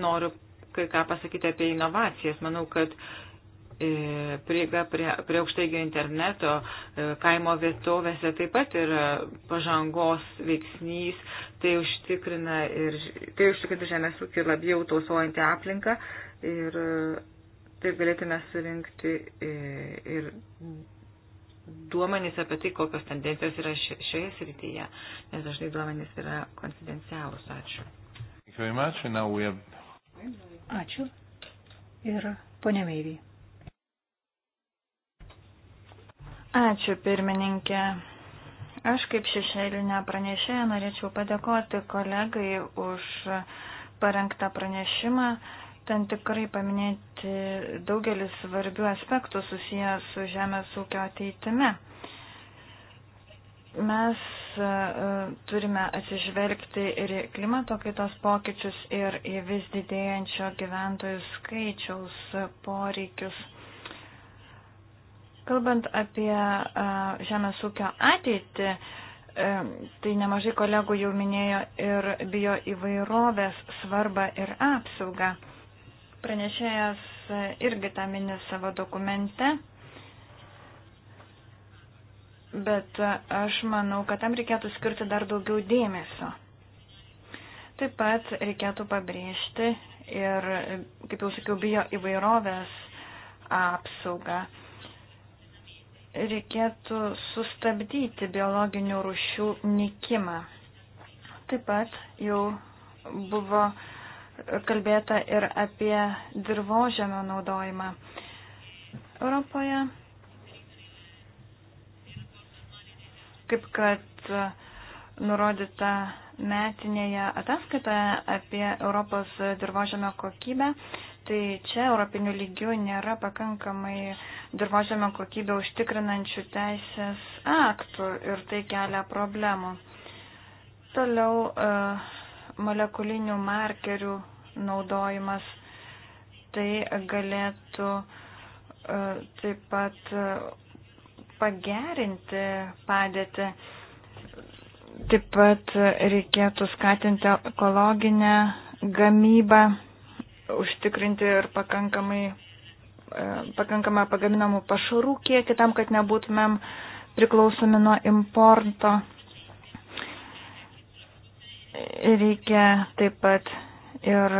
noriu kai ką pasakyti apie inovacijas. Manau, kad e, prieiga prie, prie aukštaigio interneto e, kaimo vietovėse taip pat yra pažangos veiksnys, tai užtikrina ir tai užtikrina žemės ūkį labiau tausojantį aplinką ir e, taip galėtume surinkti ir duomenys apie tai, kokios tendencijos yra šioje srityje, nes dažnai duomenys yra konfidencialūs. Ačiū. Ačiū. Ir ponia Meivy. Ačiū, pirmininkė. Aš kaip šešėlinė pranešėja norėčiau padėkoti kolegai už parengtą pranešimą. Ten tikrai paminėti daugelis svarbių aspektų susiję su žemės ūkio ateitime. Mes e, turime atsižvelgti ir į klimato kaitos pokyčius, ir į vis didėjančio gyventojų skaičiaus poreikius. Kalbant apie e, žemės ūkio ateitį, e, tai nemažai kolegų jau minėjo ir bio įvairovės svarbą ir apsaugą pranešėjas irgi tą mini savo dokumente, bet aš manau, kad tam reikėtų skirti dar daugiau dėmesio. Taip pat reikėtų pabrėžti ir, kaip jau sakiau, bio įvairovės apsaugą. Reikėtų sustabdyti biologinių rušių nikimą. Taip pat jau buvo uh, kalbėta ir apie dirbožėmio naudojimą. Europoje, kaip kad nurodyta metinėje ataskaitoje apie Europos dirbožėmio kokybę, tai čia europinių lygių nėra pakankamai dirbožėmio kokybę užtikrinančių teisės aktų ir tai kelia problemų. Toliau uh, molekulinių markerių naudojimas, tai galėtų e, taip pat e, pagerinti padėtį. Taip pat reikėtų skatinti ekologinę gamybą, užtikrinti ir pakankamai, e, pakankamą pagaminamų pašarų kiekį tam, kad nebūtumėm priklausomi nuo importo. Reikia taip pat ir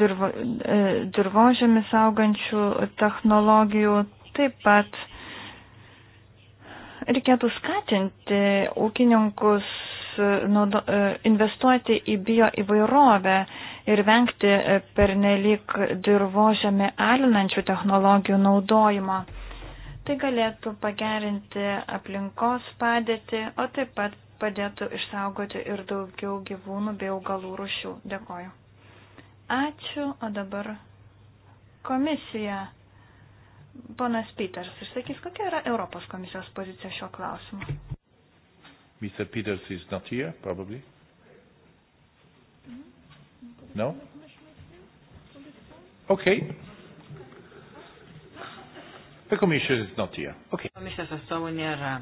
dirvo, e, dirbožėmis augančių technologijų, taip pat reikėtų skatinti ūkininkus e, naudo, e, investuoti į bio įvairovę ir vengti pernelyg dirbožėmi alinančių technologijų naudojimo. Tai galėtų pagerinti aplinkos padėtį, o taip pat padėtų išsaugoti ir daugiau gyvūnų bei augalų rušių. Dėkoju. Ačiū, o dabar komisija. Ponas Peters išsakys, kokia yra Europos komisijos pozicija šiuo klausimu. Mr. Peters is not here, probably. No? Okay. The commission is not here. Okay. Komisijos atstovų nėra.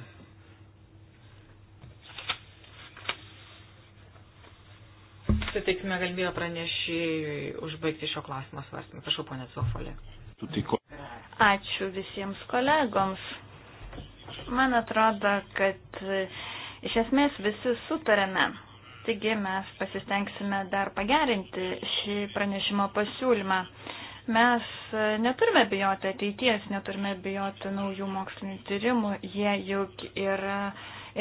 suteiksime tai galimybę pranešėjui užbaigti šio klausimo svarstymą. Prašau, ponė Zofolė. Ačiū visiems kolegoms. Man atrodo, kad e, iš esmės visi sutarėme. Taigi mes pasistengsime dar pagerinti šį pranešimo pasiūlymą. Mes e, neturime bijoti ateities, neturime bijoti naujų mokslinių tyrimų, jie juk yra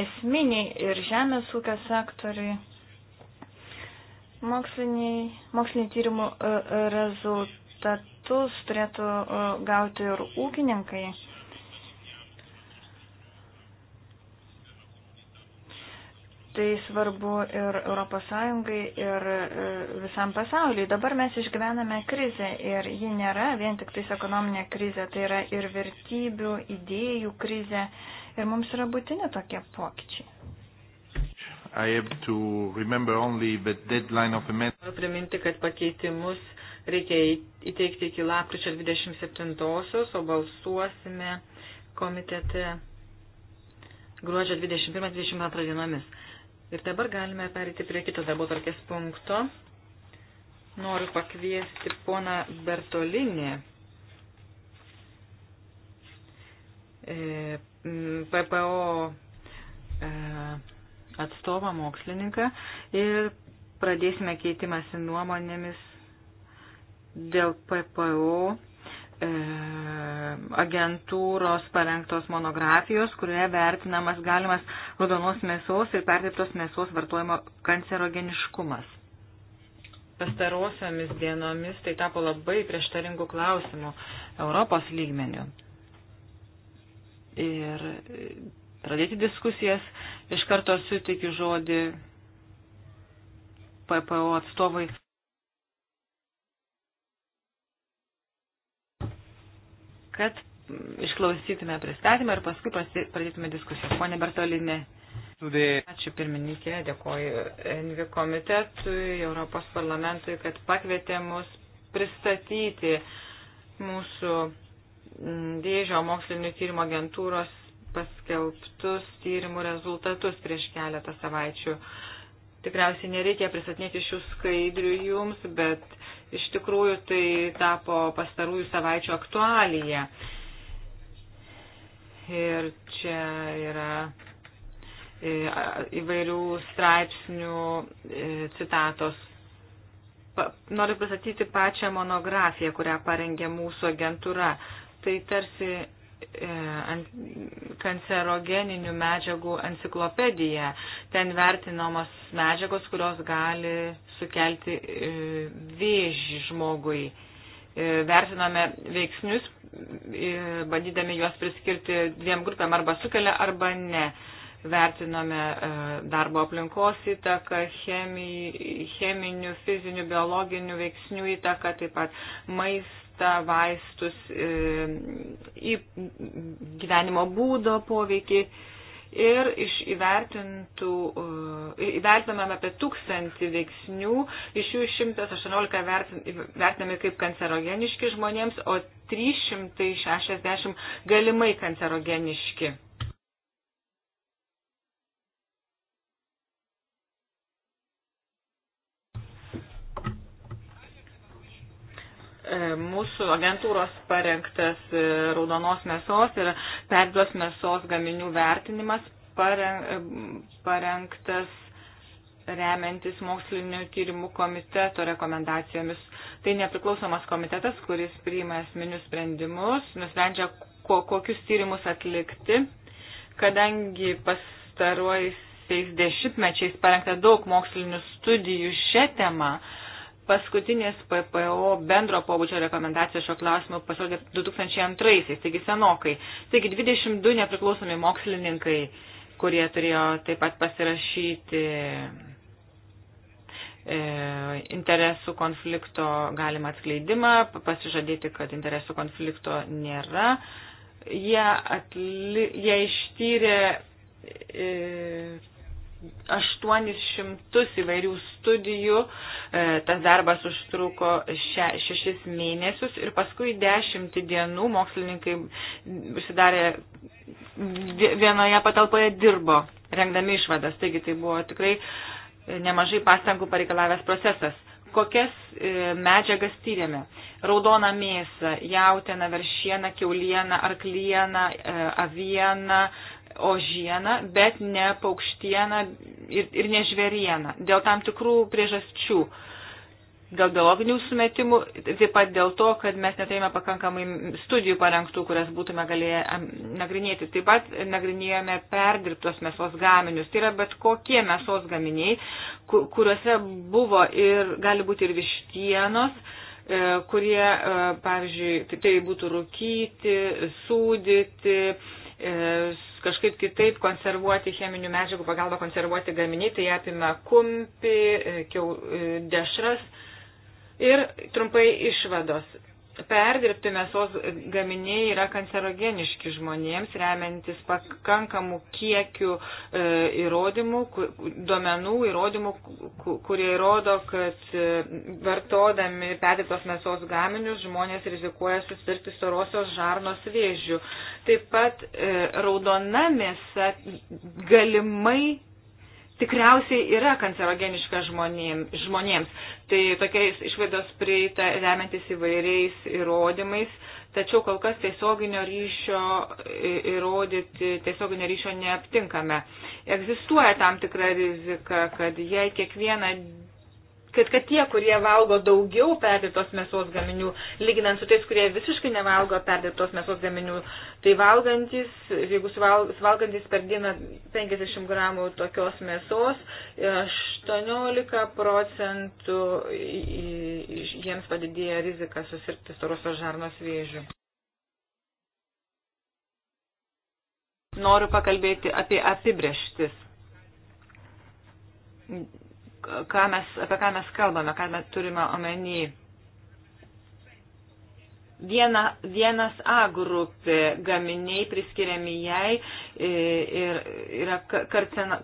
esminiai ir žemės ūkio sektoriui, Moksliniai, moksliniai tyrimų e, rezultatus turėtų e, gauti ir ūkininkai. Tai svarbu ir ES, ir e, visam pasauliui. Dabar mes išgyvename krizę ir ji nėra vien tik tais ekonominė krizė, tai yra ir vertybių, idėjų krizė ir mums yra būtini tokie pokyčiai. Noriu priminti, kad pakeitimus reikia įteikti iki lapkričio 27-osios, o balsuosime komitete gruodžio 21-22 dienomis. Ir dabar galime perėti prie kito darbo tarkės punkto. Noriu pakviesti poną Bertolinį, e, PPO e, atstovą mokslininką ir pradėsime keitimąsi nuomonėmis dėl PPO e, agentūros parengtos monografijos, kurioje vertinamas galimas raudonos mėsos ir perdirbtos mėsos vartojimo kancerogeniškumas. Pastarosiomis dienomis tai tapo labai prieštaringų klausimų Europos lygmenių. Ir pradėti diskusijas. Iš karto sutikiu žodį PPO atstovai. kad išklausytume pristatymą ir paskui pradėtume diskusijas. Pone Bertolinė. Ačiū pirmininkė, dėkoju Envi komitetui, Europos parlamentui, kad pakvietė mus pristatyti mūsų dėžio mokslinio tyrimo agentūros paskelbtus tyrimų rezultatus prieš keletą savaičių. Tikriausiai nereikia pristatinėti šių skaidrių jums, bet iš tikrųjų tai tapo pastarųjų savaičių aktualija. Ir čia yra e, įvairių straipsnių e, citatos. Noriu pristatyti pačią monografiją, kurią parengė mūsų agentūra. Tai tarsi E, kancerogeninių medžiagų enciklopediją. Ten vertinamos medžiagos, kurios gali sukelti e, vėžį žmogui. E, Vertiname veiksnius, bandydami juos priskirti dviem grupėm arba sukelia arba ne. Vertinome darbo aplinkos įtaką, cheminių, fizinių, biologinių veiksnių įtaką, taip pat maistą maistą, vaistus, e, į gyvenimo būdo poveikį. Ir iš įvertintų, e, įvertinamame apie tūkstantį veiksnių, iš jų 118 vertinami kaip kancerogeniški žmonėms, o 360 galimai kancerogeniški. E, mūsų agentūros parengtas e, raudonos mėsos ir perdios mėsos gaminių vertinimas e, parengtas remiantis mokslinio tyrimų komiteto rekomendacijomis. Tai nepriklausomas komitetas, kuris priima esminius sprendimus, nusprendžia, ko, kokius tyrimus atlikti, kadangi pastaruojaisiais dešimtmečiais parengta daug mokslinių studijų šią temą. Uh, paskutinės PPO bendro pobūdžio rekomendacijos šio klausimu pasirodė 2002-aisiais, taigi senokai. Taigi 22 nepriklausomi mokslininkai, kurie turėjo taip pat pasirašyti e, interesų konflikto galimą atskleidimą, pasižadėti, kad interesų konflikto nėra. Jie, atli, jie ištyrė e, 800 įvairių studijų, e, tas darbas užtruko 6 mėnesius ir paskui 10 dienų mokslininkai užsidarė vienoje patalpoje dirbo, rengdami išvadas. Taigi tai buvo tikrai nemažai pastangų pareikalavęs procesas. Kokias e, medžiagas tyrėme? Raudona mėsa, jautena, veršieną, keulieną, arklieną, e, avieną, ožieną, bet ne paukštieną ir, ir ne žverieną. Dėl tam tikrų priežasčių. Dėl biologinių sumetimų, taip pat dėl to, kad mes neturėjome pakankamai studijų parengtų, kurias būtume galėję nagrinėti. Taip pat nagrinėjome perdirbtos mėsos gaminius. Tai yra bet kokie mėsos gaminiai, kuriuose buvo ir gali būti ir vištienos, e, kurie, e, pavyzdžiui, tai, tai būtų rūkyti, sūdyti, e, kažkaip kitaip konservuoti cheminių medžiagų pagalba konservuoti gaminiai, tai apima kumpi, e, dešras ir trumpai išvados perdirbti mėsos gaminiai yra kancerogeniški žmonėms, remiantis pakankamų kiekių e, įrodymų, duomenų įrodymų, kurie įrodo, kad e, vartodami perdirbtos mėsos gaminius žmonės rizikuoja susirgti storosios žarnos vėžių. Taip pat e, raudona mėsa galimai tikriausiai yra kancerogeniška žmonėm, žmonėms. Tai tokiais išvados prieita remiantis įvairiais įrodymais, tačiau kol kas tiesioginio ryšio įrodyti, tiesioginio ryšio neaptinkame. Egzistuoja tam tikra rizika, kad jei kiekvieną kad, kad tie, kurie valgo daugiau perdėtos mėsos gaminių, lyginant su tais, kurie visiškai nevalgo perdėtos mėsos gaminių, tai valgantis, jeigu valgantis per dieną 50 gramų tokios mėsos, 18 procentų jiems padidėja rizika susirgti storosios žarnos vėžių. Noriu pakalbėti apie apibrieštis ką mes, apie ką mes kalbame, ką mes turime omeny. Viena, vienas A grupė gaminiai priskiriami jai e, ir yra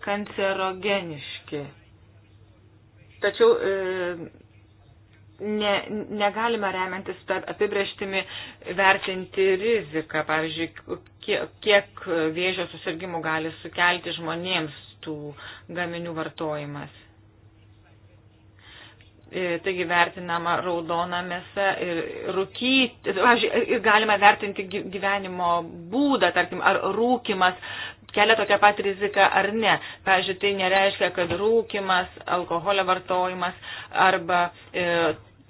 kancerogeniški. Tačiau e, ne, negalima remiantis apibrieštimi vertinti riziką, pavyzdžiui, kiek, kiek vėžio susirgymų gali sukelti žmonėms tų gaminių vartojimas. E, taigi vertinama raudona mėsa ir rūkyti, ir galima vertinti gyvenimo būdą, tarkim, ar rūkimas kelia tokią pat riziką ar ne. Pavyzdžiui, tai nereiškia, kad rūkimas, alkoholio vartojimas arba e,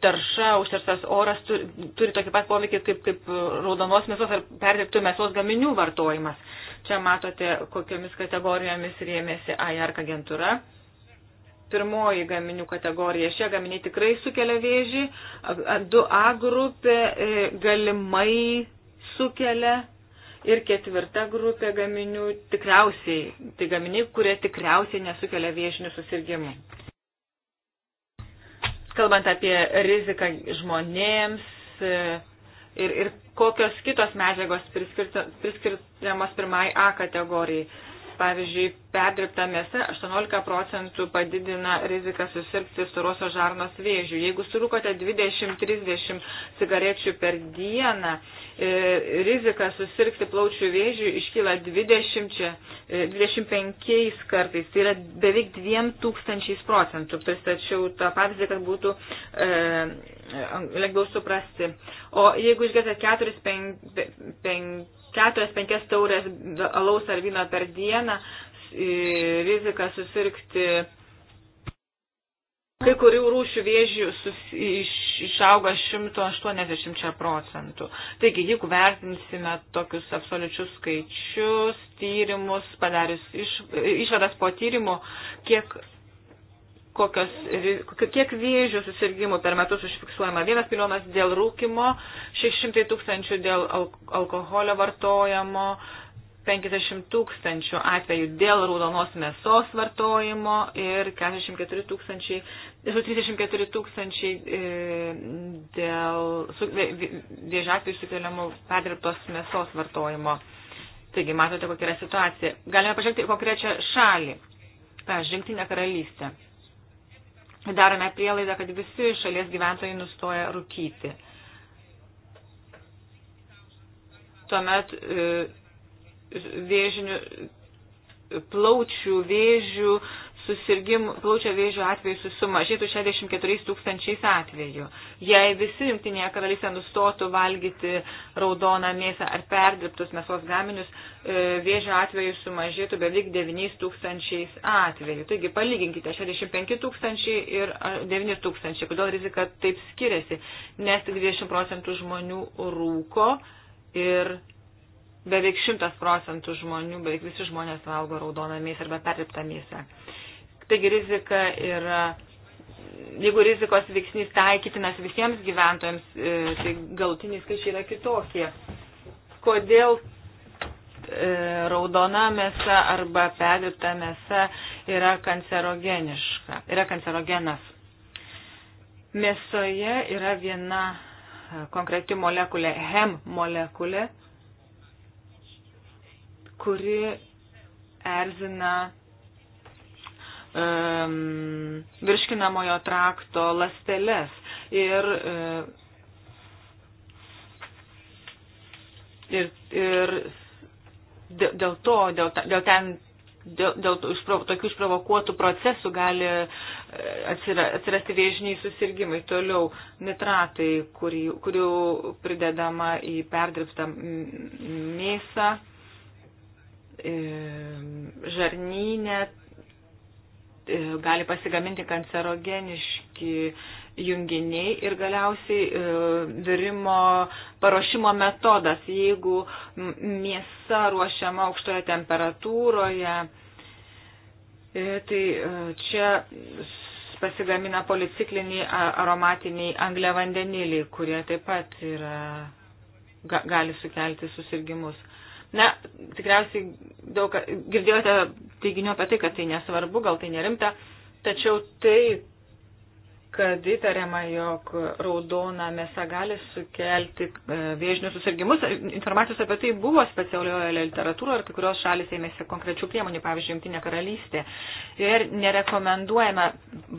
tarša, užterštas oras turi, turi tokį pat poveikį kaip, kaip raudonos mėsos ar perdirbtų mėsos gaminių vartojimas. Čia matote, kokiomis kategorijomis rėmėsi AIRK agentūra pirmoji gaminių kategorija. Šie gaminiai tikrai sukelia vėžį. 2A grupė e, galimai sukelia. Ir ketvirta grupė gaminių tikriausiai, tai gaminiai, kurie tikriausiai nesukelia viešinių susirgymų. Kalbant apie riziką žmonėms e, ir, ir kokios kitos medžiagos priskirti, priskirtiamos pirmai A kategorijai pavyzdžiui, perdirbta mėsa 18 procentų padidina riziką susirgti storosios žarnos vėžių. Jeigu surūkote 20-30 cigarečių per dieną, e, rizika susirgti plaučių vėžių iškyla 20, 25 e, kartais. Tai yra beveik 2000 procentų. Pristačiau tą pavyzdį, kad būtų e, lengviau suprasti. O jeigu išgėsite 4-5 4-5 taurės alaus ar vyno per dieną, e, rizika susirgti kai kurių rūšių vėžių sus, iš, išauga 180 procentų. Taigi, jeigu vertinsime tokius absoliučius skaičius, tyrimus, padarius iš, išvadas po tyrimų, kiek kokios, kiek vėžių susirgymų per metus užfiksuojama. Vienas milijonas dėl rūkimo, 600 tūkstančių dėl alkoholio vartojimo, 50 tūkstančių atvejų dėl raudonos mėsos vartojimo ir 44 tūkstančiai, 34 tūkstančiai e, dėl vėžio atvejų sukeliamų perdirbtos mėsos vartojimo. Taigi, matote, kokia yra situacija. Galime pažvelgti konkrečią šalį. Pavyzdžiui, Žingstinė karalystė darome prielaidą, kad visi šalies gyventojai nustoja rūkyti. Tuomet e, vėžinių plaučių vėžių susirgimų plaučio vėžio atvejų sumažėtų 64 tūkstančiais atvejų. Jei visi jungtinėje karalystėje nustotų valgyti raudoną mėsą ar perdirbtus mėsos gaminius, e, vėžio atvejų sumažėtų beveik 9 tūkstančiais atvejų. Taigi palyginkite 65 tūkstančiai ir 9 tūkstančiai. Kodėl rizika taip skiriasi? Nes tik 20 procentų žmonių rūko ir beveik šimtas procentų žmonių, beveik visi žmonės valgo raudoną mėsą arba perliptą mėsą. Taigi rizika yra, jeigu rizikos veiksnys taikytinas visiems gyventojams, e, tai galutiniai skaičiai yra kitokie. Kodėl e, raudona mėsa arba perdita mėsa yra kancerogeniška, yra kancerogenas. Mėsoje yra viena e, konkreti molekulė, hem molekulė, kuri erzina um, virškinamojo trakto lasteles. Ir, e, ir, ir dėl to, dėl, dėl ten. Dėl, dėl išprov, tokių išprovokuotų procesų gali e, atsira, atsirasti vėžiniai susirgymai. Toliau nitratai, kuri, kurių pridedama į perdirbtą mėsą, e, žarnynę, E, gali pasigaminti kancerogeniški junginiai ir galiausiai e, virimo paruošimo metodas, jeigu mėsa ruošiama aukštoje temperatūroje, e, tai čia pasigamina policikliniai aromatiniai angliavandeniliai, kurie taip pat yra, gali sukelti susirgymus. Na, tikriausiai daug girdėjote teiginių apie tai, kad tai nesvarbu, gal tai nerimta, tačiau tai kad įtariama, jog raudona mėsa gali sukelti e, vėžinius susirgymus. Informacijos apie tai buvo specialioje literatūroje ir kai kurios šalis ėmėsi konkrečių priemonių, pavyzdžiui, Junktinė karalystė. Ir nerekomenduojama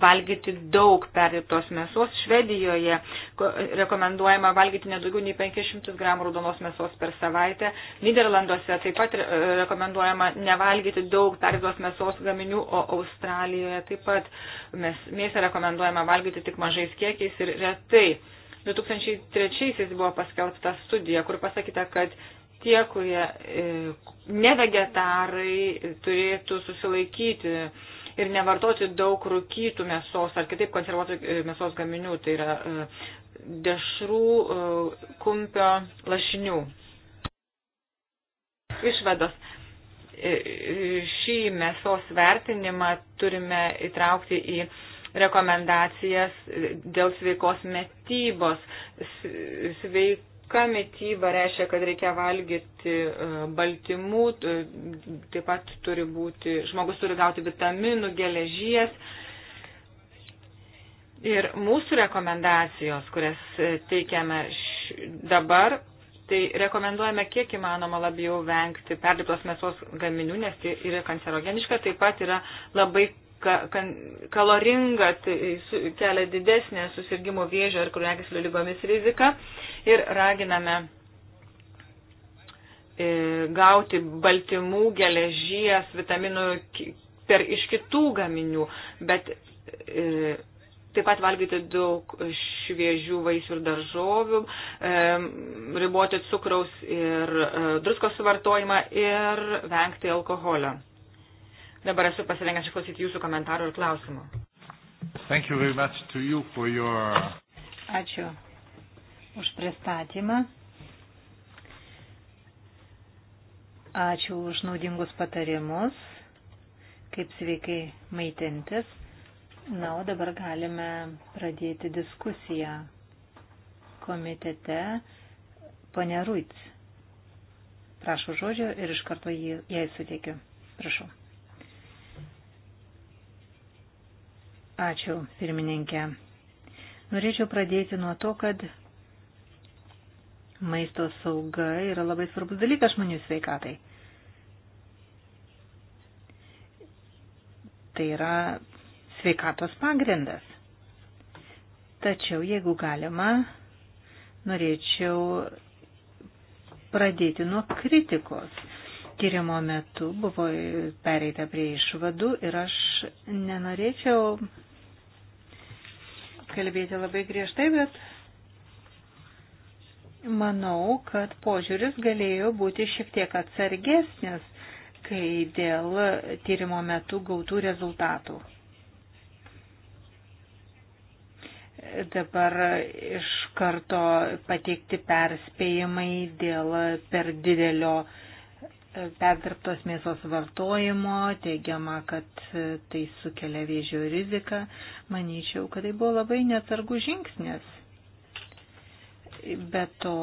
valgyti daug perdirbtos mėsos. Švedijoje rekomenduojama valgyti nedaugiau nei 500 gramų raudonos mėsos per savaitę. Niderlanduose taip pat e, rekomenduojama nevalgyti daug perdirbtos mėsos gaminių, o Australijoje taip pat mėsą rekomenduojama valgyti valgyti tik mažais kiekiais ir retai. 2003-aisiais buvo paskelbta studija, kur pasakyta, kad tie, kurie e, ne vegetarai turėtų susilaikyti ir nevartoti daug rūkytų mėsos ar kitaip konservuotų e, mėsos gaminių, tai yra e, dešrų, e, kumpio, lašinių. Išvados. E, e, šį mėsos vertinimą turime įtraukti į rekomendacijas dėl sveikos metybos. Sveika metyba reiškia, kad reikia valgyti e, baltymų, taip pat turi būti, žmogus turi gauti vitaminų, geležies. Ir mūsų rekomendacijos, kurias e, teikiame dabar, tai rekomenduojame kiek įmanoma labiau vengti perdirbtos mėsos gaminių, nes tai yra kancerogeniška, taip pat yra labai kaloringa, tai kelia didesnę susirgymo vėžio ir kraujagyslių lygomis riziką ir raginame e, gauti baltymų, geležies, vitaminų per iš kitų gaminių, bet e, taip pat valgyti daug šviežių vaisių ir daržovių, e, riboti cukraus ir druskos suvartojimą ir vengti alkoholio. Dabar esu pasirengęs išklausyti jūsų komentarų ir klausimų. You your... Ačiū už pristatymą. Ačiū už naudingus patarimus, kaip sveikai maitintis. Na, o dabar galime pradėti diskusiją komitete. Pone Ruic, prašau žodžio ir iš karto jį, jai suteikiu. Prašau. Ačiū, pirmininkė. Norėčiau pradėti nuo to, kad maisto sauga yra labai svarbus dalykas žmonių sveikatai. Tai yra sveikatos pagrindas. Tačiau, jeigu galima, norėčiau pradėti nuo kritikos. Tyrimo metu buvo pereita prie išvadų ir aš nenorėčiau kalbėti labai griežtai, bet manau, kad požiūris galėjo būti šiek tiek atsargesnis, kai dėl tyrimo metu gautų rezultatų. Dabar iš karto pateikti perspėjimai dėl per didelio uh, perdirbtos mėsos vartojimo, teigiama, kad tai sukelia vėžio riziką. Manyčiau, kad tai buvo labai netargų žingsnis. Be to,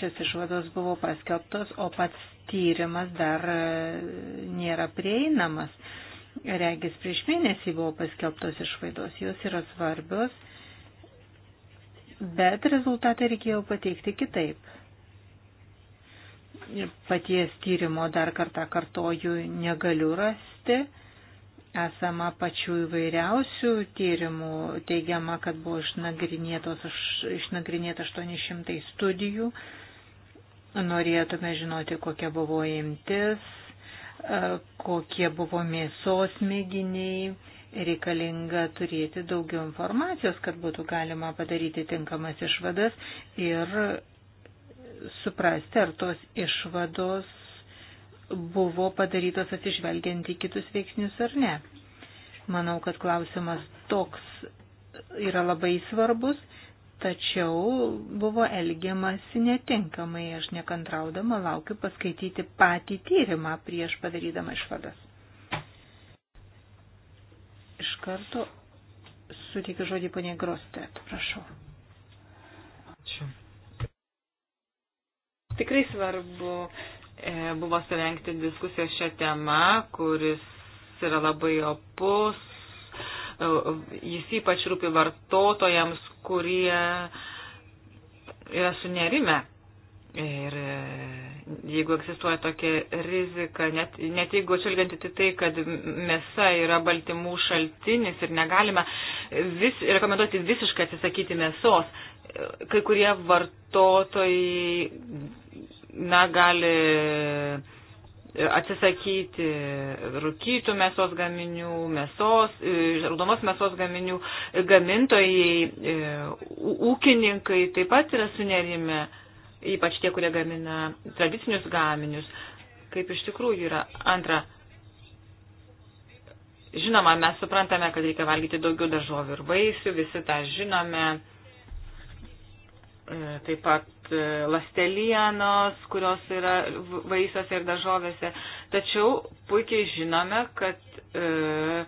šis išvados buvo paskelbtos, o pats tyrimas dar nėra prieinamas. Regis prieš mėnesį buvo paskelbtos išvaidos, jos yra svarbios, bet rezultatą reikėjo pateikti kitaip paties tyrimo dar kartą kartoju negaliu rasti. Esama pačių įvairiausių tyrimų, teigiama, kad buvo išnagrinėta 800 studijų. Norėtume žinoti, kokia buvo imtis, e, kokie buvo mėsos mėginiai, reikalinga turėti daugiau informacijos, kad būtų galima padaryti tinkamas išvadas ir suprasti, ar tos išvados buvo padarytos atsižvelgiant į kitus veiksnius ar ne. Manau, kad klausimas toks yra labai svarbus, tačiau buvo elgiamasi netinkamai. Aš nekantraudama laukiu paskaityti patį tyrimą prieš padarydama išvadas. Iš karto suteikiu žodį ponė Grostet, prašau. Tikrai svarbu e, buvo surengti diskusiją šią temą, kuris yra labai opus. E, jis ypač rūpi vartotojams, kurie yra sunerime. Ir e, jeigu egzistuoja tokia rizika, net, net jeigu atšilgiant į tai, kad mėsa yra baltymų šaltinis ir negalime vis, rekomenduoti visiškai atsisakyti mėsos, kai kurie vartotojai na, gali atsisakyti rūkytų mėsos gaminių, mėsos, raudonos mėsos gaminių gamintojai, e, ūkininkai taip pat yra sunerimi, ypač tie, kurie gamina tradicinius gaminius, kaip iš tikrųjų yra. Antra, žinoma, mes suprantame, kad reikia valgyti daugiau daržovių ir vaisių, visi tą žinome E, taip pat e, lastelienos, kurios yra vaisiuose ir daržovėse. Tačiau puikiai žinome, kad e,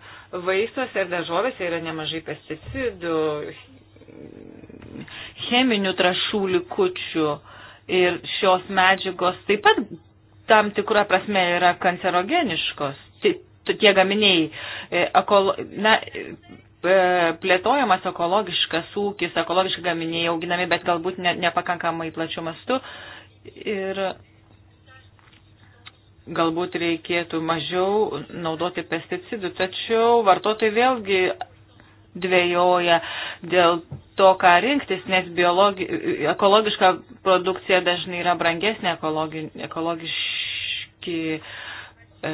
vaisiuose ir daržovėse yra nemažai pesticidų, cheminių trašų likučių ir šios medžiagos taip pat tam tikrą prasme yra kancerogeniškos. Tie gaminiai, ekolo, na, plėtojamas ekologiškas ūkis, ekologiški gaminiai auginami, bet galbūt ne, nepakankamai plačiu mastu. Ir galbūt reikėtų mažiau naudoti pesticidų, tačiau vartotojai vėlgi dvėjoja dėl to, ką rinktis, nes biologi, ekologiška produkcija dažnai yra brangesnė, ekologi, ekologiški E,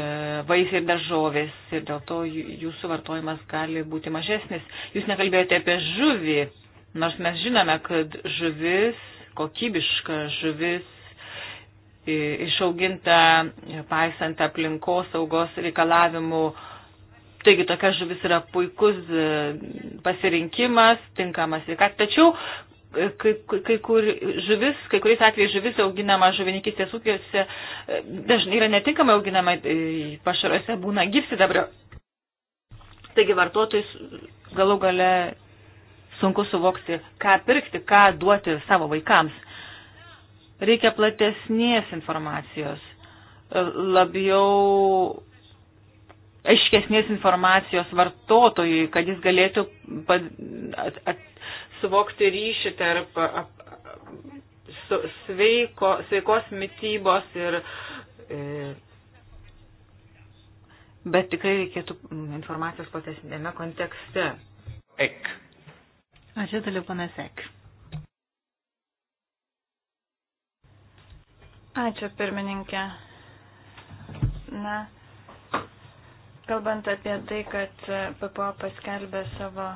vaisiai ir daržovės ir dėl to jūsų vartojimas gali būti mažesnis. Jūs nekalbėjote apie žuvį, nors mes žinome, kad žuvis, kokybiška žuvis, išauginta paisant aplinkos saugos reikalavimų, taigi tokia žuvis yra puikus e, pasirinkimas, tinkamas sveikatai. Tačiau kai, kai kur žuvis, kai kuriais atvejais žuvis auginama žuvininkistės ūkiuose dažnai yra netinkamai auginama, e, pašaruose būna gypsidabrio. Taigi vartotojus galų gale sunku suvokti, ką pirkti, ką duoti savo vaikams. Reikia platesnės informacijos, e, labiau aiškesnės informacijos vartotojui, kad jis galėtų suvokti ryšį tarp sveiko, sveikos mytybos ir. E, bet tikrai reikėtų informacijos platesnėme kontekste. Ek. Ačiū toliau, panas Ek. Ačiū, pirmininkė. Na, kalbant apie tai, kad PPO paskelbė savo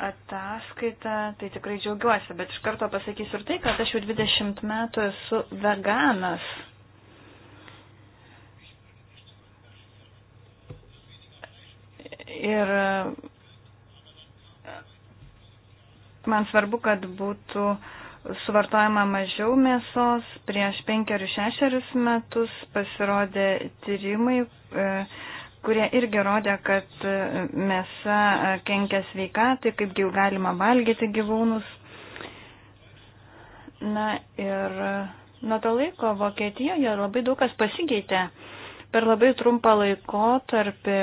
ataskaitą, tai tikrai džiaugiuosi, bet iš karto pasakysiu ir tai, kad aš jau 20 metų esu veganas. Ir man svarbu, kad būtų suvartojama mažiau mėsos. Prieš penkerius šešerius metus pasirodė tyrimai. E, kurie irgi rodė, kad e, mėsa e, kenkia sveikatai, kaip jau galima valgyti gyvūnus. Na ir e, nuo to laiko Vokietijoje labai daug kas pasikeitė. Per labai trumpą laikotarpį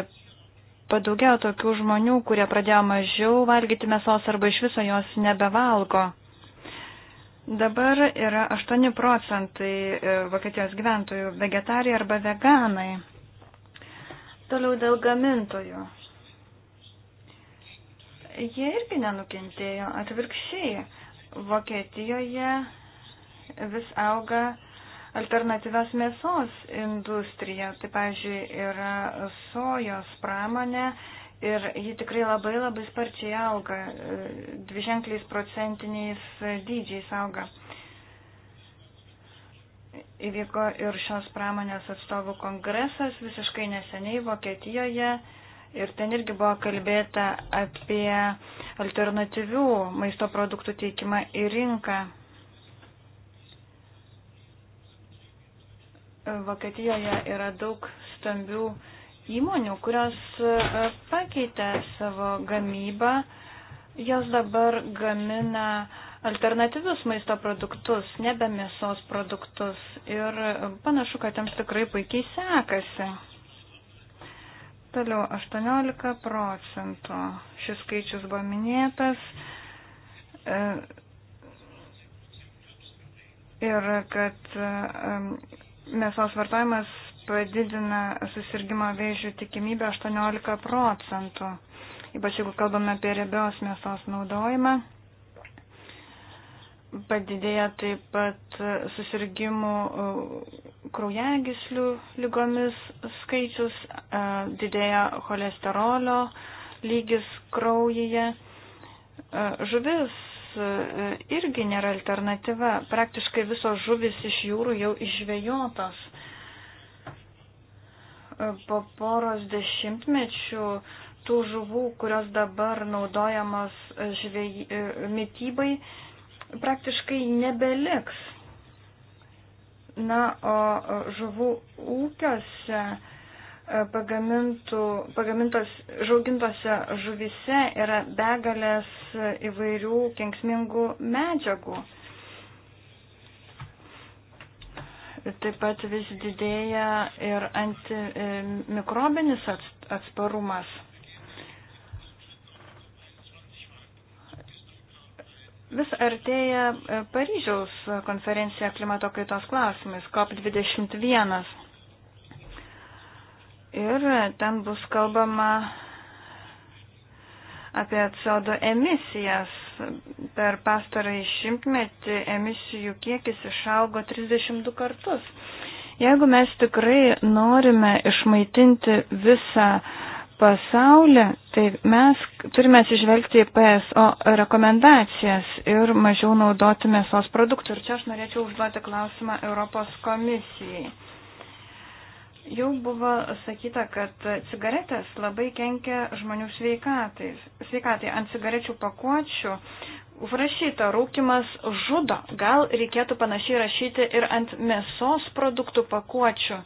padaugėjo tokių žmonių, kurie pradėjo mažiau valgyti mėsos arba iš viso jos nebevalgo. Dabar yra 8 procentai Vokietijos gyventojų vegetarijai arba veganai. Toliau dėl gamintojų. Jie irgi nenukentėjo, atvirkščiai. Vokietijoje vis auga alternatyvios mėsos industrija. Tai, pavyzdžiui, yra sojos pramonė ir ji tikrai labai labai sparčiai auga, dviženkliais procentiniais dydžiais auga įvyko ir šios pramonės atstovų kongresas visiškai neseniai Vokietijoje. Ir ten irgi buvo kalbėta apie alternatyvių maisto produktų teikimą į rinką. Vokietijoje yra daug stambių įmonių, kurios e, pakeitė savo gamybą. Jos dabar gamina uh, alternatyvius maisto produktus, nebe mėsos produktus. Ir panašu, kad jiems tikrai puikiai sekasi. Toliau 18 procentų. Šis skaičius buvo minėtas. E, ir kad e, mėsos vartojimas padidina susirgymo vėžių tikimybę 18 procentų, ypač jeigu kalbame apie riebios mėsos naudojimą padidėja taip pat susirgymų e, kraujagislių lygomis skaičius, e, didėja cholesterolio lygis kraujyje. E, žuvis irgi nėra alternatyva. Praktiškai visos žuvis iš jūrų jau išvejotos. Po poros dešimtmečių tų žuvų, kurios dabar naudojamos žvej... mytybai, praktiškai nebeliks. Na, o žuvų ūkiuose e, pagamintos žaugintose žuvise yra begalės įvairių kenksmingų medžiagų. Taip pat vis didėja ir antimikrobinis atsparumas. Vis artėja e, Paryžiaus konferencija klimato kaitos klausimais, COP21. Ir ten bus kalbama apie CO2 emisijas. Per pastarąjį šimtmetį emisijų kiekis išaugo 32 kartus. Jeigu mes tikrai norime išmaitinti visą uh, pasaulį, tai mes turime atsižvelgti į PSO rekomendacijas ir mažiau naudoti mėsos produktų. Ir čia aš norėčiau užduoti klausimą Europos komisijai. Jau buvo sakyta, kad cigaretės labai kenkia žmonių sveikatai. Sveikatai ant cigarečių pakuočių užrašyta rūkimas žudo. Gal reikėtų panašiai rašyti ir ant mėsos produktų pakuočių.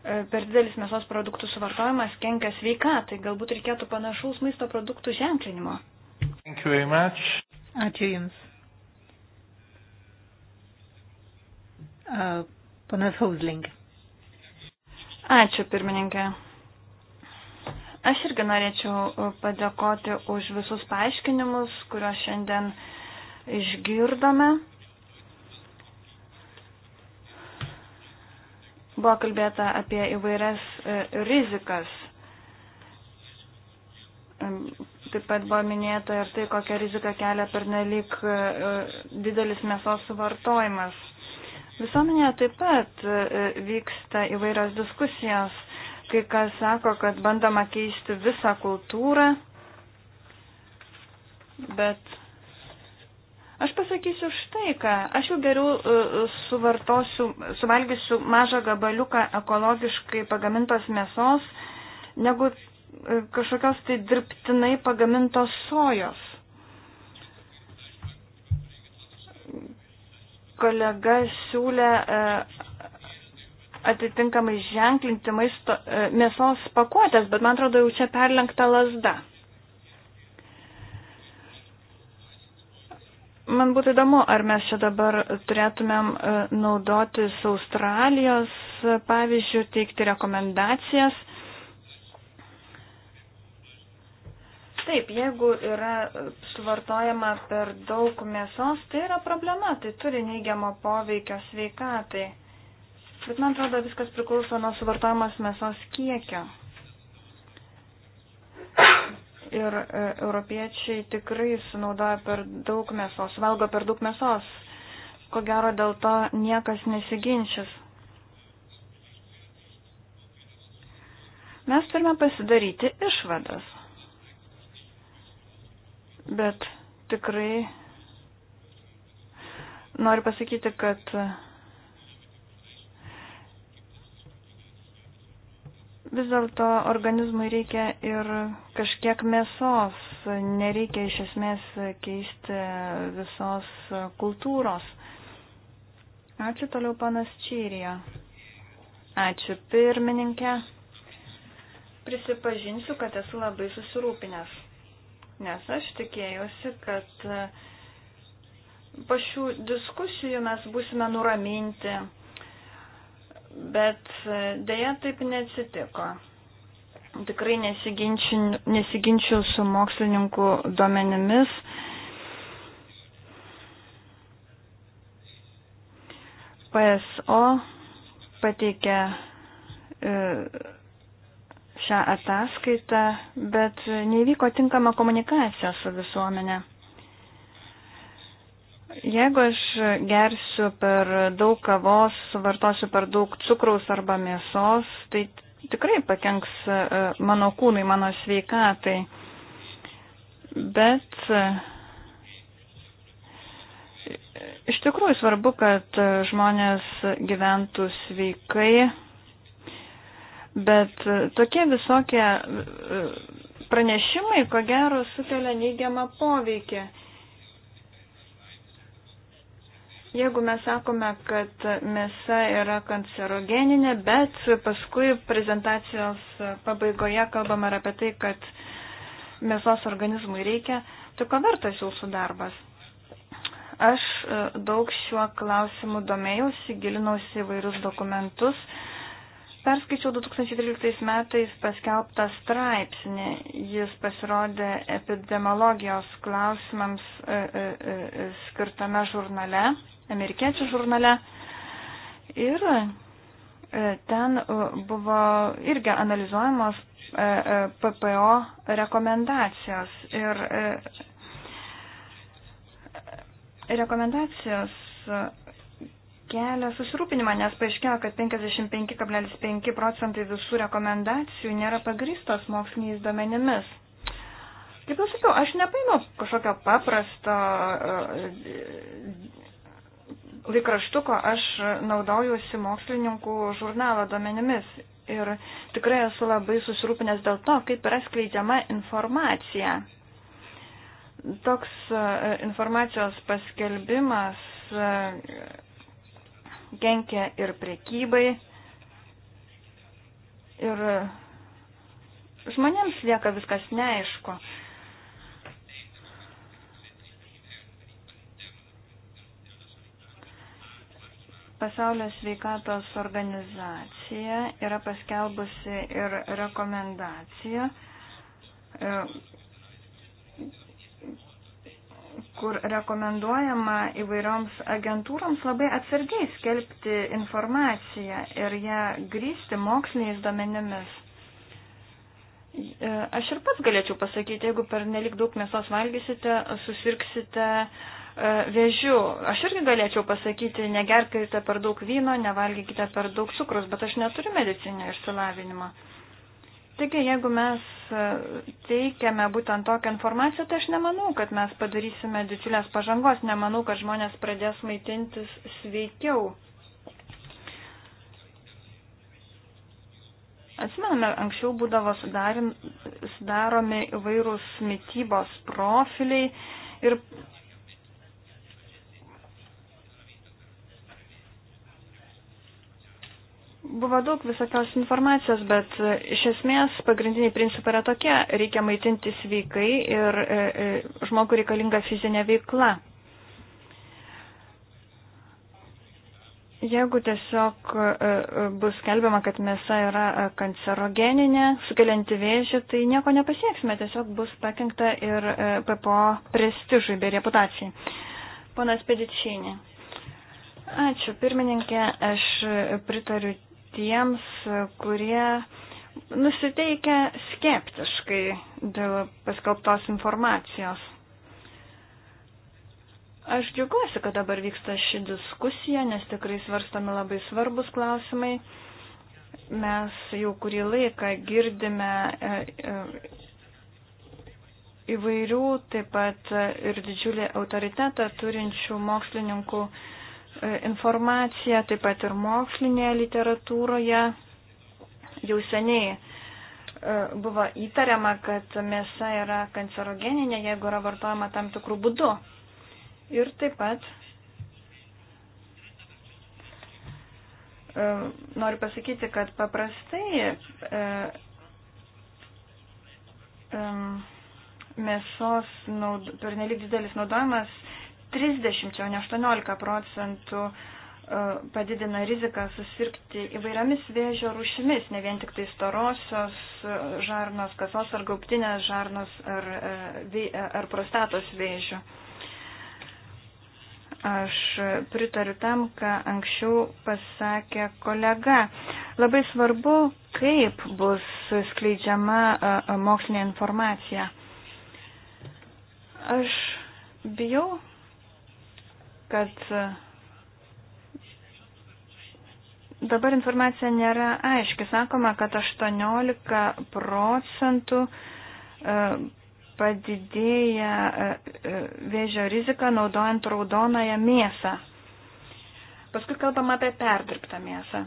E, per didelis mėsos produktų suvartojimas kenkia sveikatai. Galbūt reikėtų panašaus maisto produktų ženklinimo. Ačiū Jums. Panas Hausling. Ačiū pirmininkė. Aš irgi norėčiau padėkoti už visus paaiškinimus, kuriuos šiandien išgirdome. Buvo kalbėta apie įvairias e, rizikas. Taip pat buvo minėta ir tai, kokią riziką kelia pernelyg e, e, didelis mėsos suvartojimas. Visuomenėje taip pat vyksta įvairios diskusijos. Kai kas sako, kad bandoma keisti visą kultūrą, bet Aš pasakysiu štai ką. Aš jau geriau e, suvartosiu, suvalgysiu mažą gabaliuką ekologiškai pagamintos mėsos, negu e, kažkokios tai dirbtinai pagamintos sojos. Kolega siūlė e, atitinkamai ženklinti maisto, mėsos pakuotės, bet man atrodo jau čia perlenkta lasda. Man būtų įdomu, ar mes čia dabar turėtumėm e, naudotis Australijos e, pavyzdžių, teikti rekomendacijas. Taip, jeigu yra suvartojama per daug mėsos, tai yra problema, tai turi neigiamo poveikio sveikatai. Bet man atrodo, viskas priklauso nuo suvartojamos mėsos kiekio ir e, europiečiai tikrai sunaudoja per daug mėsos, valgo per daug mėsos. Ko gero dėl to niekas nesiginčys. Mes turime pasidaryti išvadas. Bet tikrai noriu pasakyti, kad Vis dėlto organizmui reikia ir kažkiek mėsos, nereikia iš esmės keisti visos kultūros. Ačiū toliau panas Čyrija. Ačiū pirmininkė. Prisipažinsiu, kad esu labai susirūpinęs, nes aš tikėjusi, kad po šių diskusijų mes būsime nuraminti bet e, dėja taip neatsitiko. Tikrai nesiginčiu, nesiginčiu su mokslininkų duomenimis. PSO pateikė e, šią ataskaitą, bet nevyko tinkama komunikacija su visuomenė. Jeigu aš gersiu per daug kavos, vartosiu per daug cukraus arba mėsos, tai tikrai pakenks e, mano kūnai, mano sveikatai. Bet e, iš tikrųjų svarbu, kad žmonės gyventų sveikai, bet tokie visokie e, pranešimai, ko gero, sukelia neigiamą poveikį Jeigu mes sakome, kad mėsa yra kancerogeninė, bet paskui prezentacijos pabaigoje kalbame ir apie tai, kad mėsos organizmui reikia, tai ko vertas jūsų darbas? Aš e, daug šiuo klausimu domėjausi, gilinausi įvairius dokumentus. Perskaičiau 2013 metais paskelbtą straipsnį. Jis pasirodė epidemiologijos klausimams e, e, skirtame žurnale amerikiečių žurnale. Ir e, ten e, buvo irgi analizuojamos e, PPO rekomendacijos. Ir rekomendacijos kelia susirūpinimą, nes paaiškėjo, kad 55,5 procentai visų rekomendacijų nėra pagristos moksliniais duomenimis. Kaip jau sakiau, aš nepaėmiau kažkokio paprasto laikraštuko aš naudojuosi mokslininkų žurnalo duomenimis ir tikrai esu labai susirūpinęs dėl to, kaip yra skleidžiama informacija. Toks e, informacijos paskelbimas e, kenkia ir prekybai, ir žmonėms lieka viskas neaišku. Pasaulio sveikatos organizacija yra paskelbusi ir rekomendaciją, e, kur rekomenduojama įvairioms agentūroms labai atsargiai skelbti informaciją ir ją grįsti moksliniais domenimis. E, aš ir pats galėčiau pasakyti, jeigu per nelik daug mėsos valgysite, susirksite uh, E, vėžiu. Aš irgi galėčiau pasakyti, negerkite per daug vyno, nevalgykite per daug cukrus, bet aš neturiu medicinio išsilavinimo. Taigi, jeigu mes e, teikiame būtent tokią informaciją, tai aš nemanau, kad mes padarysime didžiulės pažangos, nemanau, kad žmonės pradės maitintis sveikiau. Atsimename, anksčiau būdavo sudarim, sudaromi įvairūs mytybos profiliai ir Buvo daug visokios informacijos, bet e, iš esmės pagrindiniai principai yra tokie. Reikia maitinti sveikai ir e, e, žmogų reikalinga fizinė veikla. Jeigu tiesiog bus skelbiama, kad mėsa yra kancerogeninė, sukelianti vėžį, tai nieko nepasieksime, tiesiog bus pakengta ir PPO prestižui bei reputacijai. Ponas Pedičinė. Ačiū, pirmininkė, aš pritariu tiems, kurie nusiteikia skeptiškai dėl paskelbtos informacijos. Aš džiugiuosi, kad dabar vyksta ši diskusija, nes tikrai svarstami labai svarbus klausimai. Mes jau kurį laiką girdime e, e, įvairių, taip pat ir didžiulį autoritetą turinčių mokslininkų E, informacija, taip pat ir mokslinėje literatūroje jau seniai e, buvo įtariama, kad mėsa yra kancerogeninė, jeigu yra vartojama tam tikrų būdų. Ir taip pat e, noriu pasakyti, kad paprastai mėsos naud... pernelyg didelis naudojimas 30, o ne 18 procentų e, padidina riziką susirgti įvairiamis vėžio rūšimis, ne vien tik tai storosios žarnos, kasos ar gauptinės žarnos ar, e, ar prostatos vėžio. Aš pritariu tam, ką anksčiau pasakė kolega. Labai svarbu, kaip bus skleidžiama e, mokslinė informacija. Aš bijau, kad e, dabar informacija nėra aiški. Sakoma, kad 18 procentų e, padidėja e, vėžio rizika naudojant raudonąją mėsą. Paskui kalbam apie perdirbtą mėsą.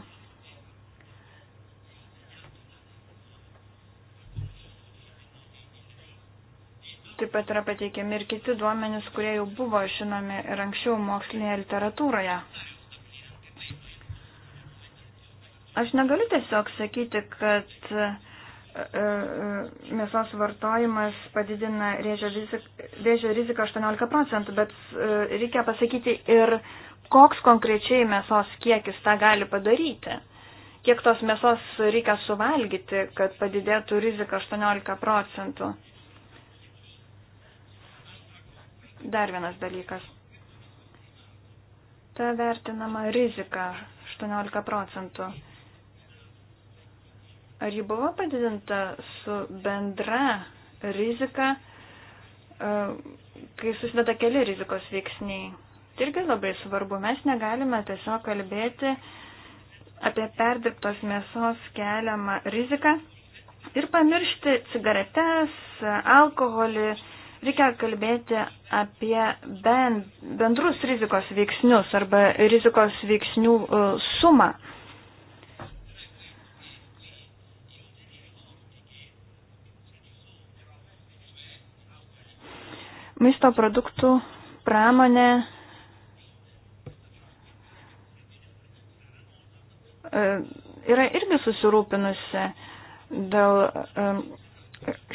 Taip pat yra pateikiami ir kiti duomenys, kurie jau buvo žinomi ir anksčiau mokslinėje literatūroje. Aš negaliu tiesiog sakyti, kad e, e, mėsos vartojimas padidina vėžio riziką 18 procentų, bet e, reikia pasakyti ir koks konkrečiai mėsos kiekis tą gali padaryti. Kiek tos mėsos reikia suvalgyti, kad padidėtų rizika 18 procentų. dar vienas dalykas. Ta vertinama rizika 18 procentų. Ar ji buvo padidinta su bendra rizika, e, kai susideda keli rizikos veiksniai? Tai irgi labai svarbu. Mes negalime tiesiog kalbėti apie perdirbtos mėsos keliamą riziką ir pamiršti cigaretes, alkoholį, Reikia kalbėti apie bendrus rizikos veiksnius arba rizikos veiksnių e, sumą. Maisto produktų pramonė e, yra irgi susirūpinusi dėl e,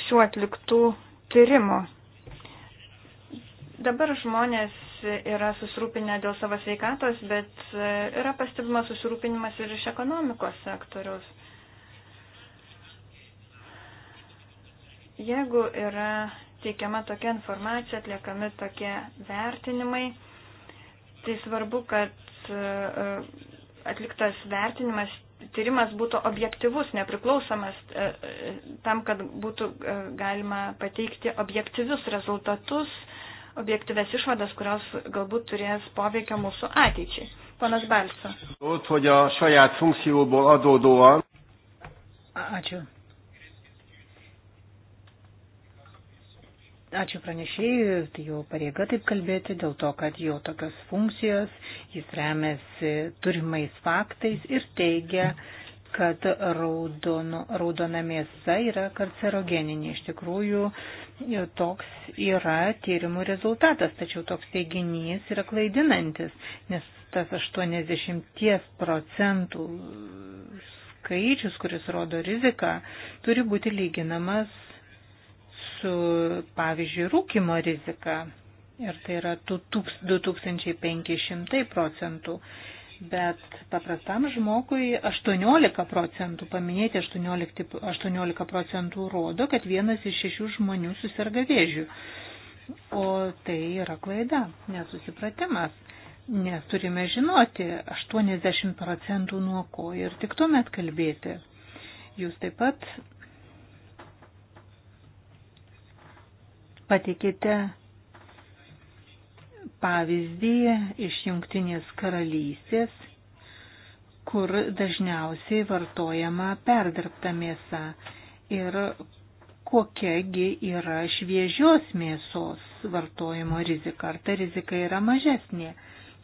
šių atliktų tyrimų. Dabar žmonės yra susirūpinę dėl savo sveikatos, bet yra pastebimas susirūpinimas ir iš ekonomikos sektoriaus. Jeigu yra teikiama tokia informacija, atliekami tokie vertinimai, tai svarbu, kad e, atliktas vertinimas, tyrimas būtų objektivus, nepriklausomas e, e, tam, kad būtų galima pateikti objektivius rezultatus objektyves išvadas, kurios galbūt turės poveikio mūsų ateičiai. Panas Balsa. Ačiū. Ačiū pranešėjui, tai jo pareiga taip kalbėti, dėl to, kad jo tokios funkcijos, jis remiasi turimais faktais ir teigia, kad raudono, raudona mėsa yra karcerogeninė. Iš tikrųjų, toks yra tyrimų rezultatas, tačiau toks teiginys yra klaidinantis, nes tas 80 procentų skaičius, kuris rodo riziką, turi būti lyginamas su, pavyzdžiui, rūkimo rizika. Ir tai yra 2500 procentų bet paprastam žmogui 18 procentų, paminėti 18, 18 procentų rodo, kad vienas iš šešių žmonių susirga vėžių. O tai yra klaida, nesusipratimas, nes turime žinoti 80 procentų nuo ko ir tik tuomet kalbėti. Jūs taip pat pateikite pavyzdį iš Junktinės karalystės, kur dažniausiai vartojama perdirbta mėsa ir kokiagi yra šviežios mėsos vartojimo rizika, ar ta rizika yra mažesnė.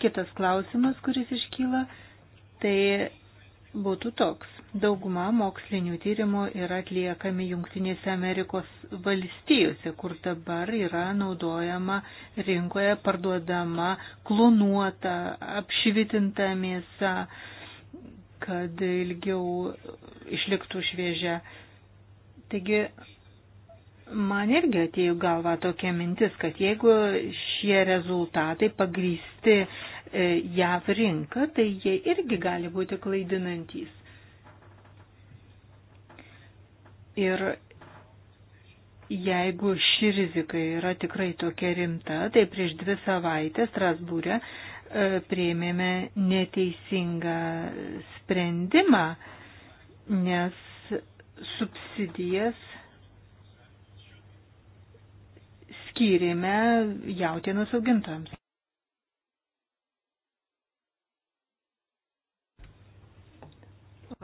Kitas klausimas, kuris iškyla, tai būtų toks. Dauguma mokslinių tyrimų yra atliekami Junktinėse Amerikos valstijose, kur dabar yra naudojama rinkoje parduodama klonuota, apšvitinta mėsa, kad ilgiau išliktų šviežia. Taigi, man irgi atėjo galva tokia mintis, kad jeigu šie rezultatai pagrysti e, JAV rinką, tai jie irgi gali būti klaidinantys. Ir jeigu ši rizika yra tikrai tokia rimta, tai prieš dvi savaitės Strasbūrė e, prieimėme neteisingą sprendimą, nes subsidijas skyrėme jautienos augintojams.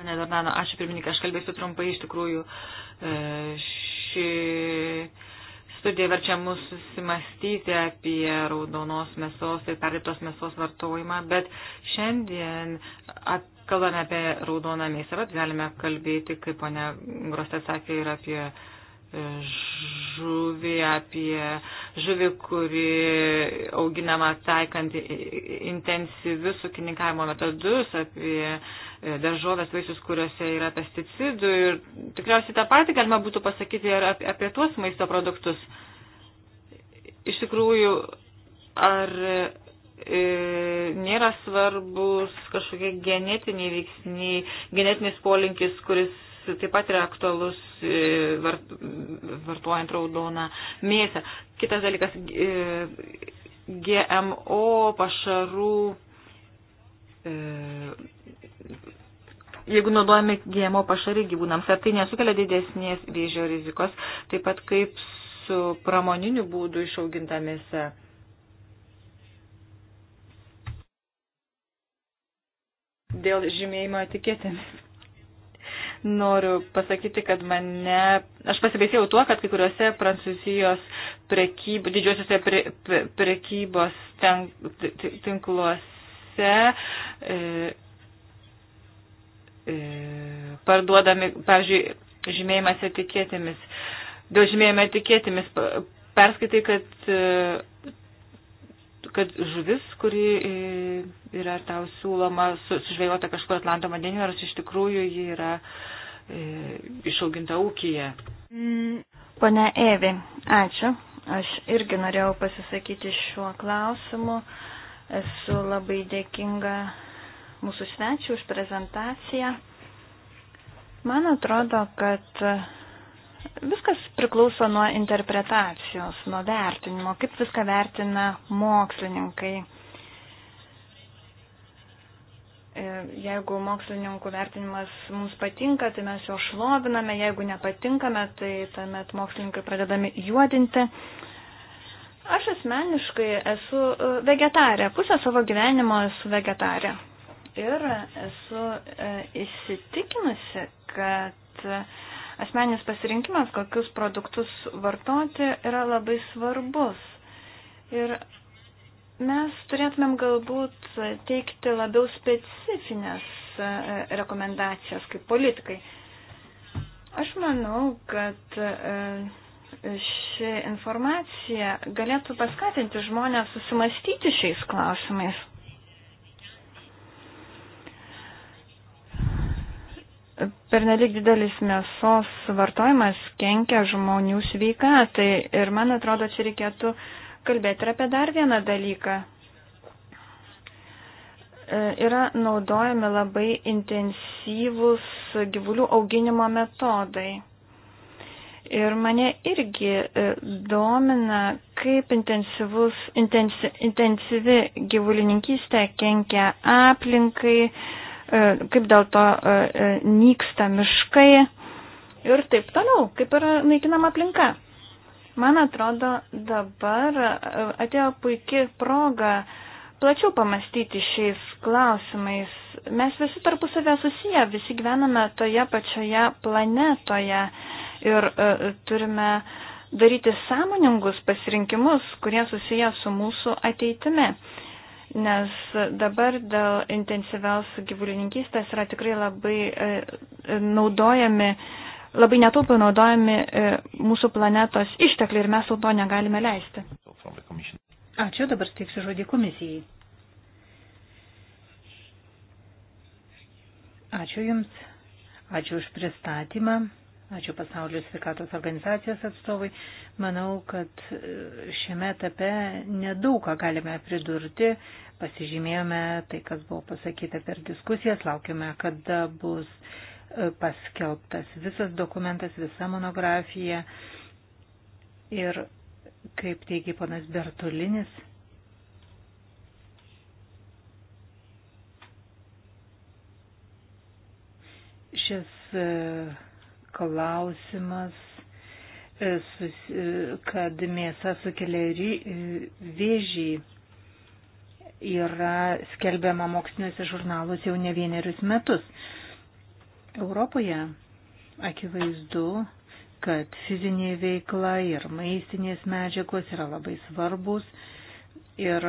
Pane Dornano, ačiū pirmininkai, aš kalbėsiu trumpai iš tikrųjų. Uh, E, ši studija verčia mus susimastyti apie raudonos mėsos ir perdirbtos mėsos vartojimą, bet šiandien kalbame apie raudoną mėsą, bet galime kalbėti, kaip ponia Grostė sakė, ir apie žuvį, apie žuvį, kuri auginama taikant intensyvius ūkininkavimo metodus, apie e, daržovės vaisius, kuriuose yra pesticidų ir tikriausiai tą patį galima būtų pasakyti ir apie, apie tuos maisto produktus. Iš tikrųjų, ar e, nėra svarbus kažkokie genetiniai veiksniai, genetinis polinkis, kuris taip pat yra aktualus e, vartojant raudoną mėsą. Kitas dalykas e, - GMO pašarų. E, jeigu naudojame GMO pašarai gyvūnams, ar tai nesukelia didesnės vėžio rizikos, taip pat kaip su pramoniniu būdu išauginta mėsa. Dėl žymėjimo etiketėmis. Noriu pasakyti, kad mane, aš pasibaisėjau tuo, kad kai kuriuose Prancūzijos prekyb, didžiuosiuose pre, pre, prekybos ten, tinkluose e, e, parduodami, pavyzdžiui, žymėjimas etiketėmis. Dėl žymėjimo etiketėmis perskaitai, kad e, kad žuvis, kuri e, yra tau siūloma sužvejota kažkur Atlanto vandenyje, nors iš tikrųjų ji yra e, išauginta ūkija. Pane Evi, ačiū. Aš irgi norėjau pasisakyti šiuo klausimu. Esu labai dėkinga mūsų svečių už prezentaciją. Man atrodo, kad Viskas priklauso nuo interpretacijos, nuo vertinimo, kaip viską vertina mokslininkai. E, jeigu mokslininkų vertinimas mums patinka, tai mes jo šloviname, jeigu nepatinkame, tai tuomet mokslininkai pradedami juodinti. Aš asmeniškai esu e, vegetarė, pusę savo gyvenimo esu vegetarė. Ir esu e, įsitikinusi, kad Asmenis pasirinkimas, kokius produktus vartoti, yra labai svarbus. Ir mes turėtumėm galbūt teikti labiau specifines e, rekomendacijas kaip politikai. Aš manau, kad e, ši informacija galėtų paskatinti žmonės susimastyti šiais klausimais. Pernelik didelis mėsos vartojimas kenkia žmonių sveikatai ir man atrodo, čia reikėtų kalbėti ir apie dar vieną dalyką. E, yra naudojami labai intensyvus gyvulių auginimo metodai. Ir mane irgi e, domina, kaip intensyvi gyvulininkystė kenkia aplinkai, E, kaip dėl to e, e, nyksta miškai ir taip toliau, kaip yra naikinama aplinka. Man atrodo, dabar atėjo puikia proga plačiau pamastyti šiais klausimais. Mes visi tarpusavę susiję, visi gyvename toje pačioje planetoje ir e, turime daryti sąmoningus pasirinkimus, kurie susiję su mūsų ateitimi nes dabar dėl intensyvios gyvulininkystės yra tikrai labai e, e, naudojami, labai netaupai naudojami e, mūsų planetos ištekliai ir mes jau to negalime leisti. Ačiū, dabar steiksiu žodį komisijai. Ačiū Jums, ačiū už pristatymą ačiū pasaulio sveikatos organizacijos atstovai. Manau, kad e, šiame etape nedaug ką galime pridurti. Pasižymėjome tai, kas buvo pasakyta per diskusijas, laukiame, kada bus e, paskelbtas visas dokumentas, visa monografija. Ir kaip teigia ponas Bertulinis, šis e, klausimas, e, e, kad mėsa sukelia e, vėžį, yra skelbiama moksliniuose žurnaluose jau ne vienerius metus. Europoje akivaizdu, kad fizinė veikla ir maistinės medžiagos yra labai svarbus Ir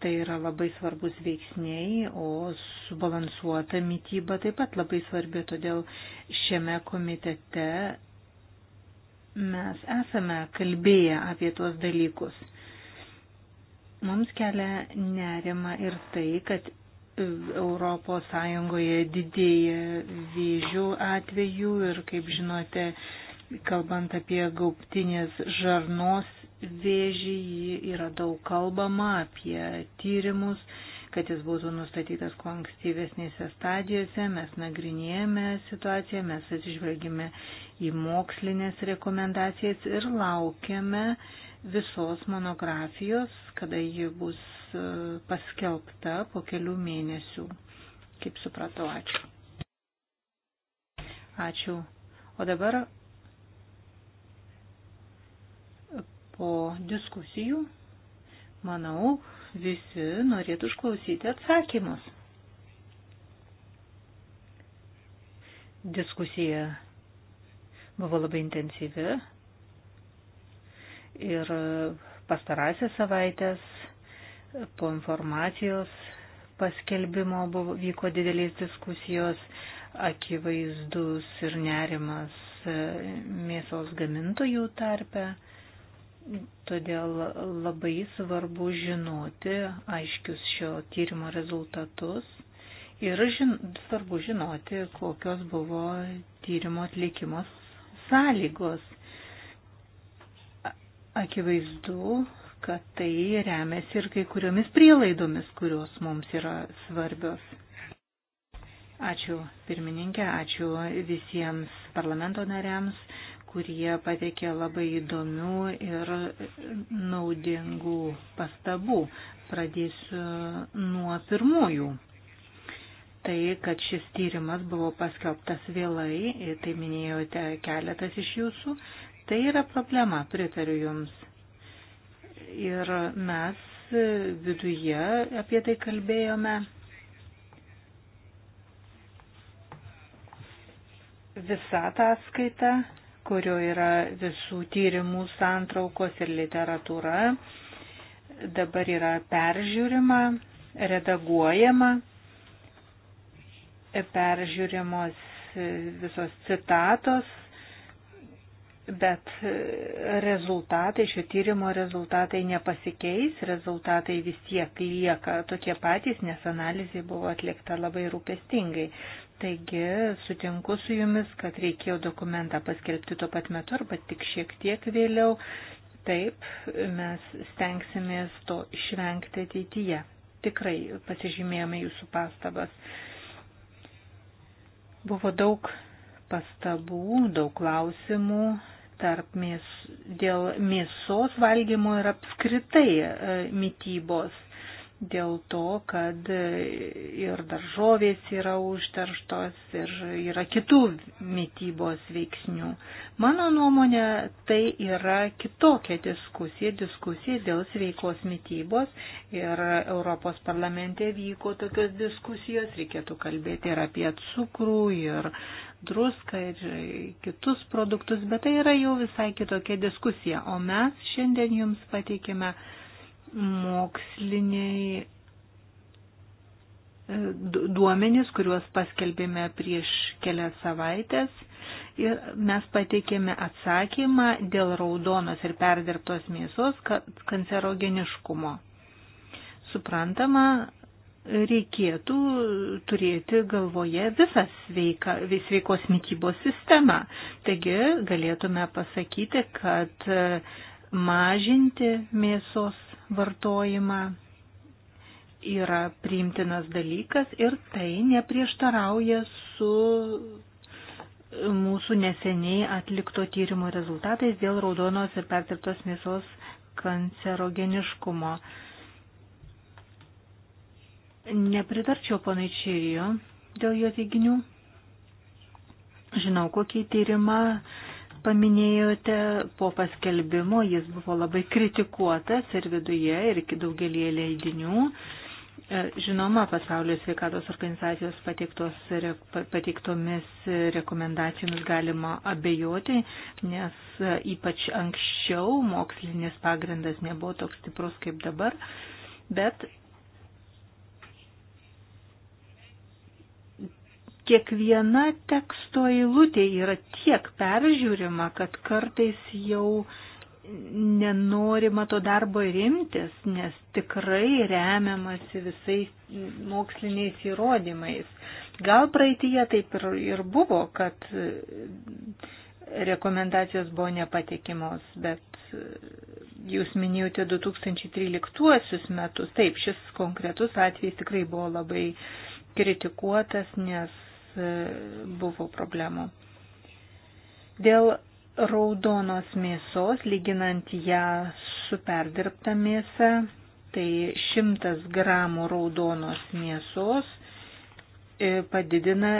tai yra labai svarbus veiksniai, o subalansuota mytyba taip pat labai svarbi, todėl šiame komitete mes esame kalbėję apie tuos dalykus. Mums kelia nerima ir tai, kad Europos Sąjungoje didėja vėžių atvejų ir, kaip žinote, kalbant apie gauptinės žarnos vėžį yra daug kalbama apie tyrimus, kad jis būtų nustatytas kuo ankstyvesnėse stadijose. Mes nagrinėjame situaciją, mes atsižvelgime į mokslinės rekomendacijas ir laukiame visos monografijos, kada ji bus e, paskelbta po kelių mėnesių. Kaip supratau, ačiū. Ačiū. O dabar Po diskusijų, manau, visi norėtų išklausyti atsakymus. Diskusija buvo labai intensyvi ir pastarąsias savaitės po informacijos paskelbimo buvo, vyko didelės diskusijos, akivaizdus ir nerimas e, mėsos gamintojų tarpe. Todėl labai svarbu žinoti aiškius šio tyrimo rezultatus ir žin, svarbu žinoti, kokios buvo tyrimo atlikimo sąlygos. Akivaizdu, kad tai remiasi ir kai kuriomis prielaidomis, kurios mums yra svarbios. Ačiū pirmininkė, ačiū visiems parlamento nariams, kurie pateikė labai įdomių ir naudingų pastabų. Pradėsiu nuo pirmųjų. Tai, kad šis tyrimas buvo paskelbtas vėlai, tai minėjote keletas iš jūsų, tai yra problema, pritariu Jums. Ir mes viduje apie tai kalbėjome. Visa ta skaita kurio yra visų tyrimų santraukos ir literatūra, dabar yra peržiūrima, redaguojama, peržiūrimos visos citatos, bet rezultatai, šio tyrimo rezultatai nepasikeis, rezultatai vis tiek lieka tokie patys, nes analizė buvo atlikta labai rūpestingai. Taigi sutinku su jumis, kad reikėjo dokumentą paskelbti tuo pat metu arba tik šiek tiek vėliau. Taip, mes stengsimės to išvengti ateityje. Tikrai pasižymėjome jūsų pastabas. Buvo daug pastabų, daug klausimų tarp mės, dėl mėsos valgymo ir apskritai e, mytybos dėl to, kad ir daržovės yra užterštos ir yra kitų mytybos veiksnių. Mano nuomonė, tai yra kitokia diskusija, diskusija dėl sveikos mytybos ir Europos parlamente vyko tokios diskusijos, reikėtų kalbėti ir apie cukrų, ir druską, ir kitus produktus, bet tai yra jau visai kitokia diskusija, o mes šiandien jums pateikime moksliniai e, duomenys, kuriuos paskelbėme prieš kelias savaitės. Ir mes pateikėme atsakymą dėl raudonos ir perdirbtos mėsos kancerogeniškumo. Suprantama, reikėtų turėti galvoje visą sveiką, sveikos mytybos sistemą. Taigi galėtume pasakyti, kad e, mažinti mėsos vartojimą yra priimtinas dalykas ir tai neprieštarauja su mūsų neseniai atlikto tyrimo rezultatais dėl raudonos ir pertirtos mėsos kancerogeniškumo. Nepritarčiau ponai Čirijo dėl jo teiginių. Žinau, kokį tyrimą paminėjote, po paskelbimo jis buvo labai kritikuotas ir viduje, ir daugelie leidinių. E, žinoma, pasaulio sveikatos organizacijos pateiktomis rekomendacijomis galima abejoti, nes e, ypač anksčiau mokslinis pagrindas nebuvo toks stiprus kaip dabar, bet kiekviena teksto eilutė yra tiek peržiūrima, kad kartais jau nenorima to darbo rimtis, nes tikrai remiamasi visais moksliniais įrodymais. Gal praeitie taip ir, ir buvo, kad rekomendacijos buvo nepatikimos, bet jūs minėjote 2013 metus. Taip, šis konkretus atvejis tikrai buvo labai kritikuotas, nes E, buvo problemų. Dėl raudonos mėsos, lyginant ją su perdirbta mėsa, tai 100 gramų raudonos mėsos e, padidina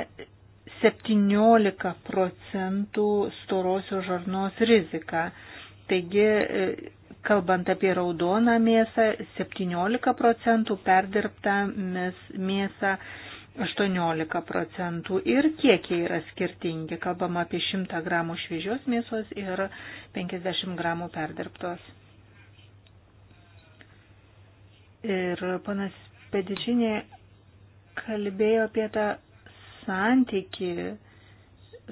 17 procentų storosios žarnos riziką. Taigi, e, kalbant apie raudoną mėsą, 17 procentų perdirbtą mėsą 18 procentų ir kiekiai yra skirtingi. Kalbam apie 100 gramų šviežios mėsos ir 50 gramų perdirbtos. Ir panas Pedičinė kalbėjo apie tą santyki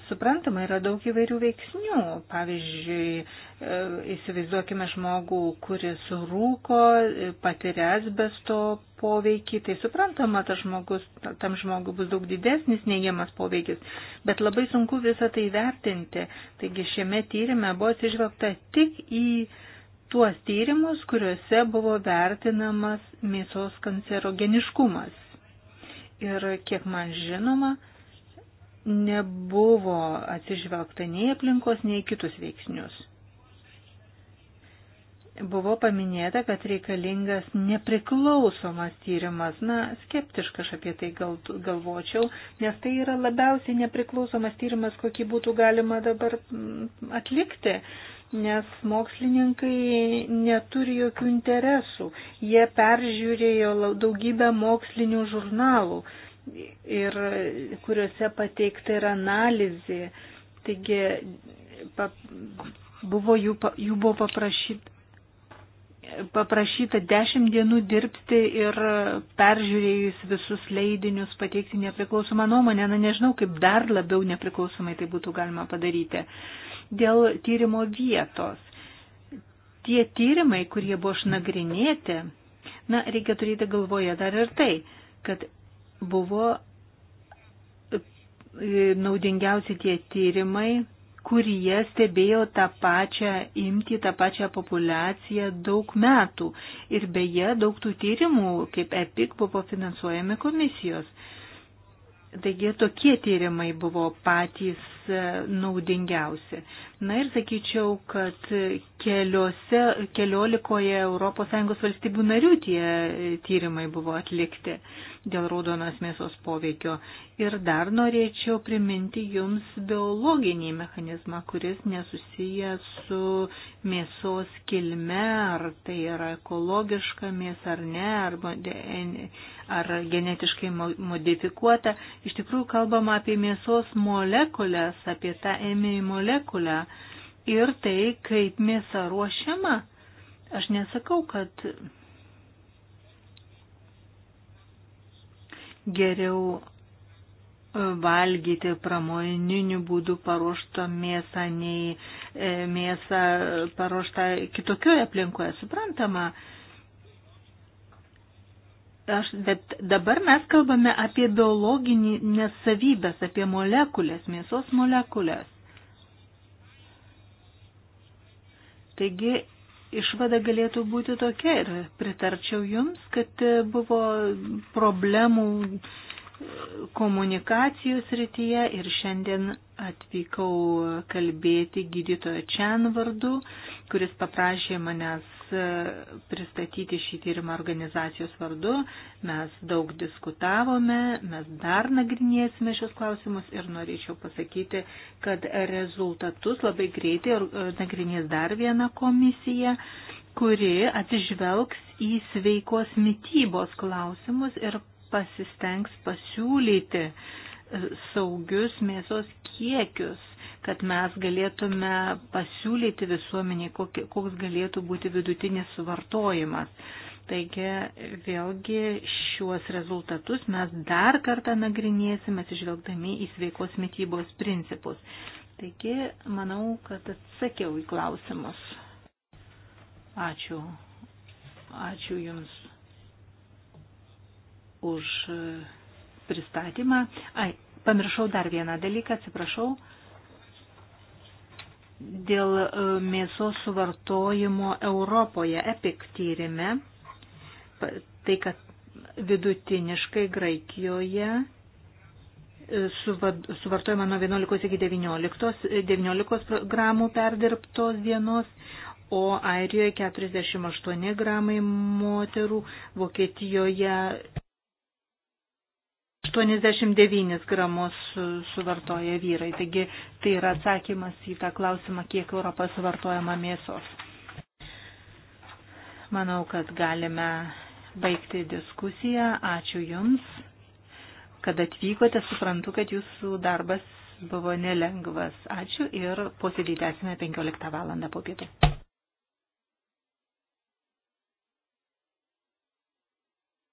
Suprantama, yra daug įvairių veiksnių. Pavyzdžiui, e, įsivaizduokime žmogų, kuris rūko, e, patiria asbesto poveikį, tai suprantama, ta žmogus, tam žmogui bus daug didesnis neigiamas poveikis, bet labai sunku visą tai vertinti. Taigi šiame tyrimė buvo atsižvelgta tik į tuos tyrimus, kuriuose buvo vertinamas mėsos kancerogeniškumas. Ir kiek man žinoma, nebuvo atsižvelgta nei aplinkos, nei kitus veiksnius. Buvo paminėta, kad reikalingas nepriklausomas tyrimas. Na, skeptiškai aš apie tai gal, galvočiau, nes tai yra labiausiai nepriklausomas tyrimas, kokį būtų galima dabar mm, atlikti nes mokslininkai neturi jokių interesų. Jie peržiūrėjo daugybę mokslinių žurnalų ir kuriuose pateikta ir analizė. Taigi pa, buvo jų, jų buvo paprašyta, paprašyta dešimt dienų dirbti ir peržiūrėjus visus leidinius pateikti nepriklausomą nuomonę. Na nežinau, kaip dar labiau nepriklausomai tai būtų galima padaryti. Dėl tyrimo vietos. Tie tyrimai, kurie buvo išnagrinėti, na, reikia turėti galvoje dar ir tai, kad buvo e, naudingiausi tie tyrimai, kurie stebėjo tą pačią imtį, tą pačią populaciją daug metų. Ir beje, daug tų tyrimų, kaip EPIC, buvo finansuojami komisijos. Taigi tokie tyrimai buvo patys e, naudingiausi. Na ir sakyčiau, kad keliose, keliolikoje ES valstybių narių tie e, tyrimai buvo atlikti. Uh, dėl raudonos mėsos poveikio. Ir dar norėčiau priminti jums biologinį mechanizmą, kuris nesusiję su mėsos kilme, ar tai yra ekologiška mėsa ar ne, ar, ar genetiškai modifikuota. Iš tikrųjų kalbama apie mėsos molekulės, apie tą ėmėjų molekulę ir tai, kaip mėsa ruošiama. Aš nesakau, kad geriau e, valgyti pramoniniu būdu paruoštą mėsą, nei e, mėsą paruoštą kitokioje aplinkoje, suprantama. Aš, bet dabar mes kalbame apie biologinės savybės, apie molekulės, mėsos molekulės. Taigi išvada galėtų būti tokia ir pritarčiau Jums, kad buvo problemų e, komunikacijos rytyje ir šiandien atvykau kalbėti gydytojo Čen vardu, kuris paprašė manęs E, pristatyti šį tyrimą organizacijos vardu. Mes daug diskutavome, mes dar nagrinėsime šios klausimus ir norėčiau pasakyti, kad rezultatus labai greitai e, nagrinės dar viena komisija kuri atsižvelgs į sveikos mytybos klausimus ir pasistengs pasiūlyti saugius mėsos kiekius kad mes galėtume pasiūlyti visuomeniai, koks galėtų būti vidutinis suvartojimas. Taigi vėlgi šiuos rezultatus mes dar kartą nagrinėsime, atsižvelgdami į sveikos mytybos principus. Taigi, manau, kad atsakiau į klausimus. Ačiū. Ačiū Jums už pristatymą. Ai, pamiršau dar vieną dalyką, atsiprašau dėl e, mėsos suvartojimo Europoje EPIC tyrime, tai kad vidutiniškai Graikijoje e, suvartojama nuo 11 iki 19, 19 e, gramų perdirbtos dienos, o Airijoje 48 gramai moterų, Vokietijoje 89 gramus suvartoja vyrai. Taigi tai yra atsakymas į tą klausimą, kiek Europos suvartojama mėsos. Manau, kad galime baigti diskusiją. Ačiū Jums, kad atvykote. Suprantu, kad Jūsų darbas buvo nelengvas. Ačiū ir posėdį tęsime 15 val. po pietų.